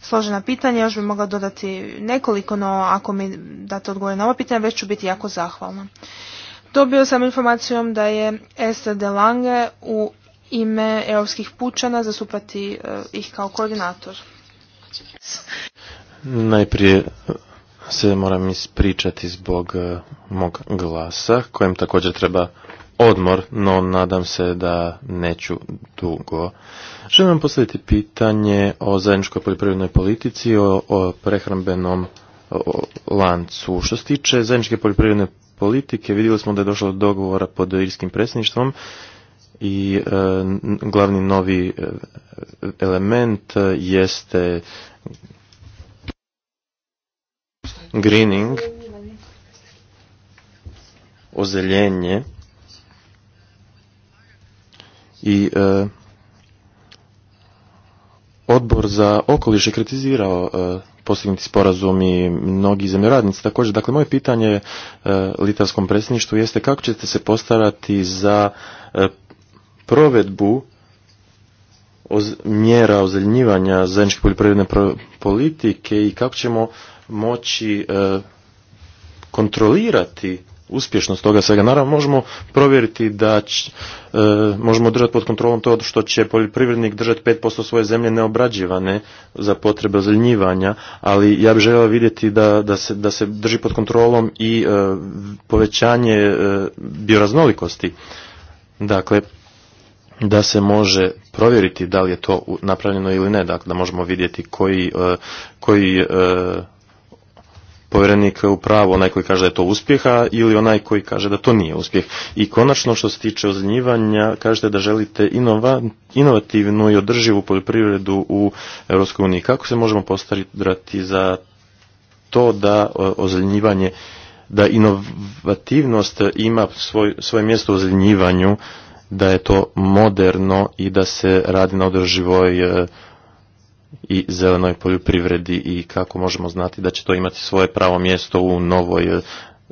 složena pitanja, još bih mogla dodati nekoliko, no ako mi date odgovor na ovo pitanje, već ću biti jako zahvalna. Dobio sam informacijom da je Esther de Lange u ime europskih pučana zastupati eh, ih kao koordinator. Najprije se moram ispričati zbog eh, mog glasa, kojem također treba odmor, no nadam se da neću dugo. Želim vam postaviti pitanje o zajedničkoj poljoprivrednoj politici, o prehrambenom lancu. Što se tiče zajedničke poljoprivredne politike vidjeli smo da je došlo do dogovora pod irskim predsjedništvom i e, glavni novi e, element e, jeste greening ozeljenje i odbor za okoliš je kritizirao postignuti sporazumi mnogi zemljoradnici također. Dakle, moje pitanje Litarskom e, litavskom predsjedništvu jeste kako ćete se postarati za e, provedbu mjera ozeljnjivanja zajedničke poljoprivredne politike i kako ćemo moći e, kontrolirati uspješnost toga svega. Naravno, možemo provjeriti da e, možemo držati pod kontrolom to što će poljoprivrednik držati 5% svoje zemlje neobrađivane za potrebe ozeljnjivanja, ali ja bih želio vidjeti da, se, drži pod kontrolom i e, povećanje e, bioraznolikosti. Dakle, da se može provjeriti da li je to napravljeno ili ne, dakle da možemo vidjeti koji, koji povjerenik u pravu, onaj koji kaže da je to uspjeha ili onaj koji kaže da to nije uspjeh. I konačno što se tiče ozljivanja, kažete da želite inovativnu i održivu poljoprivredu u EU. Kako se možemo postaviti za to da ozljivanje, da inovativnost ima svoje mjesto u ozljenjivanju, da je to moderno i da se radi na održivoj e, i zelenoj poljoprivredi i kako možemo znati da će to imati svoje pravo mjesto u novoj eh,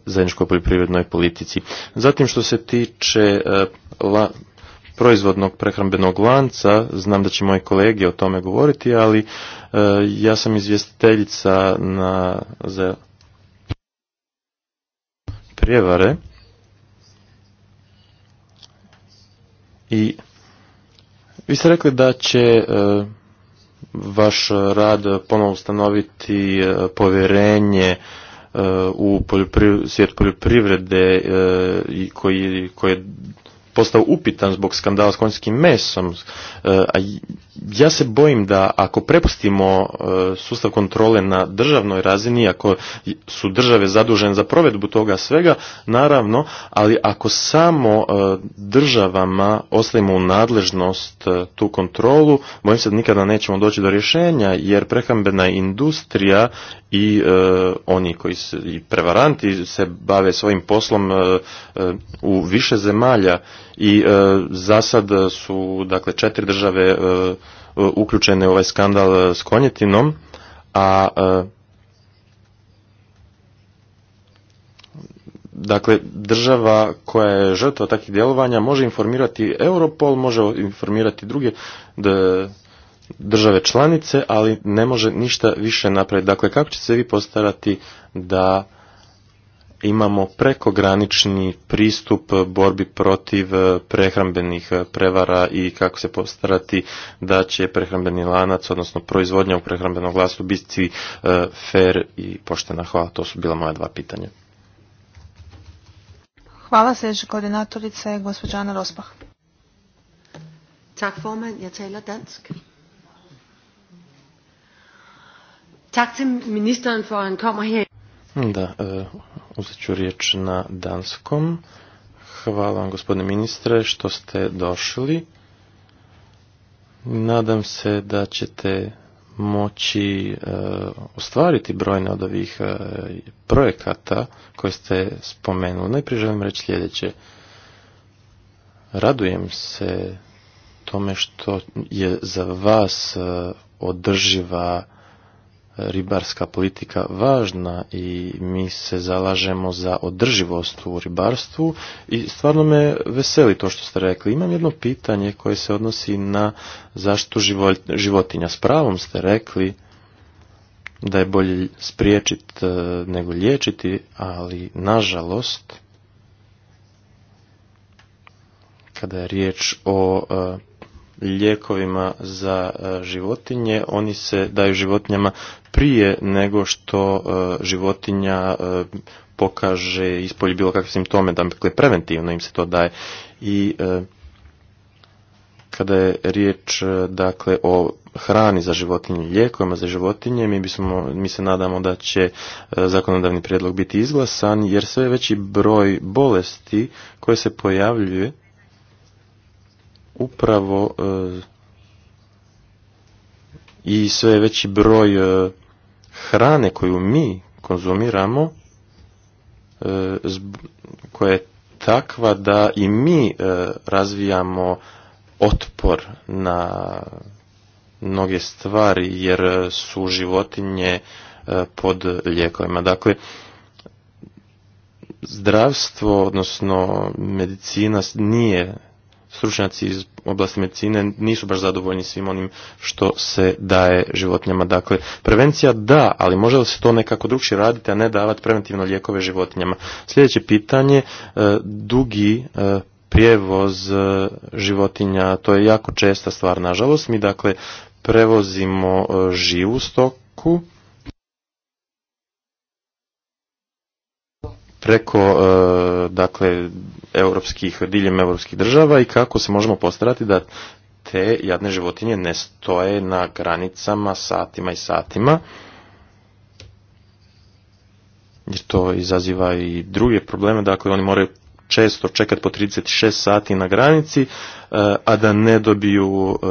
zajedničkoj poljoprivrednoj politici. Zatim što se tiče eh, proizvodnog prehrambenog lanca, znam da će moji kolege o tome govoriti, ali eh, ja sam izvjestiteljica na, za prijevare i vi ste rekli da će vaš rad ponovo ustanoviti e, povjerenje e, u svijet poljoprivrede e, koji, koji je postao upitan zbog skandala s konjskim mesom, a ja se bojim da ako prepustimo e, sustav kontrole na državnoj razini, ako su države zadužene za provedbu toga svega, naravno, ali ako samo e, državama ostavimo u nadležnost e, tu kontrolu, bojim se da nikada nećemo doći do rješenja, jer prehrambena industrija i oni koji se, i prevaranti se bave svojim poslom u više zemalja i e, za sad su dakle četiri države e, uključene u ovaj skandal e, s konjetinom, a dakle država koja je žrtva takvih djelovanja može informirati Europol, može informirati druge države članice, ali ne može ništa više napraviti. Dakle, kako će se vi postarati da imamo prekogranični pristup borbi protiv e, prehrambenih e, prevara i kako se postarati da će prehrambeni lanac, odnosno proizvodnja u prehrambenom glasu biti e, fer i poštena. Hvala, to su bila moja dva pitanja. Hvala, sljedeća koordinatorica je gospođa Ana Rospah. Tak formand, ja taler dansk. Tak til ministeren for, han kommer her. Da, uzet ću riječ na danskom. Hvala vam gospodine ministre što ste došli. Nadam se da ćete moći eh, ostvariti brojne od ovih eh, projekata koje ste spomenuli. Najprije želim reći sljedeće. Radujem se tome što je za vas eh, održiva ribarska politika važna i mi se zalažemo za održivost u ribarstvu i stvarno me veseli to što ste rekli. Imam jedno pitanje koje se odnosi na zaštitu životinja. S pravom ste rekli da je bolje spriječiti e, nego liječiti, ali nažalost kada je riječ o e, lijekovima za e, životinje, oni se daju životinjama prije nego što e, životinja e, pokaže ispolje bilo kakve simptome, dakle preventivno im se to daje. I e, kada je riječ dakle o hrani za životinje, lijekovima za životinje, mi, bismo, mi se nadamo da će zakonodavni prijedlog biti izglasan jer sve veći broj bolesti koje se pojavljuje upravo i sve veći broj hrane koju mi konzumiramo, e, koja je takva da i mi e, razvijamo otpor na mnoge stvari jer su životinje e, pod lijekovima. Dakle, zdravstvo, odnosno medicina nije stručnjaci iz oblasti medicine nisu baš zadovoljni svim onim što se daje životinjama. Dakle, prevencija da, ali može li se to nekako drukčije raditi, a ne davati preventivno lijekove životinjama? Sljedeće pitanje, e, dugi e, prijevoz e, životinja, to je jako česta stvar, nažalost. Mi, dakle, prevozimo živu stoku, preko e, dakle europskih diljem europskih država i kako se možemo postarati da te jadne životinje ne stoje na granicama satima i satima jer to izaziva i druge probleme dakle oni moraju često čekati po 36 sati na granici, e, a da ne dobiju e,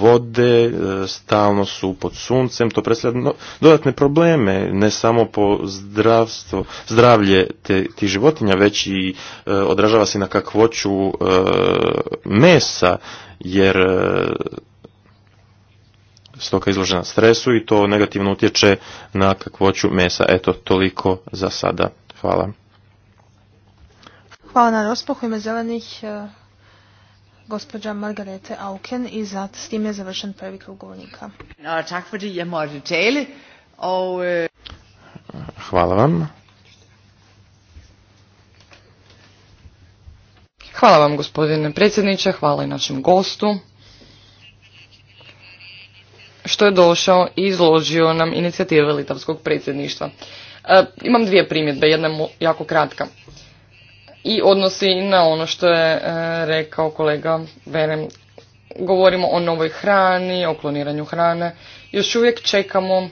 vode, e, stalno su pod suncem, to predstavlja dodatne probleme, ne samo po zdravstvo, zdravlje tih životinja, već i odražava se na kakvoću mesa, jer stoka izložena stresu i to negativno utječe na kakvoću mesa. Eto, toliko za sada. Hvala. Hvala na rozpohu ime zelenih e, gospođa Margarete Auken i za, s tim je završen prvi krug govornika. Øh, hvala vam. Hvala vam gospodine predsjedniče, hvala i našem gostu što je došao i izložio nam inicijative Litavskog predsjedništva. E, imam dvije primjedbe, jedna je jako kratka i odnosi na ono što je e, rekao kolega Verem. Govorimo o novoj hrani, o kloniranju hrane. Još uvijek čekamo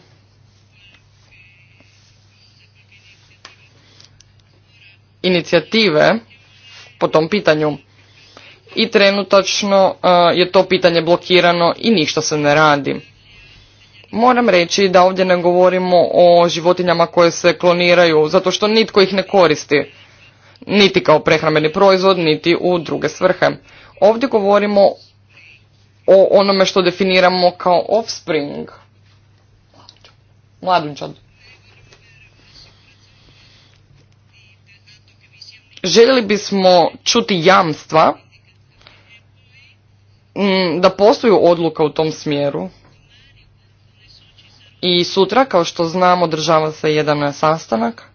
inicijative po tom pitanju i trenutačno e, je to pitanje blokirano i ništa se ne radi. Moram reći da ovdje ne govorimo o životinjama koje se kloniraju zato što nitko ih ne koristi niti kao prehrambeni proizvod, niti u druge svrhe. Ovdje govorimo o onome što definiramo kao offspring. Mladunčad. Željeli bismo čuti jamstva mm, da postoji odluka u tom smjeru. I sutra, kao što znamo, održava se jedan sastanak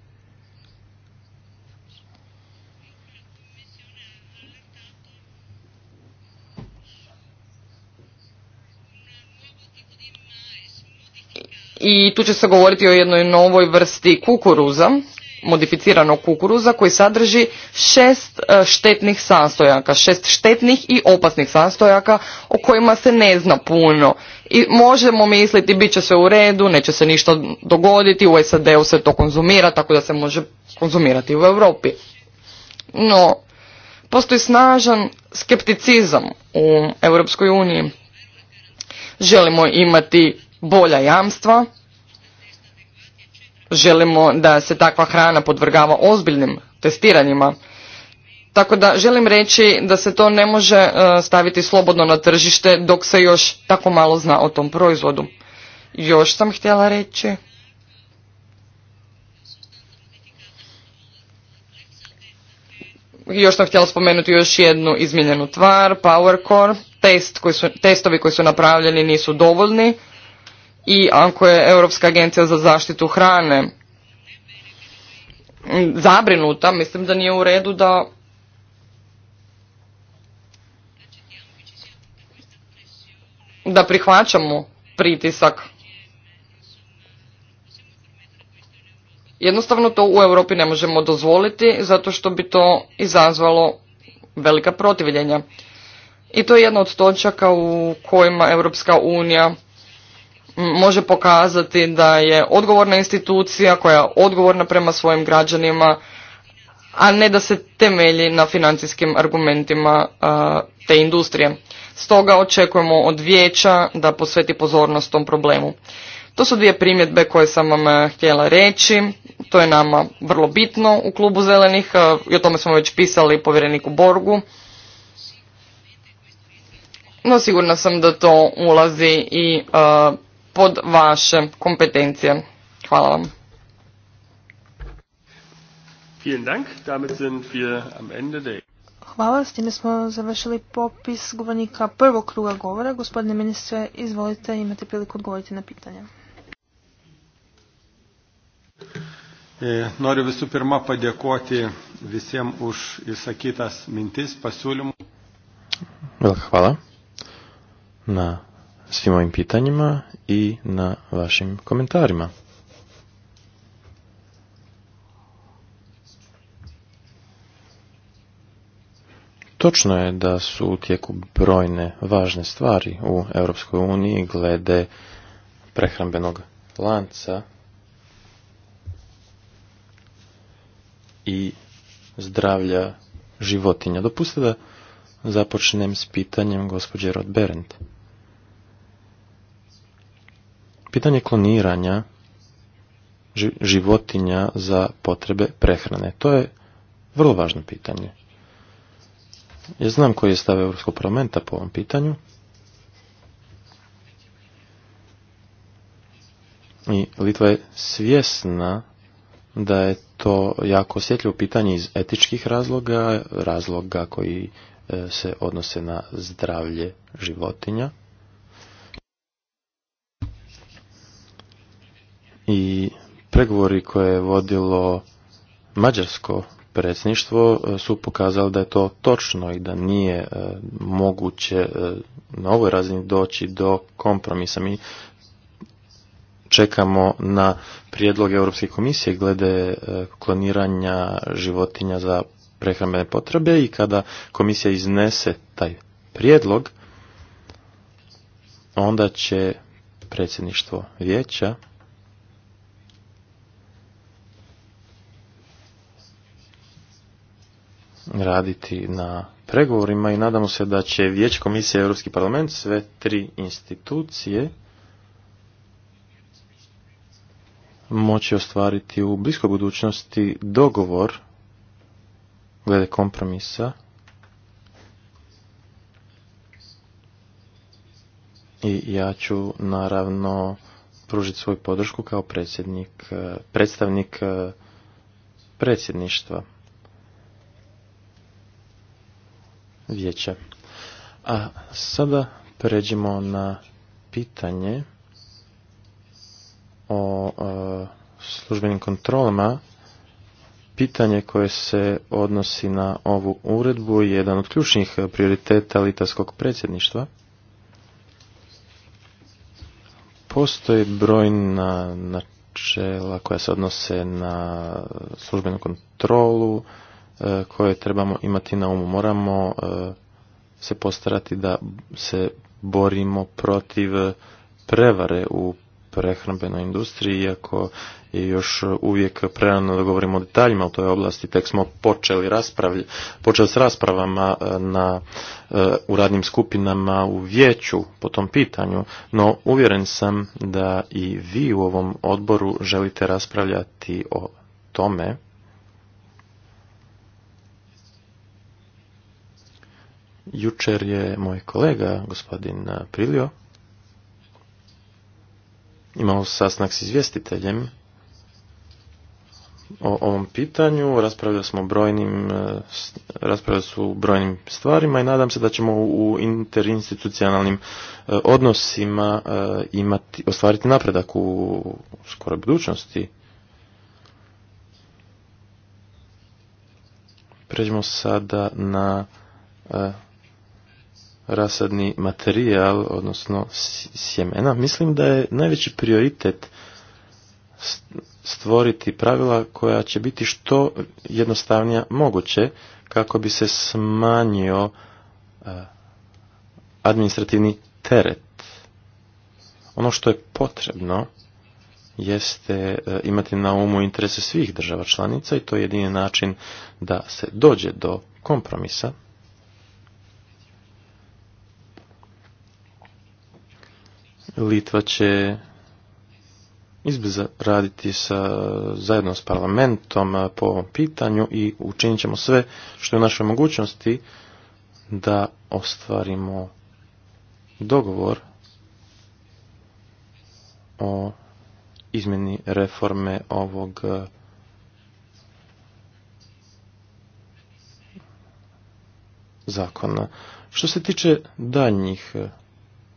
i tu će se govoriti o jednoj novoj vrsti kukuruza, modificiranog kukuruza koji sadrži šest e, štetnih sastojaka, šest štetnih i opasnih sastojaka o kojima se ne zna puno. I možemo misliti bit će sve u redu, neće se ništa dogoditi, u SAD-u se to konzumira tako da se može konzumirati u Europi. No, postoji snažan skepticizam u Europskoj uniji. Želimo imati bolja jamstva, želimo da se takva hrana podvrgava ozbiljnim testiranjima. Tako da želim reći da se to ne može e, staviti slobodno na tržište dok se još tako malo zna o tom proizvodu. Još sam htjela reći. Još sam htjela spomenuti još jednu izmijenjenu tvar, PowerCore. Test koji su, testovi koji su napravljeni nisu dovoljni i ako je Europska agencija za zaštitu hrane zabrinuta, mislim da nije u redu da da prihvaćamo pritisak. Jednostavno to u Europi ne možemo dozvoliti zato što bi to izazvalo velika protivljenja. I to je jedna od točaka u kojima Europska unija može pokazati da je odgovorna institucija koja je odgovorna prema svojim građanima, a ne da se temelji na financijskim argumentima te industrije. Stoga očekujemo od vijeća da posveti pozornost tom problemu. To su dvije primjedbe koje sam vam htjela reći. To je nama vrlo bitno u klubu zelenih i o tome smo već pisali povjereniku Borgu. No sigurna sam da to ulazi i pod vaše kompetencije. Hvala vam. Hvala, s time smo završili popis govornika prvog kruga govora. Gospodine ministre, izvolite, imate priliku odgovoriti na pitanje. Noriu visų pirma padėkoti visiems už išsakytas mintis, pasiūlymus. Vėl hvala na svim ovim pitanjima i na vašim komentarima. Točno je da su u tijeku brojne važne stvari u Europskoj uniji glede prehrambenog lanca i zdravlja životinja. Dopustite da započnem s pitanjem gospođe Rod Berendt. Pitanje kloniranja životinja za potrebe prehrane. To je vrlo važno pitanje. Ja znam koji je stav Europskog parlamenta po ovom pitanju. I Litva je svjesna da je to jako osjetljivo pitanje iz etičkih razloga, razloga koji e, se odnose na zdravlje životinja. i pregovori koje je vodilo mađarsko predsjedništvo e, su pokazali da je to točno i da nije e, moguće e, na ovoj razini doći do kompromisa. Mi čekamo na prijedlog Europske komisije glede kloniranja životinja za prehrambene potrebe i kada komisija iznese taj prijedlog, onda će predsjedništvo vijeća raditi na pregovorima i nadamo se da će Vijeće komisije Europski parlament sve tri institucije moći ostvariti u bliskoj budućnosti dogovor glede kompromisa i ja ću naravno pružiti svoju podršku kao predsjednik, predstavnik eh, predsjedništva. vijeća. A sada pređemo na pitanje o e, službenim kontrolama. Pitanje koje se odnosi na ovu uredbu je jedan od ključnih prioriteta litarskog predsjedništva. Postoje brojna načela koja se odnose na službenu kontrolu, E, koje trebamo imati na umu. Moramo e, se postarati da se borimo protiv prevare u prehrambenoj industriji, iako je još uvijek prerano da govorimo o detaljima u toj oblasti, tek smo počeli, počeli s raspravama e, na, u radnim skupinama u vijeću po tom pitanju, no uvjeren sam da i vi u ovom odboru želite raspravljati o tome, Jučer je moj kolega, gospodin Prilio, imao sastanak s izvjestiteljem o ovom pitanju, raspravljali smo brojnim, e, raspravljali su brojnim stvarima i nadam se da ćemo u interinstitucionalnim e, odnosima e, imati, ostvariti napredak u skoroj budućnosti. Pređemo sada na rasadni materijal, odnosno sjemena, mislim da je najveći prioritet stvoriti pravila koja će biti što jednostavnija moguće kako bi se smanjio e, administrativni teret. Ono što je potrebno jeste e, imati na umu interese svih država članica i to je jedini način da se dođe do kompromisa Litva će izbliza raditi sa, zajedno s parlamentom po ovom pitanju i učinit ćemo sve što je u našoj mogućnosti da ostvarimo dogovor o izmjeni reforme ovog zakona. Što se tiče daljnjih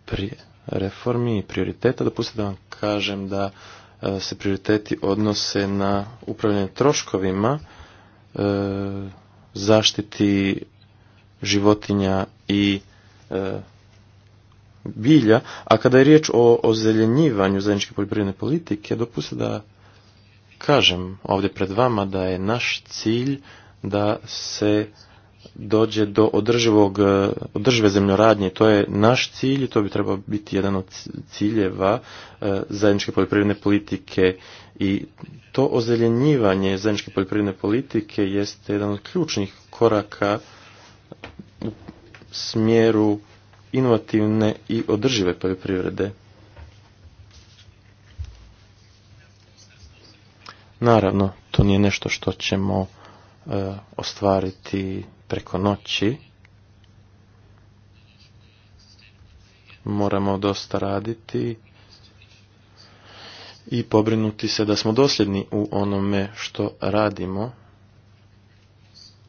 prije reformi i prioriteta. Dopustite da vam kažem da e, se prioriteti odnose na upravljanje troškovima, e, zaštiti životinja i e, bilja, a kada je riječ o ozeljenjivanju zajedničke poljoprivredne politike, dopustite da kažem ovdje pred vama da je naš cilj da se dođe do održivog, e, održive zemljoradnje. To je naš cilj i to bi trebao biti jedan od ciljeva e, zajedničke poljoprivredne politike i to ozeljenjivanje zajedničke poljoprivredne politike jeste jedan od ključnih koraka u smjeru inovativne i održive poljoprivrede. Naravno, to nije nešto što ćemo e, ostvariti preko noći. Moramo dosta raditi i pobrinuti se da smo dosljedni u onome što radimo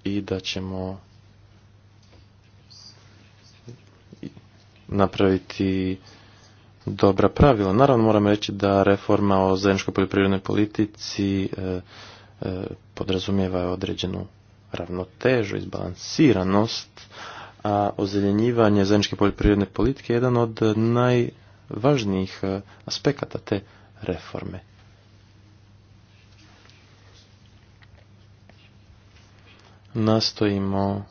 i da ćemo napraviti dobra pravila. Naravno moram reći da reforma o zajedničkoj poljoprivrednoj politici eh, eh, podrazumijeva određenu ravnotežu, izbalansiranost, a ozeljenjivanje zajedničke poljoprivredne politike je jedan od najvažnijih e, aspekata te reforme. Nastojimo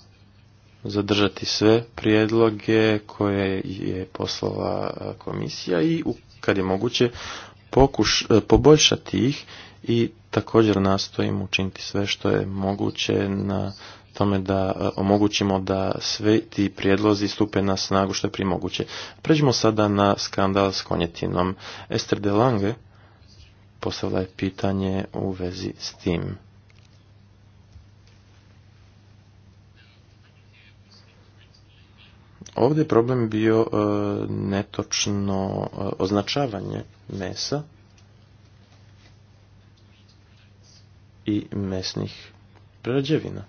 zadržati sve prijedloge koje je poslala e, komisija i kad je moguće e, poboljšati ih i također nastojimo učiniti sve što je moguće na tome da e, omogućimo da sve ti prijedlozi stupe na snagu što je prije moguće. Pređimo sada na skandal s konjetinom. Ester de Lange postavila je pitanje u vezi s tim. Ovdje je problem bio e, netočno e, označavanje mesa i mesnih prerađevina.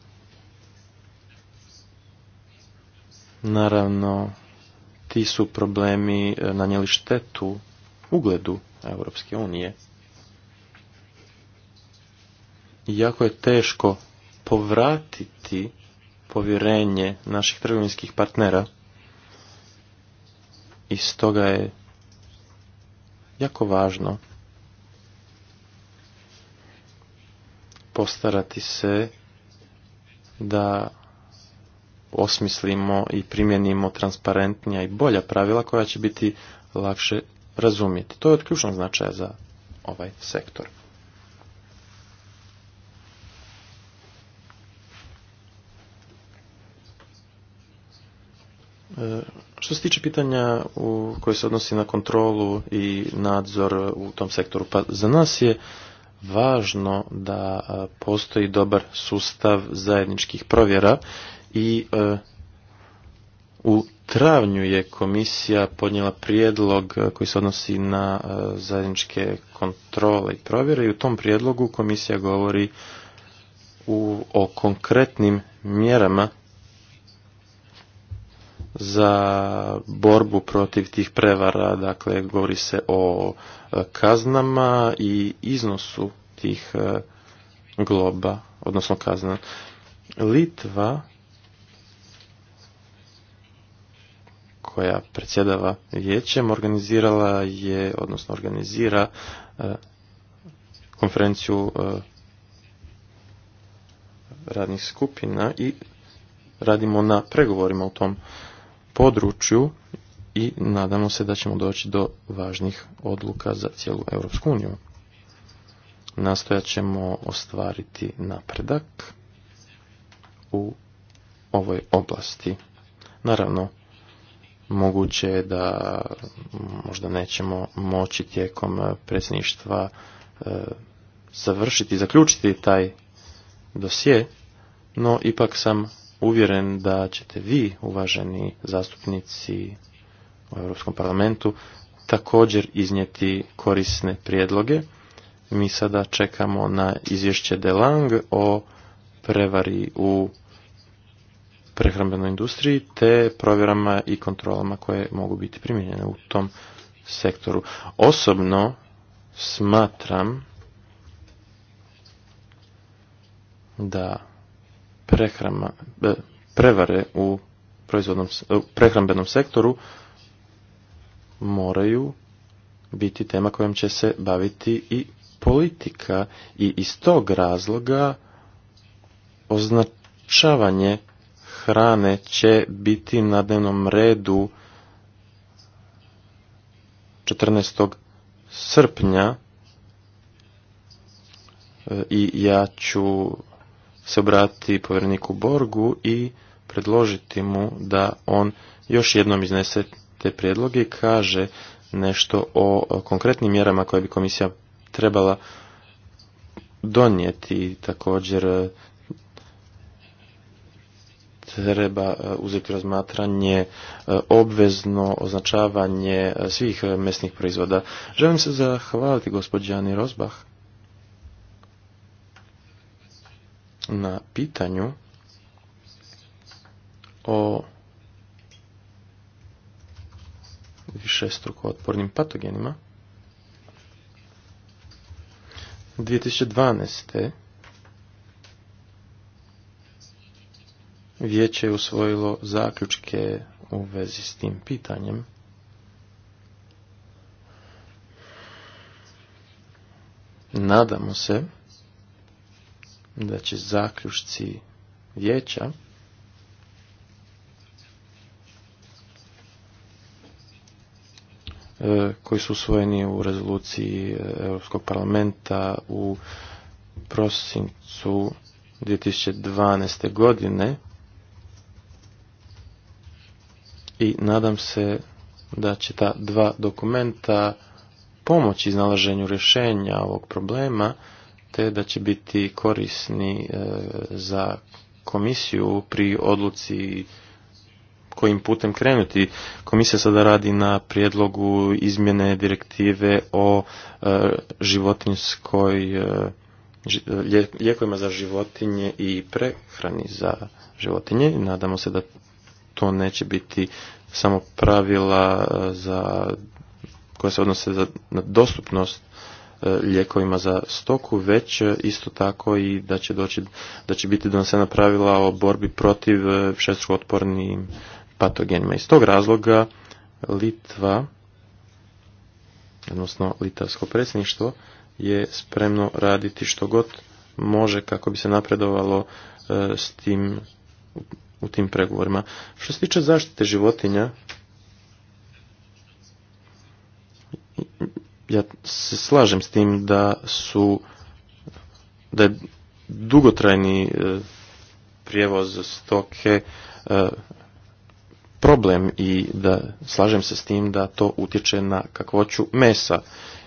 Naravno, ti su problemi e, nanijeli štetu ugledu Europske unije. Iako je teško povratiti povjerenje naših trgovinskih partnera, i stoga je jako važno postarati se da osmislimo i primjenimo transparentnija i bolja pravila koja će biti lakše razumjeti. To je od ključnog značaja za ovaj sektor. E, što se tiče pitanja u koje se odnosi na kontrolu i nadzor u tom sektoru, pa za nas je važno da e, postoji dobar sustav zajedničkih provjera i e, u travnju je komisija podnijela prijedlog koji se odnosi na e, zajedničke kontrole i provjere i u tom prijedlogu komisija govori o konkretnim mjerama za borbu protiv tih prevara, dakle govori se o e, kaznama i iznosu tih e, globa, odnosno kazna. Litva koja predsjedava vijećem organizirala je, odnosno organizira e, konferenciju radnih skupina i radimo na pregovorima u tom području i nadamo se da ćemo doći do važnih odluka za cijelu Europsku uniju. Nastojat ćemo ostvariti napredak u ovoj oblasti. Naravno, moguće je da možda nećemo moći tijekom predsjedništva završiti e, završiti, zaključiti taj dosje, no ipak sam uvjeren da ćete vi, uvaženi zastupnici u Europskom parlamentu, također iznijeti korisne prijedloge. Mi sada čekamo na izvješće Delang o prevari u prehrambenoj industriji te provjerama i kontrolama koje mogu biti primijenjene u tom sektoru. Osobno smatram da prehrama, prevare u, proizvodnom, prehrambenom sektoru moraju biti tema kojom će se baviti i politika i iz tog razloga označavanje hrane će biti na dnevnom redu 14. srpnja e, i ja ću se obratiti povjereniku Borgu i predložiti mu da on još jednom iznese te prijedloge i kaže nešto o konkretnim mjerama koje bi komisija trebala donijeti također treba e, uzeti razmatranje e, obvezno označavanje e, svih mesnih proizvoda. Želim se zahvaliti gospođi Ani Rozbah na pitanju o višestruko otpornim patogenima. 2012. vijeće je usvojilo zaključke u vezi s tim pitanjem. Nadamo se da će zaključci vijeća e, koji su usvojeni u rezoluciji Europskog parlamenta u prosincu 2012. godine i nadam se da će ta dva dokumenta pomoći iznalaženju rješenja ovog problema te da će biti korisni e, za komisiju pri odluci kojim putem krenuti. Komisija sada radi na prijedlogu izmjene direktive o e, životinskoj e, lijekovima za životinje i prehrani za životinje. Nadamo se da to neće biti samo pravila za koja se odnose za, na dostupnost E, lijekovima za stoku, već e, isto tako i da će, doći, da će biti donesena pravila o borbi protiv e, šestro otpornim patogenima. Iz tog razloga Litva, odnosno Litavsko predsjedništvo, je spremno raditi što god može kako bi se napredovalo s tim, u tim pregovorima. Što se tiče zaštite životinja, ja se slažem s tim da su da je dugotrajni e, prijevoz stoke e, problem i da slažem se s tim da to utječe na kakvoću mesa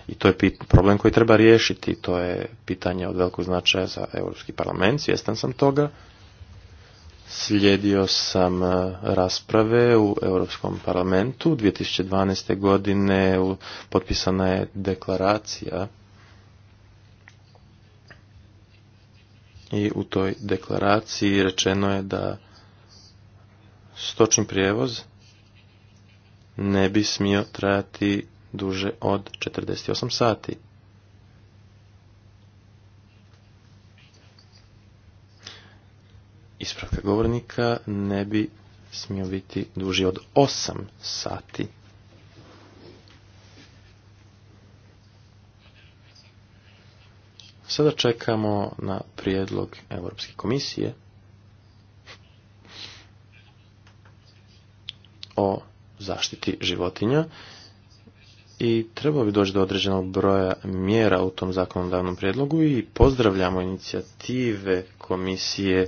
i to je problem koji treba riješiti to je pitanje od velikog značaja za europski parlament svjestan sam toga slijedio sam e, rasprave u Europskom parlamentu. 2012. godine potpisana je deklaracija i u toj deklaraciji rečeno je da stočni prijevoz ne bi smio trajati duže od 48 sati. ispravka govornika ne bi smio biti duži od osam sati. Sada čekamo na prijedlog Europske komisije o zaštiti životinja i trebao bi doći do određenog broja mjera u tom zakonodavnom prijedlogu i pozdravljamo inicijative komisije e,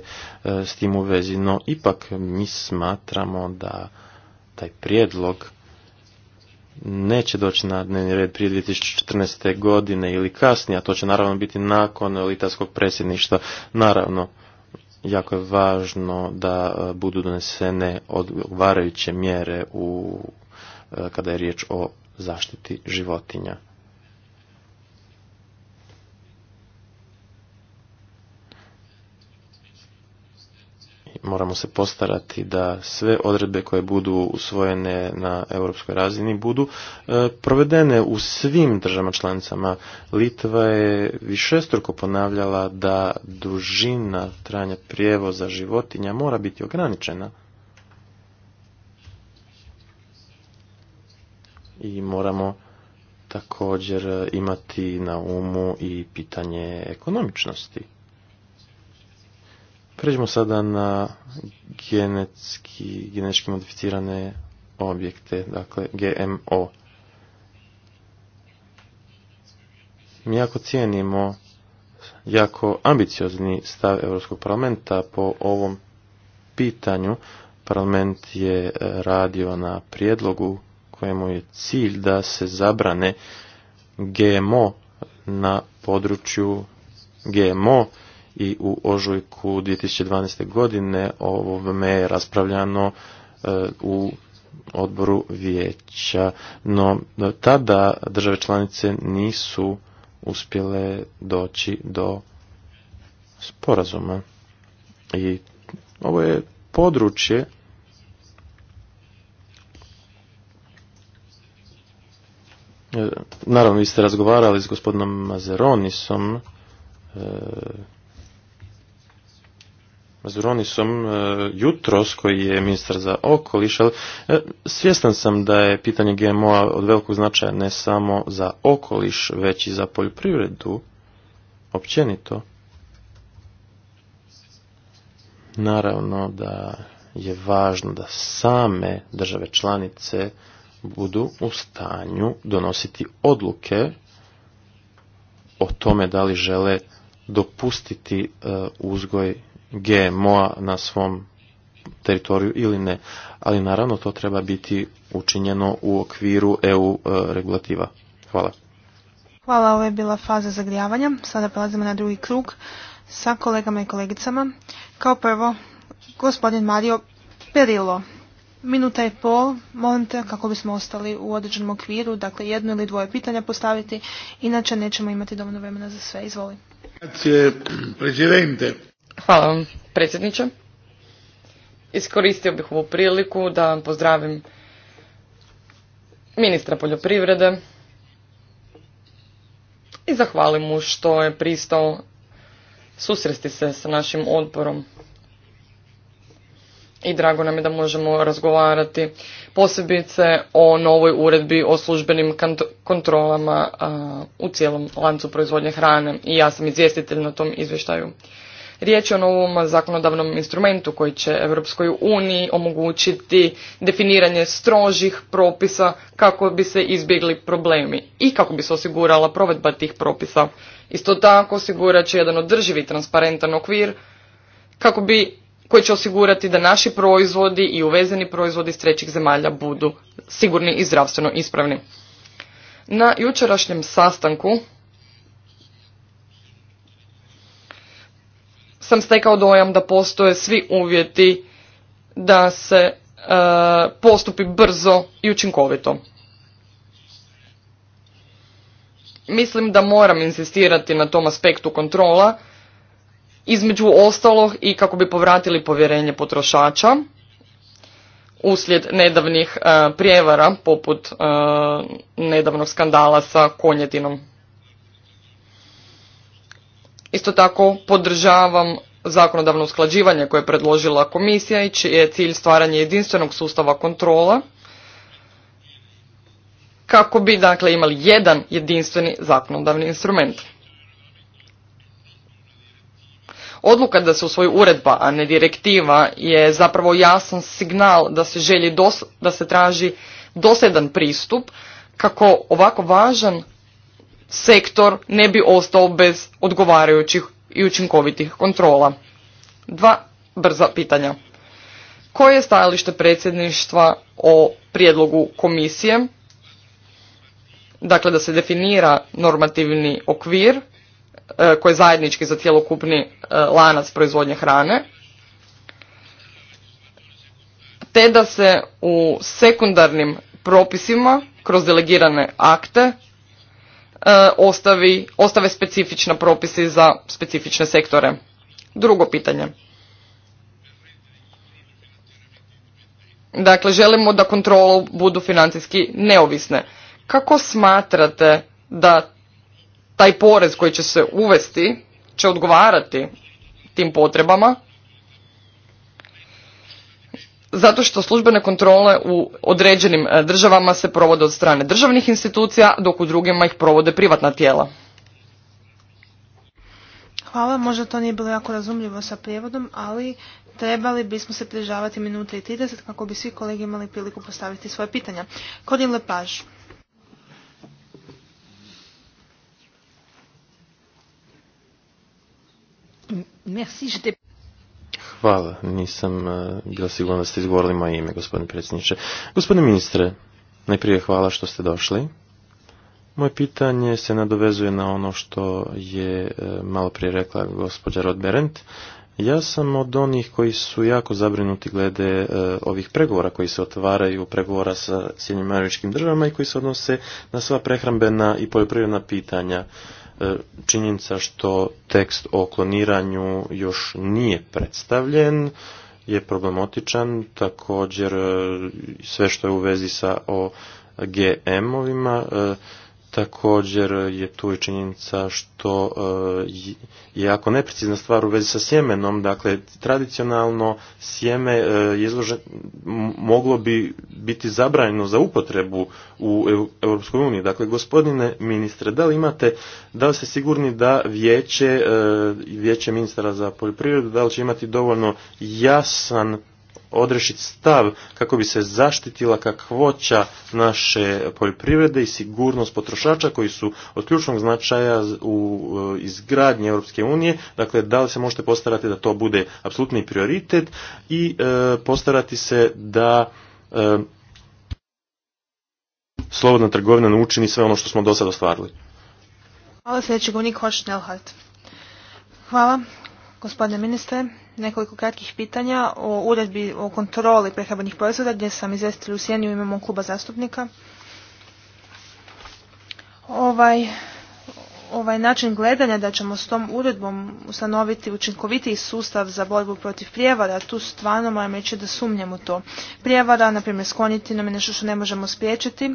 s tim u vezi, no ipak mi smatramo da taj prijedlog neće doći na dnevni red prije 2014. godine ili kasnije, a to će naravno biti nakon litarskog predsjedništva. Naravno, jako je važno da e, budu donesene odgovarajuće mjere u, e, kada je riječ o zaštiti životinja. moramo se postarati da sve odredbe koje budu usvojene na europskoj razini budu e, provedene u svim državama članicama. Litva je višestruko ponavljala da dužina trajanja prijevoza životinja mora biti ograničena. I moramo također imati na umu i pitanje ekonomičnosti. Pređemo sada na genetski, genetski modificirane objekte, dakle GMO. Mi jako cijenimo jako ambiciozni stav Europskog parlamenta po ovom pitanju. Parlament je e, radio na prijedlogu kojemu je cilj da se zabrane GMO na području GMO i u ožujku 2012. godine ovome je raspravljano e, u odboru vijeća. No tada države članice nisu uspjele doći do sporazuma. I ovo je područje e, Naravno, vi ste razgovarali s gospodinom Mazeronisom, e, Mazuronisom mm, e, jutros koji je ministar za okoliš, ali e, svjestan sam da je pitanje GMO-a od velikog značaja ne samo za okoliš, već i za poljoprivredu, općenito. Naravno da je važno da same države članice budu u stanju donositi odluke o tome da li žele dopustiti e, uzgoj GMO-a na svom teritoriju ili ne. Ali naravno to treba biti učinjeno u okviru EU e, regulativa. Hvala. Hvala, ovo je bila faza zagrijavanja. Sada prelazimo na drugi krug sa kolegama i kolegicama. Kao prvo, gospodin Mario Perilo. Minuta i pol, molim te, kako bismo ostali u određenom okviru, dakle jedno ili dvoje pitanja postaviti, inače nećemo imati dovoljno vremena za sve. Izvoli. Grazie, Hvala vam, predsjedniče. Iskoristio bih ovu priliku da vam pozdravim ministra poljoprivrede i zahvalim mu što je pristao susresti se sa našim odborom. I drago nam je da možemo razgovarati posebice o novoj uredbi o službenim kontrolama u cijelom lancu proizvodnje hrane. I ja sam izvjestitelj na tom izvještaju. Riječ je o novom zakonodavnom instrumentu koji će Europskoj uniji omogućiti definiranje strožih propisa kako bi se izbjegli problemi i kako bi se osigurala provedba tih propisa. Isto tako osigurat će jedan održivi transparentan okvir kako bi koji će osigurati da naši proizvodi i uvezeni proizvodi iz trećih zemalja budu sigurni i zdravstveno ispravni. Na jučerašnjem sastanku sam stekao dojam da postoje svi uvjeti da se e, postupi brzo i učinkovito. Mislim da moram insistirati na tom aspektu kontrola, između ostalog i kako bi povratili povjerenje potrošača uslijed nedavnih e, prijevara poput e, nedavnog skandala sa konjetinom. Isto tako podržavam zakonodavno usklađivanje koje je predložila komisija i čiji je cilj stvaranje jedinstvenog sustava kontrola kako bi dakle imali jedan jedinstveni zakonodavni instrument. Odluka da se usvoji uredba, a ne direktiva, je zapravo jasan signal da se želi da se traži dosedan pristup kako ovako važan sektor ne bi ostao bez odgovarajućih i učinkovitih kontrola. Dva brza pitanja. Koje je stajalište predsjedništva o prijedlogu komisije? Dakle, da se definira normativni okvir e, koji je zajednički za cjelokupni e, lanac proizvodnje hrane, te da se u sekundarnim propisima kroz delegirane akte E, ostavi, ostave specifične propisi za specifične sektore. Drugo pitanje. Dakle, želimo da kontrolu budu financijski neovisne. Kako smatrate da taj porez koji će se uvesti će odgovarati tim potrebama zato što službene kontrole u određenim e, državama se provode od strane državnih institucija, dok u drugima ih provode privatna tijela. Hvala, možda to nije bilo jako razumljivo sa prijevodom, ali trebali bismo se prižavati minute i 30 kako bi svi kolegi imali priliku postaviti svoje pitanja. Kodin Lepaž. Merci, Hvala, nisam e, bila sigurna da ste izgovorili moje ime, gospodine predsjedniče. Gospodine ministre, najprije hvala što ste došli. Moje pitanje se nadovezuje na ono što je e, malo prije rekla gospođa Rodberent. Ja sam od onih koji su jako zabrinuti glede e, ovih pregovora koji se otvaraju, pregovora sa Sjednjim američkim državama i koji se odnose na sva prehrambena i poljoprivredna pitanja. E, činjenica što tekst o kloniranju još nije predstavljen je problematičan, također e, sve što je u vezi sa o GM-ovima e, Također je tu i činjenica što e, je jako neprecizna stvar u vezi sa sjemenom. Dakle, tradicionalno sjeme je moglo bi biti zabranjeno za upotrebu u Europskoj uniji. Dakle, gospodine ministre, da li imate, da li ste sigurni da vijeće, e, vijeće ministra za poljoprivredu, da li će imati dovoljno jasan odrešiti stav kako bi se zaštitila kakvoća naše poljoprivrede i sigurnost potrošača koji su od ključnog značaja u e, izgradnji Europske unije. Dakle, da li se možete postarati da to bude apsolutni prioritet i e, postarati se da e, slobodna trgovina ne učini sve ono što smo do sada ostvarili. Hvala Hvala gospodine ministre nekoliko kratkih pitanja o uredbi o kontroli prehrambenih proizvoda gdje sam izvestila u sjeni u imamo kluba zastupnika. Ovaj, ovaj način gledanja da ćemo s tom uredbom ustanoviti učinkovitiji sustav za borbu protiv prijevara, tu stvarno moram reći da sumnjam u to. Prijevara, na primjer, skloniti nam je nešto što ne možemo spriječiti.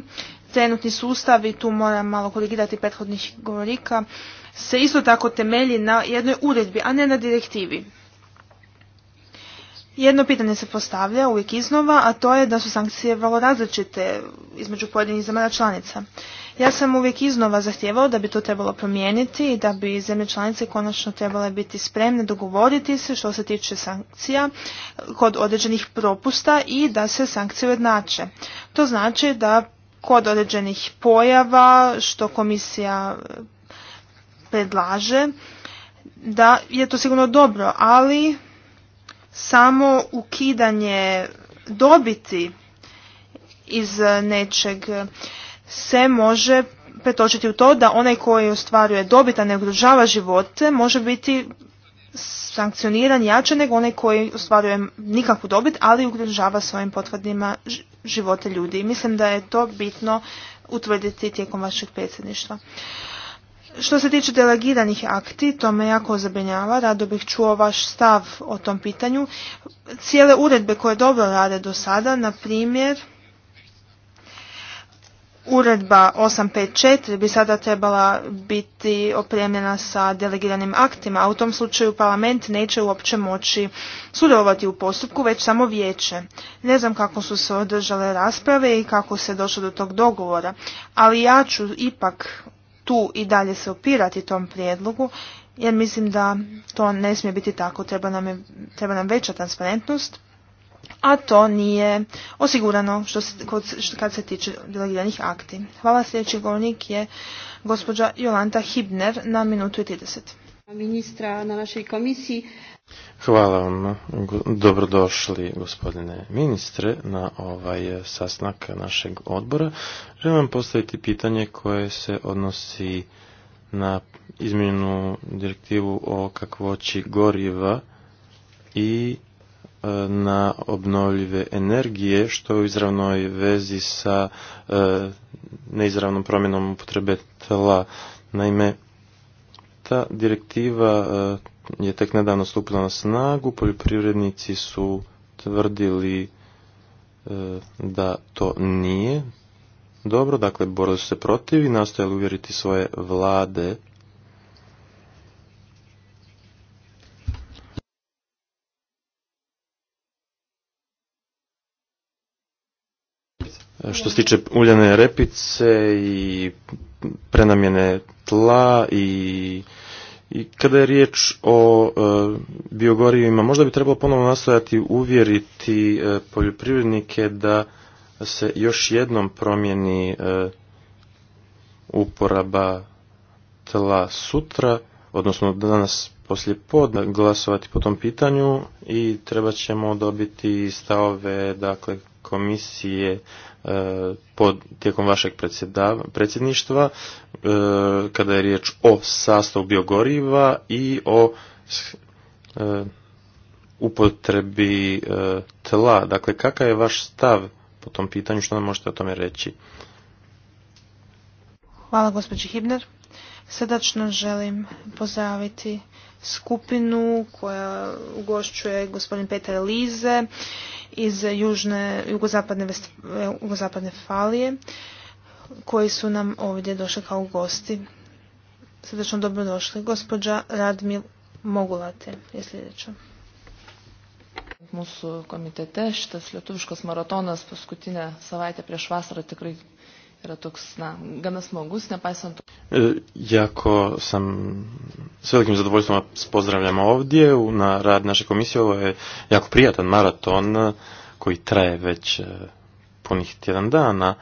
Trenutni sustav, i tu moram malo korigirati prethodnih govorika, se isto tako temelji na jednoj uredbi, a ne na direktivi. Jedno pitanje se postavlja uvijek iznova, a to je da su sankcije vrlo različite između pojedinih zemalja članica. Ja sam uvijek iznova zahtjevao da bi to trebalo promijeniti i da bi zemlje članice konačno trebale biti spremne dogovoriti se što se tiče sankcija kod određenih propusta i da se sankcije ujednače. To znači da kod određenih pojava što komisija eh, predlaže da je to sigurno dobro, ali samo ukidanje dobiti iz nečeg se može pretočiti u to da onaj koji ostvaruje dobit, a ne ugrožava živote, može biti sankcioniran jače nego onaj koji ostvaruje nikakvu dobit, ali ugrožava svojim potvrdima živote ljudi. Mislim da je to bitno utvrditi tijekom vašeg predsjedništva. Što se tiče delegiranih akti, to me jako zabrinjava, rado bih čuo vaš stav o tom pitanju. Cijele uredbe koje dobro rade do sada, na primjer, uredba 854 bi sada trebala biti opremljena sa delegiranim aktima, a u tom slučaju parlament neće uopće moći sudjelovati u postupku, već samo vijeće. Ne znam kako su se održale rasprave i kako se došlo do tog dogovora, ali ja ću ipak tu i dalje se opirati tom prijedlogu jer mislim da to ne smije biti tako. Treba nam, treba nam veća transparentnost, a to nije osigurano što se, kad se tiče delegiranih akti. Hvala sljedeći govornik je gospođa Jolanta Hibner na minutu i 30. Ministra na našoj komisiji Hvala vam. Dobrodošli gospodine ministre na ovaj eh, sastanak našeg odbora. Želim vam postaviti pitanje koje se odnosi na izmjenu direktivu o kakvoći goriva i eh, na obnovljive energije što je u izravnoj vezi sa eh, neizravnom promjenom upotrebe tela. Naime, ta direktiva je tek nedavno stupilo na snagu, poljoprivrednici su tvrdili e, da to nije dobro, dakle borili su se protiv i nastojali uvjeriti svoje vlade Što se tiče uljane repice i prenamjene tla i i kada je riječ o e, biogorivima, možda bi trebalo ponovno nastojati uvjeriti e, poljoprivrednike da se još jednom promijeni e, uporaba tla sutra, odnosno danas poslije podne glasovati po tom pitanju i treba ćemo dobiti stavove dakle, komisije E, pod, tijekom vašeg predsjedništva e, kada je riječ o sastavu biogoriva i o e, upotrebi tla. Dakle, kakav je vaš stav po tom pitanju, što nam možete o tome reći? Hvala gospođi Hibner. Srdačno želim pozdraviti skupinu koja ugošćuje gospodin Petar Lize iz južne, jugozapadne, Vest, jugozapadne Falije koji su nam ovdje došli kao gosti. Srdečno dobrodošli. Gospođa Radmil Mogulate je sljedeća. Mūsų komitete šitas lietuviškas maratonas paskutinę savaitę prieš vasarą tikrai yra toks, na, gana smogus, nepaisant to. E, jako sam s velikim zadovoljstvom pozdravljam ovdje na rad naše komisije. Ovo je jako prijatan maraton koji traje već e, punih tjedan dana.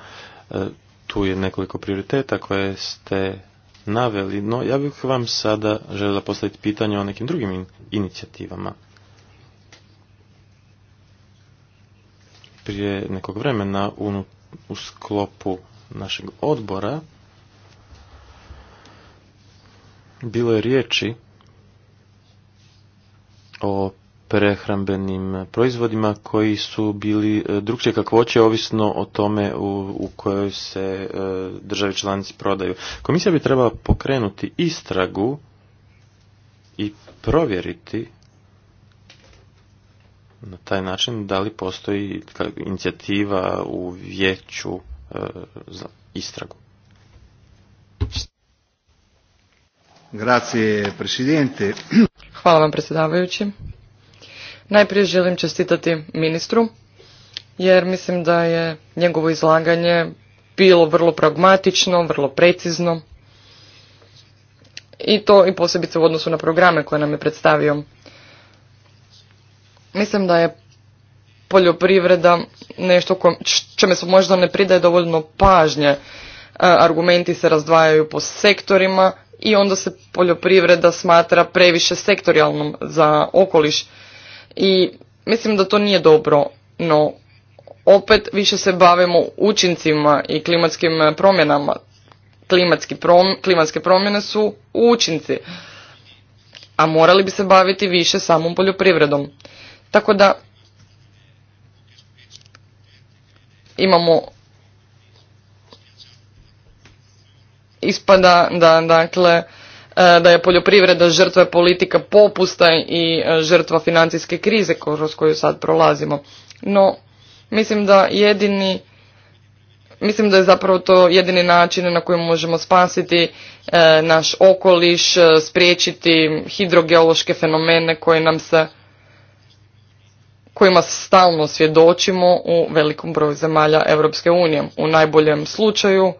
E, tu je nekoliko prioriteta koje ste naveli, no ja bih vam sada želio postaviti pitanje o nekim drugim inicijativama. Prije nekog vremena u sklopu našeg odbora bilo je riječi o prehrambenim proizvodima koji su bili e, drugčije kakvoće ovisno o tome u, u kojoj se e, državi članici prodaju. Komisija bi trebala pokrenuti istragu i provjeriti na taj način da li postoji inicijativa u vijeću za istragu. Hvala vam, predsjedavajući. Najprije želim čestitati ministru, jer mislim da je njegovo izlaganje bilo vrlo pragmatično, vrlo precizno. I to i posebice u odnosu na programe koje nam je predstavio. Mislim da je poljoprivreda nešto čime se možda ne pridaje dovoljno pažnje. E, argumenti se razdvajaju po sektorima i onda se poljoprivreda smatra previše sektorijalnom za okoliš. I mislim da to nije dobro, no opet više se bavimo učincima i klimatskim promjenama. Klimatski klimatske promjene su učinci, a morali bi se baviti više samom poljoprivredom. Tako da imamo ispada da dakle e, da je poljoprivreda žrtva politika popusta i e, žrtva financijske krize kroz koju sad prolazimo. No, mislim da jedini Mislim da je zapravo to jedini način na koji možemo spasiti e, naš okoliš, spriječiti hidrogeološke fenomene koji nam se kojima stalno svjedočimo u velikom broju zemalja Europske unije. U najboljem slučaju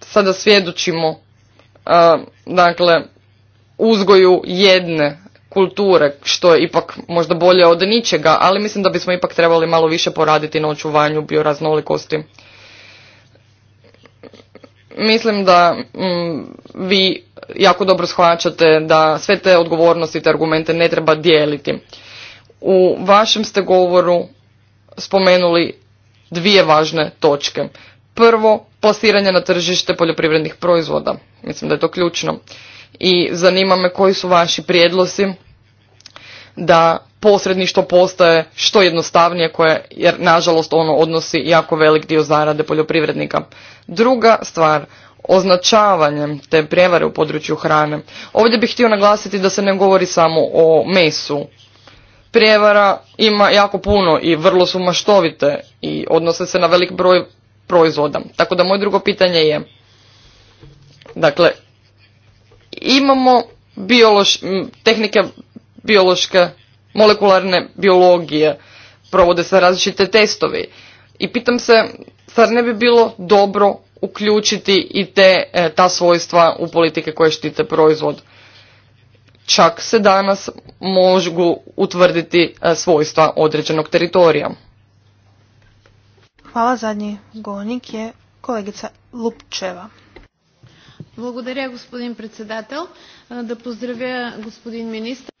sada svjedočimo e, dakle uzgoju jedne kulture, što je ipak možda bolje od ničega, ali mislim da bismo ipak trebali malo više poraditi na očuvanju bioraznolikosti. Mislim da mm, vi jako dobro shvaćate da sve te odgovornosti, te argumente ne treba dijeliti. U vašem ste govoru spomenuli dvije važne točke. Prvo, plasiranje na tržište poljoprivrednih proizvoda. Mislim da je to ključno. I zanima me koji su vaši prijedlosi da posredništvo postaje što jednostavnije koje, jer nažalost ono odnosi jako velik dio zarade poljoprivrednika. Druga stvar, označavanjem te prijevare u području hrane. Ovdje bih htio naglasiti da se ne govori samo o mesu. Prijevara ima jako puno i vrlo su maštovite i odnose se na velik broj proizvoda. Tako da moje drugo pitanje je, dakle, imamo biološ, tehnike biološke, molekularne biologije, provode se različite testovi. I pitam se, zar ne bi bilo dobro uključiti i te, e, ta svojstva u politike koje štite proizvod. Čak se danas mogu utvrditi e, svojstva određenog teritorija. Hvala, zadnji govornik je kolegica Lupčeva. Благодаря, господин председател. Да поздравя господин министр.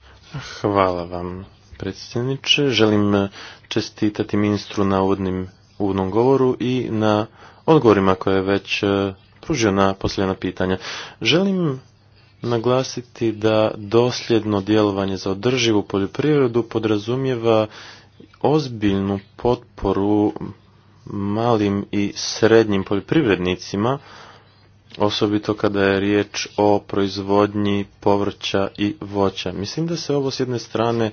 Hvala vam, predsjedniče. Želim čestitati ministru na uvodnim uvodnom govoru i na odgovorima koje je već e, pružio na posljedna pitanja. Želim naglasiti da dosljedno djelovanje za održivu poljoprivredu podrazumijeva ozbiljnu potporu malim i srednjim poljoprivrednicima, osobito kada je riječ o proizvodnji povrća i voća. Mislim da se ovo s jedne strane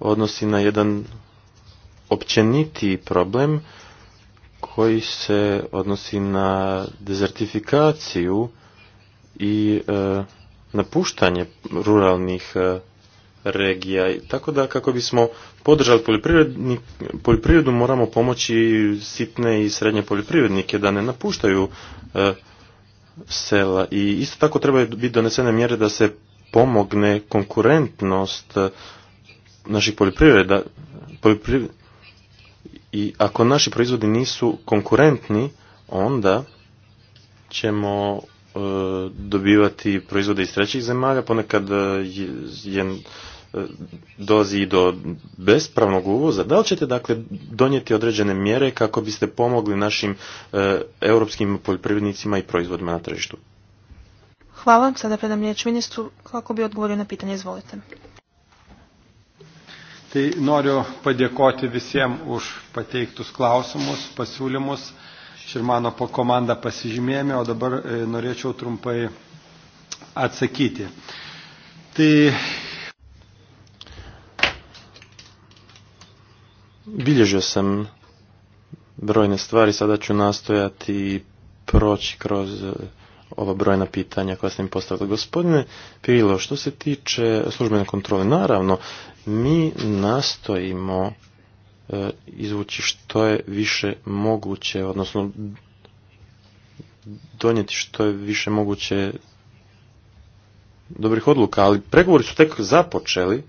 odnosi na jedan općenitiji problem, koji se odnosi na dezertifikaciju i e, napuštanje ruralnih e, regija. Tako da kako bismo podržali poljoprivredu moramo pomoći sitne i srednje poljoprivrednike da ne napuštaju e, sela i isto tako trebaju biti donesene mjere da se pomogne konkurentnost naših poljoprivreda i ako naši proizvodi nisu konkurentni, onda ćemo e, dobivati proizvode iz trećih zemalja, ponekad e, je, je dolazi i do bespravnog uvoza. Da li ćete dakle donijeti određene mjere kako biste pomogli našim e, europskim poljoprivrednicima i proizvodima na tržištu? Hvala. Sada predam riječ ministru kako bi odgovorio na pitanje. Izvolite. Tai noriu padėkoti visiems už pateiktus klausimus, pasiūlymus. Širmano po komanda pasižymėjome, o dabar e, norėčiau trumpai atsakyti. Tai bilježio sam brojne stvari, sada ću nastojati proći kroz e, ova brojna pitanja koja ste mi postavili. Gospodine Pirilo, što se tiče službene kontrole, naravno, mi nastojimo e, izvući što je više moguće, odnosno donijeti što je više moguće dobrih odluka, ali pregovori su tek započeli.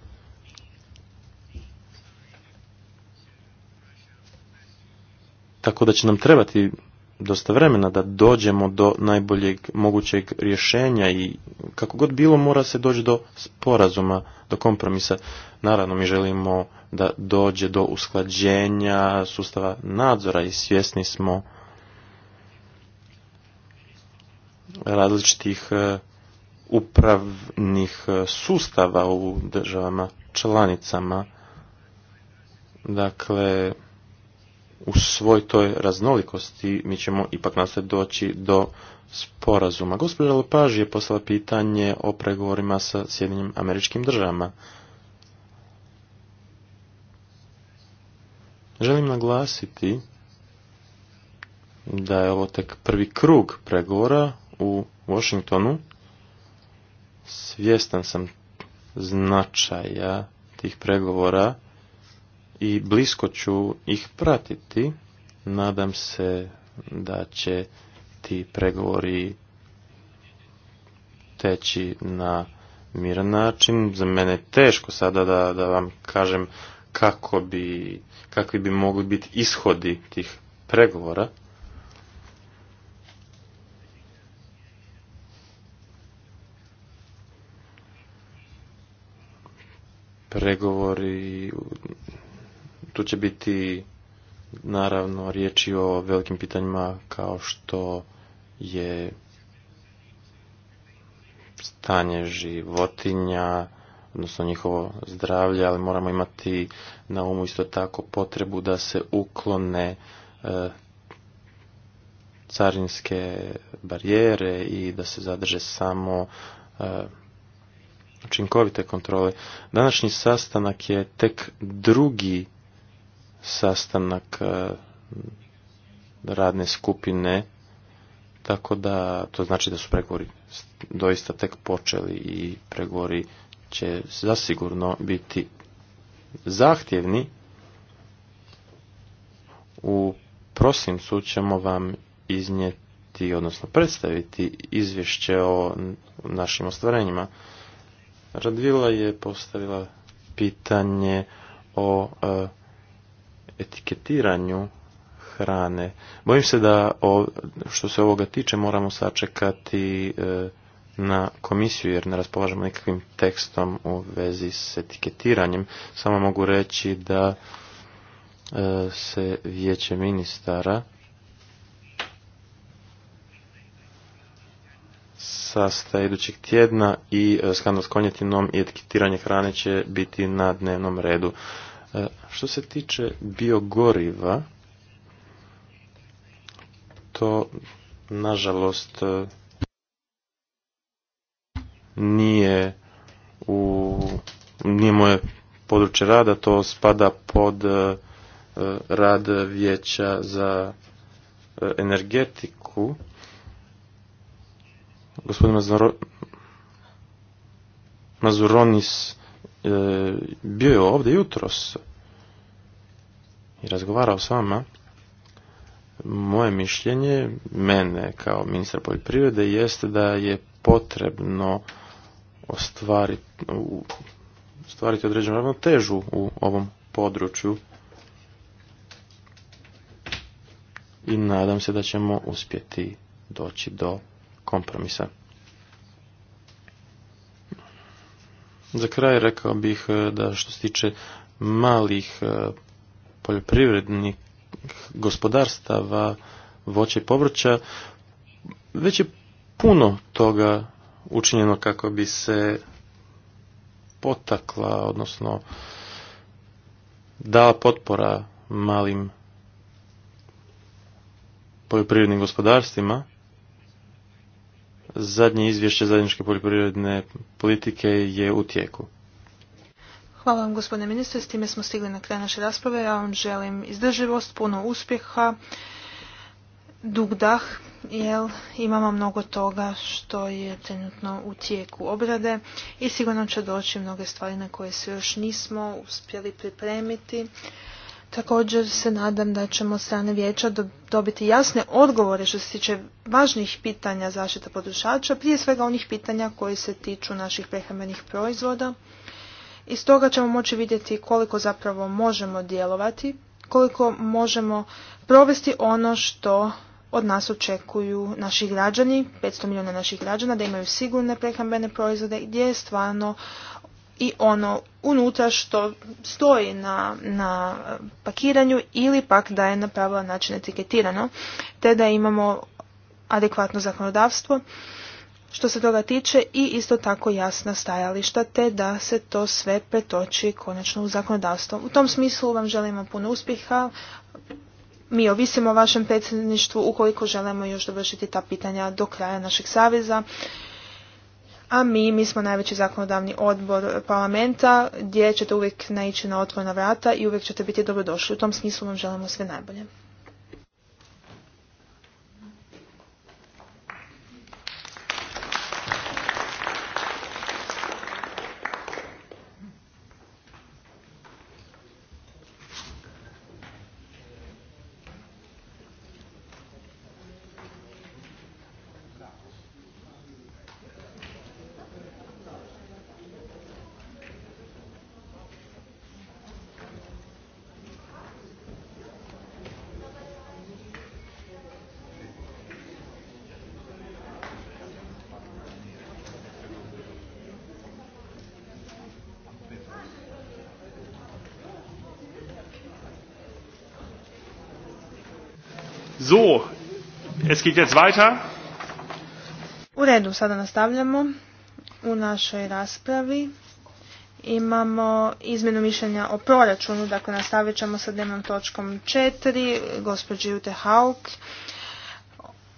Tako da će nam trebati dosta vremena da dođemo do najboljeg mogućeg rješenja i kako god bilo mora se doći do sporazuma, do kompromisa. Naravno mi želimo da dođe do usklađenja sustava nadzora i svjesni smo različitih e, upravnih e, sustava u državama članicama. Dakle, u svoj toj raznolikosti mi ćemo ipak nastaviti doći do sporazuma. Gospođa Lepaž je poslala pitanje o pregovorima sa Sjedinjim američkim državama. Želim naglasiti da je ovo tek prvi krug pregovora u Washingtonu. Svjestan sam značaja tih pregovora i blisko ću ih pratiti. Nadam se da će ti pregovori teći na miran način. Za mene je teško sada da, da vam kažem kako bi, kakvi bi mogli biti ishodi tih pregovora. Pregovori tu će biti naravno riječi o velikim pitanjima kao što je stanje životinja, odnosno njihovo zdravlje, ali moramo imati na umu isto tako potrebu da se uklone e, carinske barijere i da se zadrže samo e, učinkovite kontrole. Današnji sastanak je tek drugi sastanak e, radne skupine, tako da to znači da su pregovori doista tek počeli i pregovori će zasigurno biti zahtjevni. U prosincu ćemo vam iznijeti, odnosno predstaviti izvješće o našim ostvarenjima. Radvila je postavila pitanje o e, etiketiranju hrane. Bojim se da što se ovoga tiče moramo sačekati e, na komisiju jer ne raspolažemo nikakvim tekstom u vezi s etiketiranjem. Samo mogu reći da e, se vijeće ministara sastaje idućeg tjedna i e, skandal s konjetinom i etiketiranje hrane će biti na dnevnom redu. E, što se tiče biogoriva, to nažalost e, nije u nije moje područje rada, to spada pod e, rad vijeća za energetiku. Gospodin Mazuronis bio je ovdje jutros i razgovarao s vama, moje mišljenje, mene kao ministra poljoprivrede, jeste da je potrebno ostvariti, ostvariti određenu ravnotežu u ovom području i nadam se da ćemo uspjeti doći do kompromisa. Za kraj rekao bih eh, da što se tiče malih eh, poljoprivrednih gospodarstava, voće i povrća, već je puno toga učinjeno kako bi se potakla, odnosno dala potpora malim poljoprivrednim gospodarstvima. Zadnje izvješće zajedničke poljoprivredne politike je u tijeku. Hvala vam gospodine ministre, s time smo stigli na kraj naše rasprave. Ja vam želim izdrživost, puno uspjeha, dug dah, jer imamo mnogo toga što je trenutno u tijeku obrade i sigurno će doći mnoge stvari na koje se još nismo uspjeli pripremiti. Također se nadam da ćemo od strane vijeća dobiti jasne odgovore što se tiče važnih pitanja zaštita potrošača, prije svega onih pitanja koji se tiču naših prehrambenih proizvoda iz toga ćemo moći vidjeti koliko zapravo možemo djelovati, koliko možemo provesti ono što od nas očekuju naši građani, 500 milijuna naših građana, da imaju sigurne prehrambene proizvode gdje je stvarno i ono unutra što stoji na, na pakiranju ili pak da je na pravilan način etiketirano, te da imamo adekvatno zakonodavstvo što se toga tiče i isto tako jasna stajališta te da se to sve pretoči konačno u zakonodavstvo. U tom smislu vam želimo puno uspjeha. Mi ovisimo o vašem predsjedništvu ukoliko želimo još dovršiti ta pitanja do kraja našeg saveza. A mi, mi smo najveći zakonodavni odbor parlamenta gdje ćete uvijek naići na otvorena vrata i uvijek ćete biti dobrodošli. U tom smislu vam želimo sve najbolje. So, es U redu, sada nastavljamo. U našoj raspravi imamo izmjenu mišljenja o proračunu, dakle nastavit ćemo sa dnevnom točkom 4, gospođi Jute Hauk.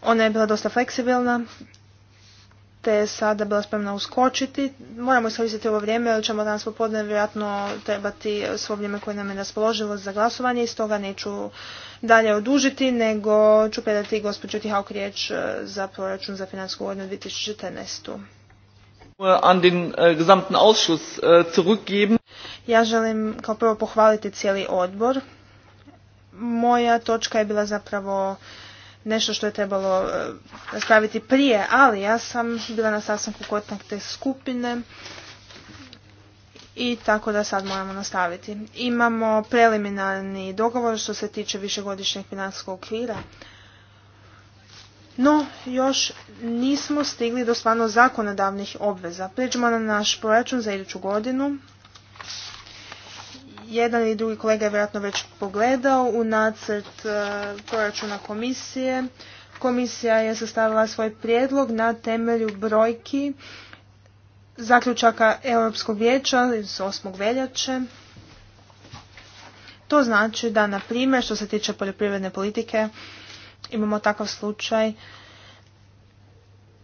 Ona je bila dosta fleksibilna, te je sada bila spremna uskočiti. Moramo iskoristiti ovo vrijeme jer ćemo danas popodne vjerojatno trebati svo vrijeme koje nam je raspoložilo za glasovanje i stoga neću dalje odužiti, nego ću predati gospođu Tihauk riječ e, za proračun za financijsku godinu 2014 an den e, gesamten Ausschuss e, Ja želim kao prvo pohvaliti cijeli odbor. Moja točka je bila zapravo nešto što je trebalo e, raspraviti prije, ali ja sam bila na sastanku te skupine i tako da sad moramo nastaviti. Imamo preliminarni dogovor što se tiče višegodišnjeg financijskog okvira. No, još nismo stigli do stvarno zakonodavnih obveza. Prijeđemo na naš proračun za iduću godinu jedan i drugi kolega je vjerojatno već pogledao u nacrt e, proračuna komisije. Komisija je sastavila svoj prijedlog na temelju brojki zaključaka Europskog vijeća iz 8. veljače. To znači da, na primjer, što se tiče poljoprivredne politike, imamo takav slučaj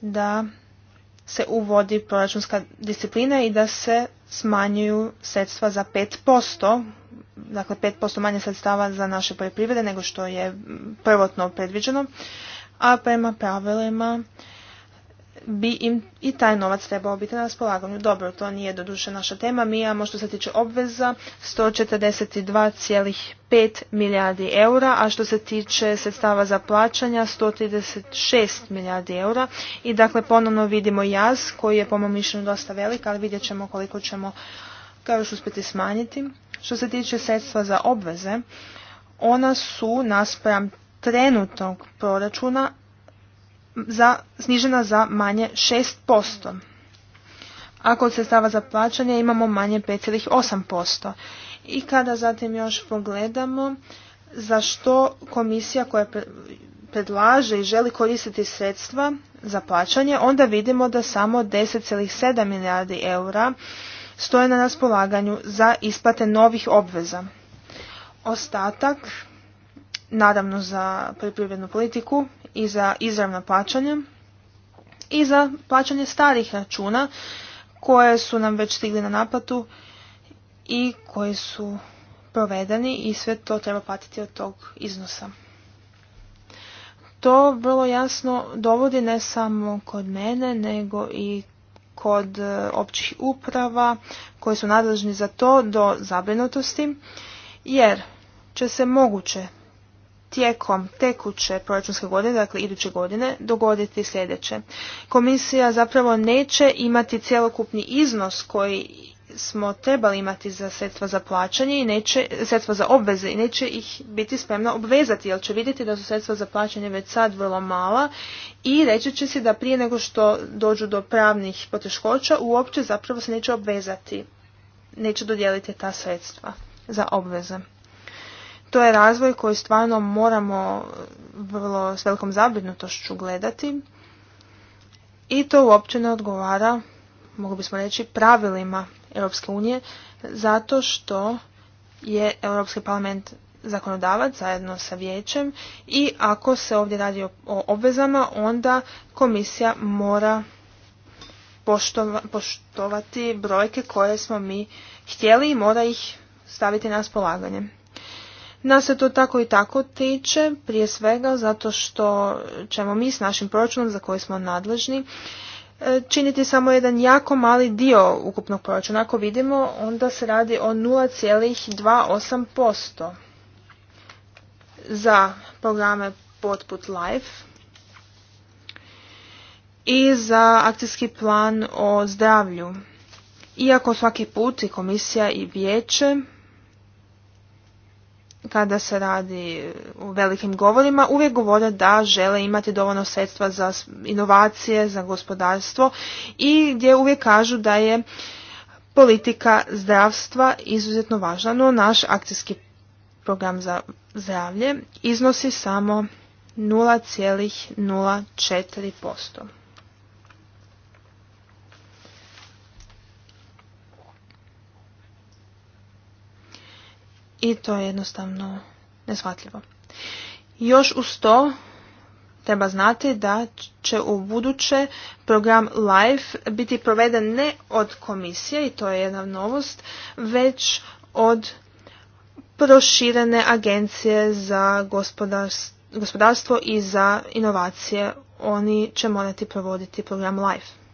da se uvodi proračunska disciplina i da se smanjuju sredstva za 5%, dakle 5% manje sredstava za naše poljoprivrede nego što je prvotno predviđeno, a prema pravilima bi im i taj novac trebao biti na raspolaganju. Dobro, to nije doduše naša tema. Mi imamo što se tiče obveza 142,5 milijardi eura, a što se tiče sredstava za plaćanja 136 milijardi eura. I dakle ponovno vidimo jaz koji je po mom mišljenju dosta velik, ali vidjet ćemo koliko ćemo ga još uspjeti smanjiti. Što se tiče sredstva za obveze, ona su naspram trenutnog proračuna za, snižena za manje 6%. A kod sredstava za plaćanje imamo manje 5,8%. I kada zatim još pogledamo za što komisija koja predlaže i želi koristiti sredstva za plaćanje, onda vidimo da samo 10,7 milijardi eura stoje na raspolaganju za isplate novih obveza. Ostatak, naravno za poljoprivrednu politiku i za izravna plaćanje i za plaćanje starih računa koje su nam već stigli na naplatu i koji su provedeni i sve to treba platiti od tog iznosa. To vrlo jasno dovodi ne samo kod mene, nego i kod e, općih uprava koji su nadležni za to do zabrinutosti, jer će se moguće tijekom tekuće proračunske godine, dakle iduće godine, dogoditi sljedeće. Komisija zapravo neće imati cjelokupni iznos koji smo trebali imati za sredstva za plaćanje i neće, sredstva za obveze i neće ih biti spremna obvezati jer će vidjeti da su sredstva za plaćanje već sad vrlo mala i reći će se da prije nego što dođu do pravnih poteškoća uopće zapravo se neće obvezati, neće dodijeliti ta sredstva za obveze. To je razvoj koji stvarno moramo vrlo s velikom zabrinutošću gledati i to uopće ne odgovara, mogu bismo reći, pravilima Europske unije zato što je Europski parlament zakonodavac zajedno sa vijećem i ako se ovdje radi o obvezama onda komisija mora poštovati brojke koje smo mi htjeli i mora ih staviti na raspolaganje. Nas se to tako i tako tiče, prije svega zato što ćemo mi s našim proračunom za koji smo nadležni e, činiti samo jedan jako mali dio ukupnog proračuna. Ako vidimo, onda se radi o 0,28% za programe Potput Life i za akcijski plan o zdravlju. Iako svaki put i komisija i vijeće kada se radi u velikim govorima, uvijek govore da žele imati dovoljno sredstva za inovacije, za gospodarstvo i gdje uvijek kažu da je politika zdravstva izuzetno važna, no naš akcijski program za zdravlje iznosi samo 0,04%. i to je jednostavno neshvatljivo. Još uz to treba znati da će u buduće program LIFE biti proveden ne od komisije, i to je jedna novost, već od proširene agencije za gospodarstvo i za inovacije. Oni će morati provoditi program LIFE.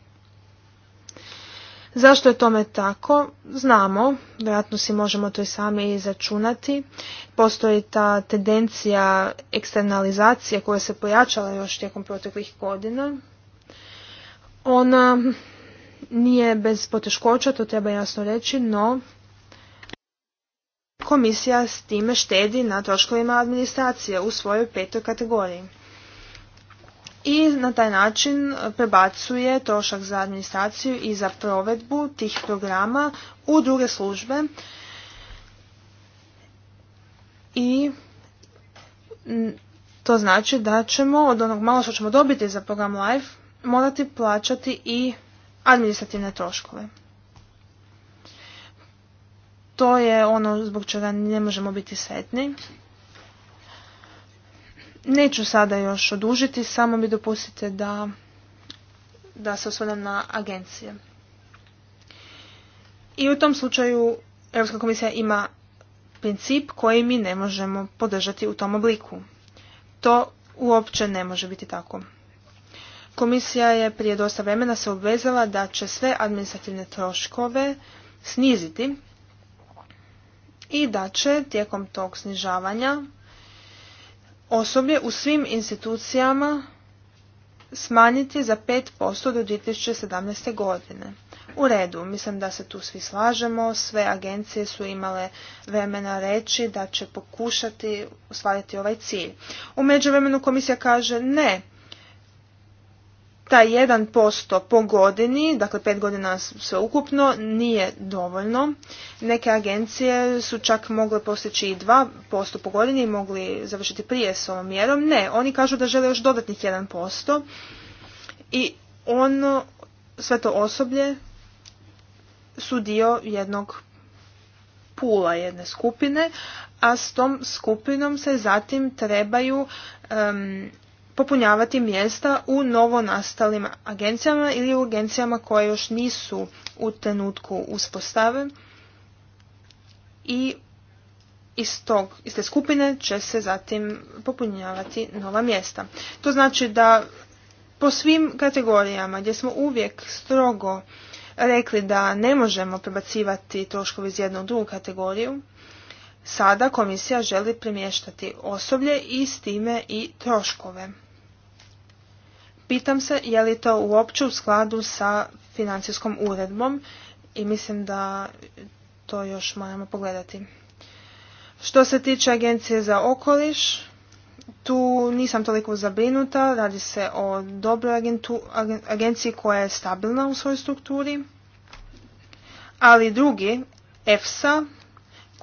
Zašto je tome tako? Znamo, vjerojatno si možemo to i sami izračunati. Postoji ta tendencija eksternalizacije koja se pojačala još tijekom proteklih godina. Ona nije bez poteškoća, to treba jasno reći, no komisija s time štedi na troškovima administracije u svojoj petoj kategoriji i na taj način prebacuje trošak za administraciju i za provedbu tih programa u druge službe i to znači da ćemo od onog malo što ćemo dobiti za program LIFE morati plaćati i administrativne troškove. To je ono zbog čega ne možemo biti sretni Neću sada još odužiti, samo mi dopustite da, da se osvrnem na agencije. I u tom slučaju Europska komisija ima princip koji mi ne možemo podržati u tom obliku. To uopće ne može biti tako. Komisija je prije dosta vremena se obvezala da će sve administrativne troškove sniziti i da će tijekom tog snižavanja osoblje u svim institucijama smanjiti za 5% do 2017. godine. U redu, mislim da se tu svi slažemo, sve agencije su imale vremena reći da će pokušati ostvariti ovaj cilj. U međuvremenu komisija kaže ne, taj 1% po godini, dakle 5 godina sveukupno, nije dovoljno. Neke agencije su čak mogle postići i 2% po godini i mogli završiti prije s ovom mjerom. Ne, oni kažu da žele još dodatnih 1% i ono, sve to osoblje su dio jednog pula jedne skupine, a s tom skupinom se zatim trebaju popunjavati mjesta u novonastalim agencijama ili u agencijama koje još nisu u trenutku uspostave i iz, tog, iz te skupine će se zatim popunjavati nova mjesta. To znači da po svim kategorijama gdje smo uvijek strogo rekli da ne možemo prebacivati troškovi iz jednu u drugu kategoriju, sada komisija želi premještati osoblje i s time i troškove. Pitam se je li to uopće u skladu sa financijskom uredbom i mislim da to još moramo pogledati. Što se tiče Agencije za okoliš, tu nisam toliko zabrinuta, radi se o dobroj agenciji koja je stabilna u svojoj strukturi, ali drugi, EFSA,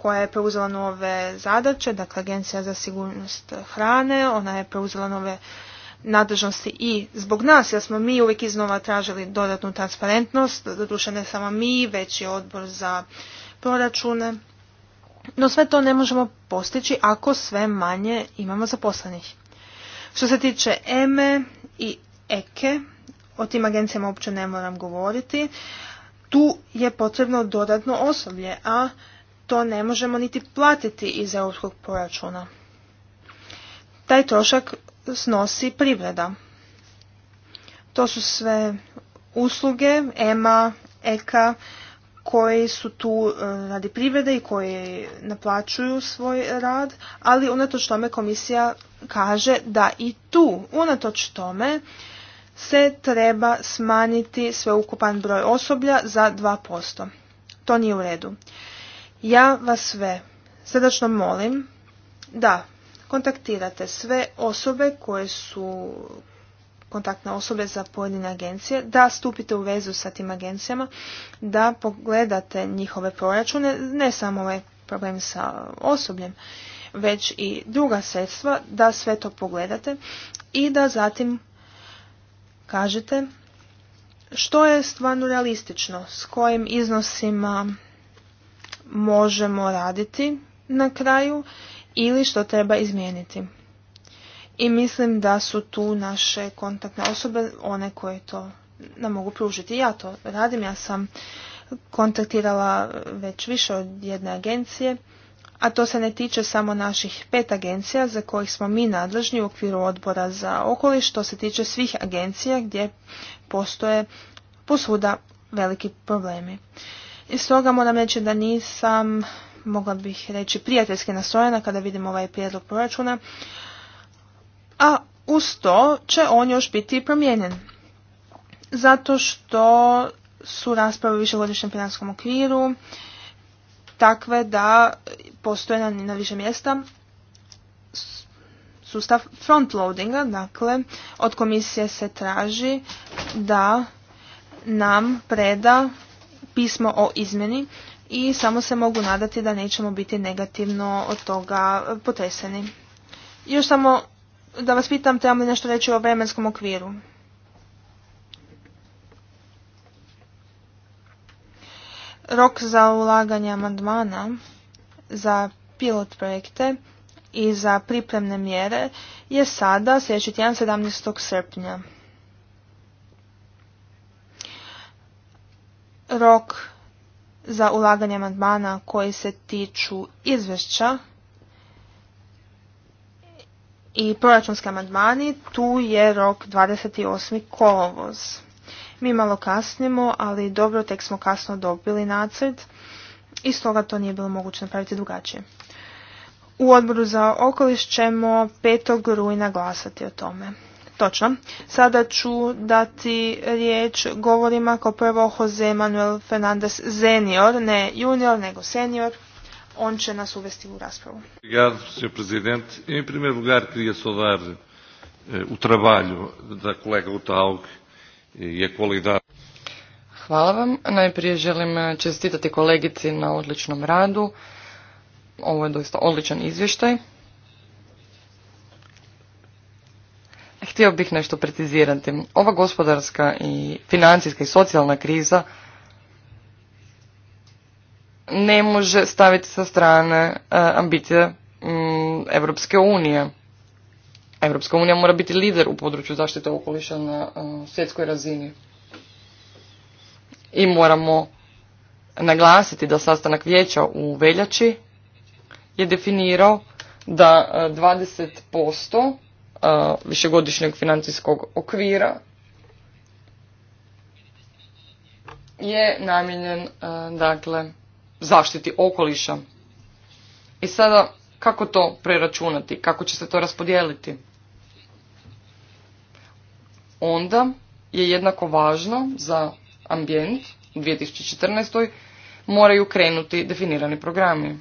koja je preuzela nove zadaće, dakle Agencija za sigurnost hrane, ona je preuzela nove nadležnosti i zbog nas, jer smo mi uvijek iznova tražili dodatnu transparentnost, doduše ne samo mi, već i odbor za proračune. No sve to ne možemo postići ako sve manje imamo zaposlenih. Što se tiče EME e i EKE, e, o tim agencijama uopće ne moram govoriti, tu je potrebno dodatno osoblje, a to ne možemo niti platiti iz europskog proračuna. Taj trošak snosi privreda. To su sve usluge, EMA, EKA, koji su tu e, radi privrede i koji naplaćuju svoj rad, ali unatoč tome komisija kaže da i tu, unatoč tome, se treba smanjiti sveukupan broj osoblja za 2%. To nije u redu. Ja vas sve srdačno molim da kontaktirate sve osobe koje su kontaktne osobe za pojedine agencije, da stupite u vezu sa tim agencijama, da pogledate njihove proračune, ne samo ovaj problem sa osobljem, već i druga sredstva, da sve to pogledate i da zatim kažete što je stvarno realistično, s kojim iznosima možemo raditi na kraju ili što treba izmijeniti. I mislim da su tu naše kontaktne osobe one koje to nam mogu pružiti. Ja to radim, ja sam kontaktirala već više od jedne agencije, a to se ne tiče samo naših pet agencija za kojih smo mi nadležni u okviru odbora za okoliš, to se tiče svih agencija gdje postoje posvuda veliki problemi. I stoga moram reći da nisam, mogla bih reći, prijateljski nastrojena kada vidim ovaj prijedlog proračuna. A uz to će on još biti promijenjen. Zato što su rasprave u višegodišnjem financijskom okviru takve da postoje na, na više mjesta sustav frontloadinga, dakle od komisije se traži da nam preda pismo o izmjeni i samo se mogu nadati da nećemo biti negativno od toga potreseni. Još samo da vas pitam, trebam li nešto reći o vremenskom okviru? Rok za ulaganje amandmana za pilot projekte i za pripremne mjere je sada sljedeći tjedan 17. srpnja. Rok za ulaganje amandmana koji se tiču izvješća i proračunske amandmani, tu je rok 28. kolovoz. Mi malo kasnimo, ali dobro, tek smo kasno dobili nacrt i stoga to nije bilo moguće napraviti drugačije. U odboru za okoliš ćemo 5. rujna glasati o tome. Točno. Sada ću dati riječ govorima kao prvo Jose Manuel Fernandez senior, ne junior, nego senior. On će nas uvesti u raspravu. Obrigado, Sr. Presidente. Em primeiro lugar, queria saudar eh, o da colega Utaug je Hvala vam. Najprije želim eh, čestitati kolegici na odličnom radu. Ovo je doista odličan izvještaj. htio bih nešto precizirati. Ova gospodarska i financijska i socijalna kriza ne može staviti sa strane e, ambicije mm, Europske unije. Europska unija mora biti lider u području zaštite okoliša na e, svjetskoj razini. I moramo naglasiti da sastanak vijeća u veljači je definirao da 20% e, višegodišnjeg financijskog okvira je namijenjen dakle zaštiti okoliša. I sada kako to preračunati, kako će se to raspodijeliti? Onda je jednako važno za ambijent u 2014. moraju krenuti definirani programi.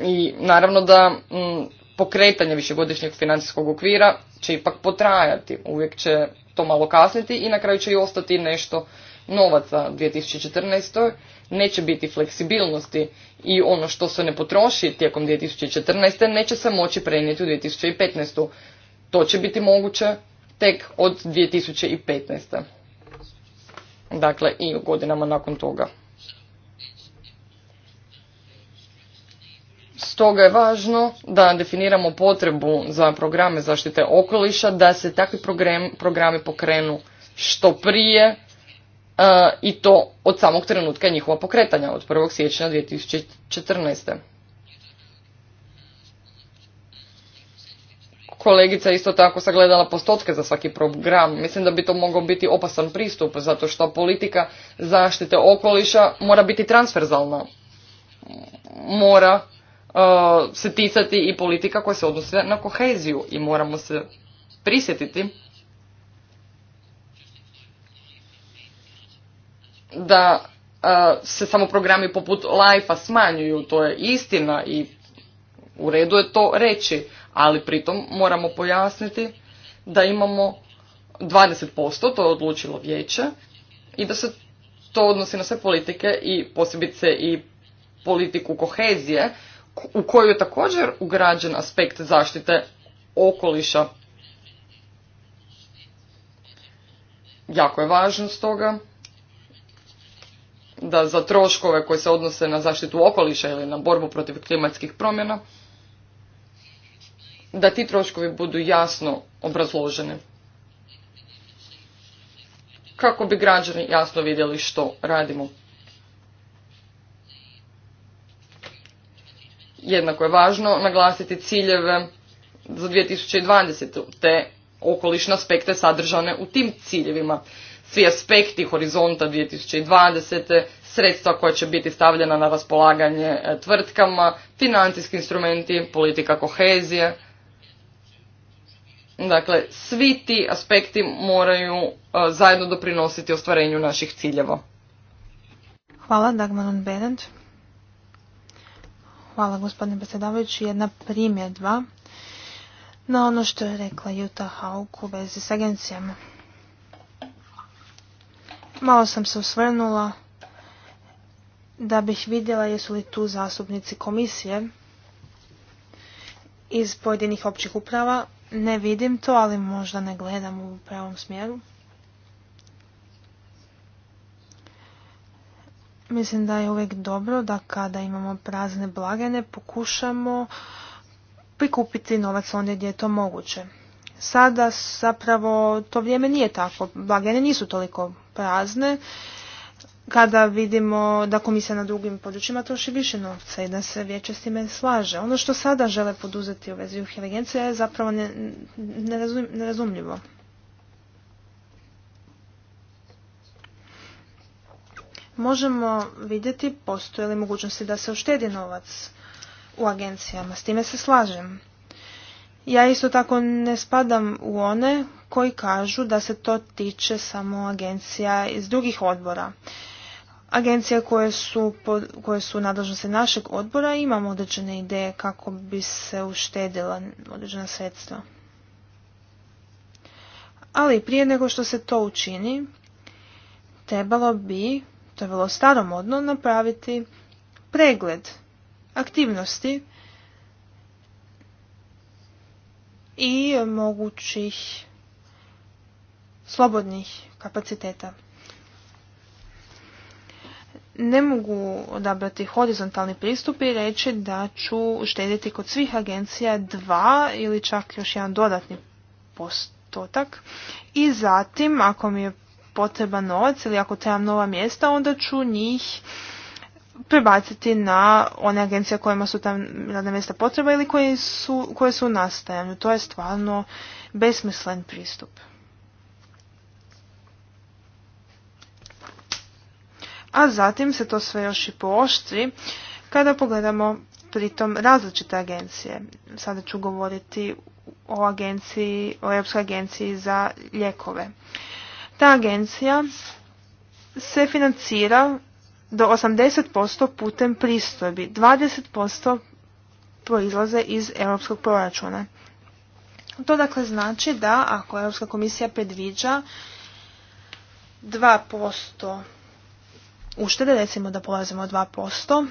I naravno da m, mm, pokretanje višegodišnjeg financijskog okvira će ipak potrajati, uvijek će to malo kasniti i na kraju će i ostati nešto novaca 2014. Neće biti fleksibilnosti i ono što se ne potroši tijekom 2014. neće se moći prenijeti u 2015. To će biti moguće tek od 2015. Dakle i godinama nakon toga. Stoga je važno da definiramo potrebu za programe zaštite okoliša, da se takvi program, programe pokrenu što prije e, i to od samog trenutka njihova pokretanja, od 1. siječnja 2014. Kolegica isto tako sagledala postotke za svaki program. Mislim da bi to mogao biti opasan pristup, zato što politika zaštite okoliša mora biti transverzalna. Mora E, se ticati i politika koja se odnose na koheziju i moramo se prisjetiti da e, se samo programi poput life smanjuju, to je istina i u redu je to reći, ali pritom moramo pojasniti da imamo 20%, to je odlučilo vijeće, i da se to odnosi na sve politike i posebice i politiku kohezije, u koju je također ugrađen aspekt zaštite okoliša. Jako je važno stoga da za troškove koje se odnose na zaštitu okoliša ili na borbu protiv klimatskih promjena, da ti troškovi budu jasno obrazloženi. Kako bi građani jasno vidjeli što radimo. Jednako je važno naglasiti ciljeve za 2020. te okolišne aspekte sadržane u tim ciljevima. Svi aspekti horizonta 2020. sredstva koja će biti stavljena na raspolaganje e, tvrtkama, financijski instrumenti, politika kohezije. Dakle, svi ti aspekti moraju e, zajedno doprinositi ostvarenju naših ciljeva. Hvala, Dagmaron Berendt. Hvala gospodine predsjedavajući. Jedna primjedba na ono što je rekla Juta Hauk u vezi s agencijama. Malo sam se osvrnula da bih vidjela jesu li tu zastupnici komisije iz pojedinih općih uprava. Ne vidim to, ali možda ne gledam u pravom smjeru. Mislim da je uvijek dobro da kada imamo prazne blagene pokušamo prikupiti novac onda gdje je to moguće. Sada zapravo to vrijeme nije tako. Blagene nisu toliko prazne. Kada vidimo da komisija na drugim područjima troši više novca i da se vijeće s time slaže. Ono što sada žele poduzeti u vezi inteligencije je zapravo nerazumljivo. možemo vidjeti postoje li mogućnosti da se uštedi novac u agencijama. S time se slažem. Ja isto tako ne spadam u one koji kažu da se to tiče samo agencija iz drugih odbora. Agencije koje su, koje su nadležnosti našeg odbora imamo određene ideje kako bi se uštedila određena sredstva. Ali prije nego što se to učini, trebalo bi to je vrlo staromodno, napraviti pregled aktivnosti i mogućih slobodnih kapaciteta. Ne mogu odabrati horizontalni pristup i reći da ću štediti kod svih agencija dva ili čak još jedan dodatni postotak. I zatim, ako mi je potreban novac ili ako trebam nova mjesta, onda ću njih prebaciti na one agencije kojima su tam radna mjesta potreba ili koje su, koje su u nastajanju. To je stvarno besmislen pristup. A zatim se to sve još i pooštri kada pogledamo pritom različite agencije. Sada ću govoriti o agenciji, o Europskoj agenciji za ljekove. Ta agencija se financira do 80% putem pristojbi, 20% proizlaze iz europskog proračuna. To dakle znači da ako Europska komisija predviđa 2% uštede, recimo da polazimo od 2%,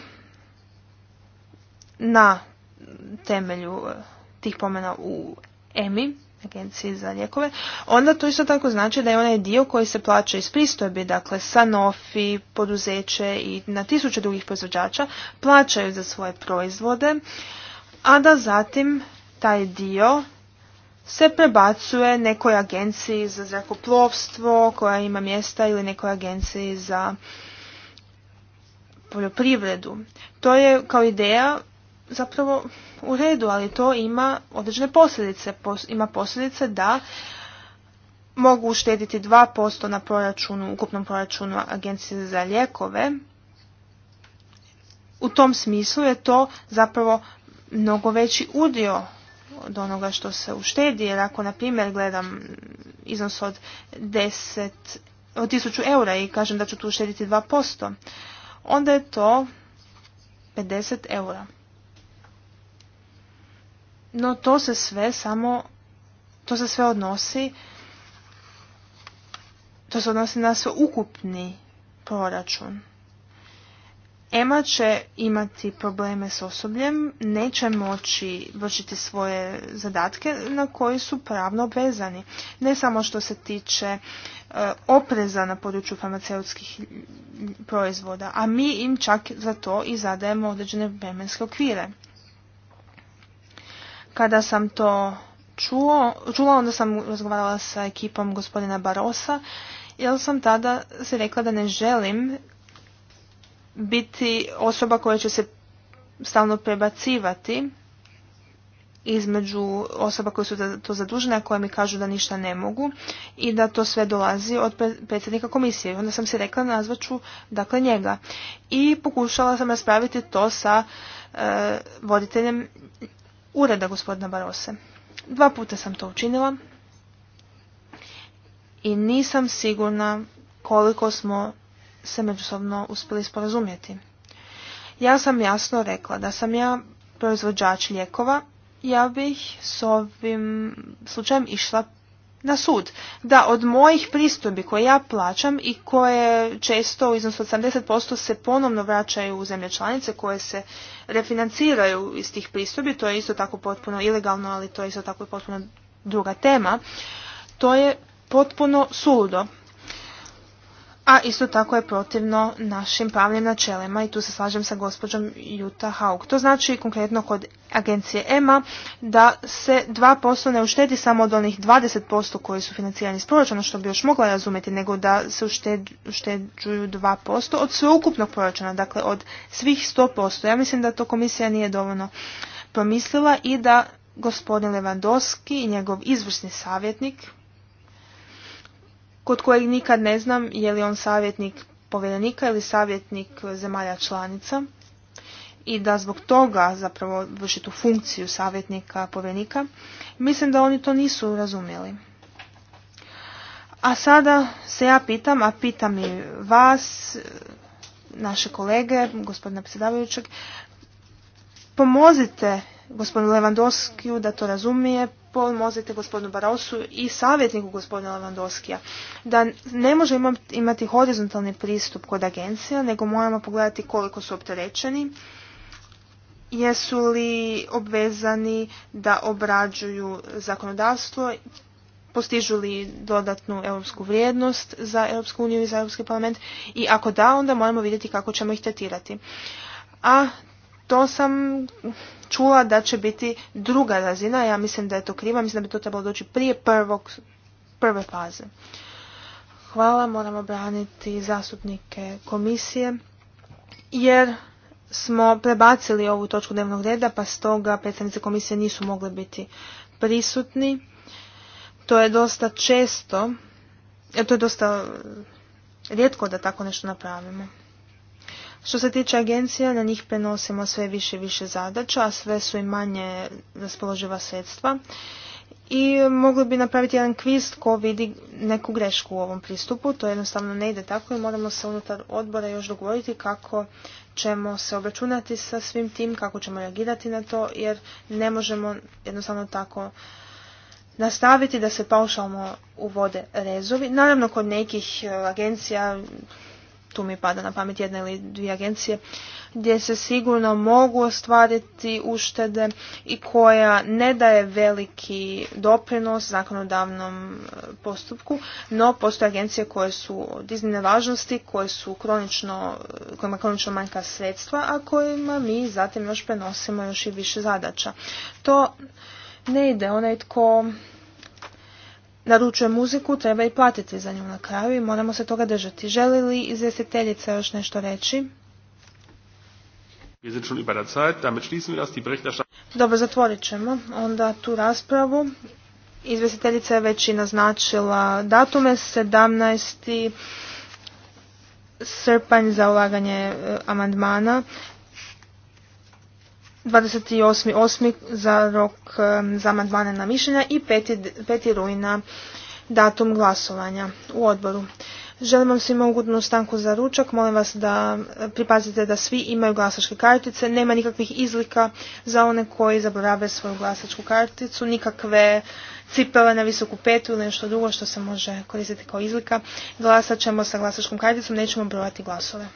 na temelju eh, tih pomena u EMI, agenciji za lijekove, onda to isto tako znači da je onaj dio koji se plaća iz pristojbi, dakle Sanofi, poduzeće i na tisuće drugih proizvođača plaćaju za svoje proizvode, a da zatim taj dio se prebacuje nekoj agenciji za zrakoplovstvo koja ima mjesta ili nekoj agenciji za poljoprivredu. To je kao ideja zapravo u redu, ali to ima određene posljedice. ima posljedice da mogu uštediti 2% na proračunu, ukupnom proračunu agencije za lijekove. U tom smislu je to zapravo mnogo veći udio od onoga što se uštedi, jer ako na primjer gledam iznos od 10 od 1000 eura i kažem da ću tu uštediti 2%, onda je to 50 eura. No to se sve samo, to se sve odnosi, to se odnosi na sveukupni proračun. Ema će imati probleme s osobljem, neće moći vršiti svoje zadatke na koji su pravno obvezani. Ne samo što se tiče e, opreza na području farmaceutskih proizvoda, a mi im čak za to i zadajemo određene vremenske okvire. Kada sam to čuo, čula, onda sam razgovarala sa ekipom gospodina Barosa, jer sam tada se rekla da ne želim biti osoba koja će se stalno prebacivati između osoba koje su to zadužene, a koje mi kažu da ništa ne mogu i da to sve dolazi od predsjednika komisije. Onda sam se rekla nazvaću dakle njega. I pokušala sam raspraviti to sa e, voditeljem ureda gospodina Barose. Dva puta sam to učinila i nisam sigurna koliko smo se međusobno uspjeli sporazumjeti. Ja sam jasno rekla da sam ja proizvođač lijekova, ja bih s ovim slučajem išla na sud. Da od mojih pristojbi koje ja plaćam i koje često u iznosu od 70% se ponovno vraćaju u zemlje članice koje se refinanciraju iz tih pristojbi, to je isto tako potpuno ilegalno, ali to je isto tako potpuno druga tema, to je potpuno suludo a isto tako je protivno našim pravnim načelima i tu se slažem sa gospođom Juta Haug. To znači konkretno kod agencije EMA da se 2% ne uštedi samo od onih 20% koji su financirani iz proračuna, što bi još mogla razumjeti, nego da se ušteđuju 2% od sveukupnog proračuna, dakle od svih 100%. Ja mislim da to komisija nije dovoljno promislila i da gospodin Lewandowski i njegov izvrsni savjetnik, kod kojeg nikad ne znam je li on savjetnik povjerenika ili savjetnik zemalja članica i da zbog toga zapravo vrši tu funkciju savjetnika povjerenika, mislim da oni to nisu razumjeli. A sada se ja pitam, a pitam i vas, naše kolege, gospodina predsjedavajućeg, pomozite gospodinu Levandovskiju da to razumije, pomozite gospodinu Barosu i savjetniku gospodina Lewandowskija da ne možemo imati horizontalni pristup kod agencija, nego moramo pogledati koliko su opterećeni, jesu li obvezani da obrađuju zakonodavstvo, postižu li dodatnu europsku vrijednost za Europsku uniju i za Europski parlament i ako da, onda moramo vidjeti kako ćemo ih tretirati. A to sam čula da će biti druga razina, ja mislim da je to kriva, mislim da bi to trebalo doći prije prvog, prve faze. Hvala, moramo braniti zastupnike komisije, jer smo prebacili ovu točku dnevnog reda, pa stoga predstavnici komisije nisu mogli biti prisutni. To je dosta često, e, to je dosta rijetko da tako nešto napravimo. Što se tiče agencija, na njih prenosimo sve više i više zadaća, a sve su i manje raspoloživa sredstva. I mogli bi napraviti jedan kvist ko vidi neku grešku u ovom pristupu, to jednostavno ne ide tako i moramo se unutar odbora još dogovoriti kako ćemo se obračunati sa svim tim, kako ćemo reagirati na to, jer ne možemo jednostavno tako nastaviti da se paušalno uvode rezovi. Naravno, kod nekih e, agencija tu mi pada na pamet jedna ili dvije agencije, gdje se sigurno mogu ostvariti uštede i koja ne daje veliki doprinos zakonodavnom e, postupku, no postoje agencije koje su od iznimne važnosti, koje su kronično, e, kojima kronično manjka sredstva, a kojima mi zatim još prenosimo još i više zadaća. To ne ide, onaj tko naručuje muziku, treba i platiti za nju na kraju i moramo se toga držati. Želi li izvjestiteljica još nešto reći? Dobro, zatvorit ćemo onda tu raspravu. Izvjestiteljica je već i naznačila datume 17. srpanj za ulaganje e, amandmana, 28.8. za rok za amandmane na mišljenja i 5. 5. rujna datum glasovanja u odboru. Želim vam svima ugodnu stanku za ručak. Molim vas da pripazite da svi imaju glasačke kartice. Nema nikakvih izlika za one koji zaborave svoju glasačku karticu, nikakve cipele na visoku petu ili nešto drugo što se može koristiti kao izlika. Glasat ćemo sa glasačkom karticom, nećemo brojati glasove.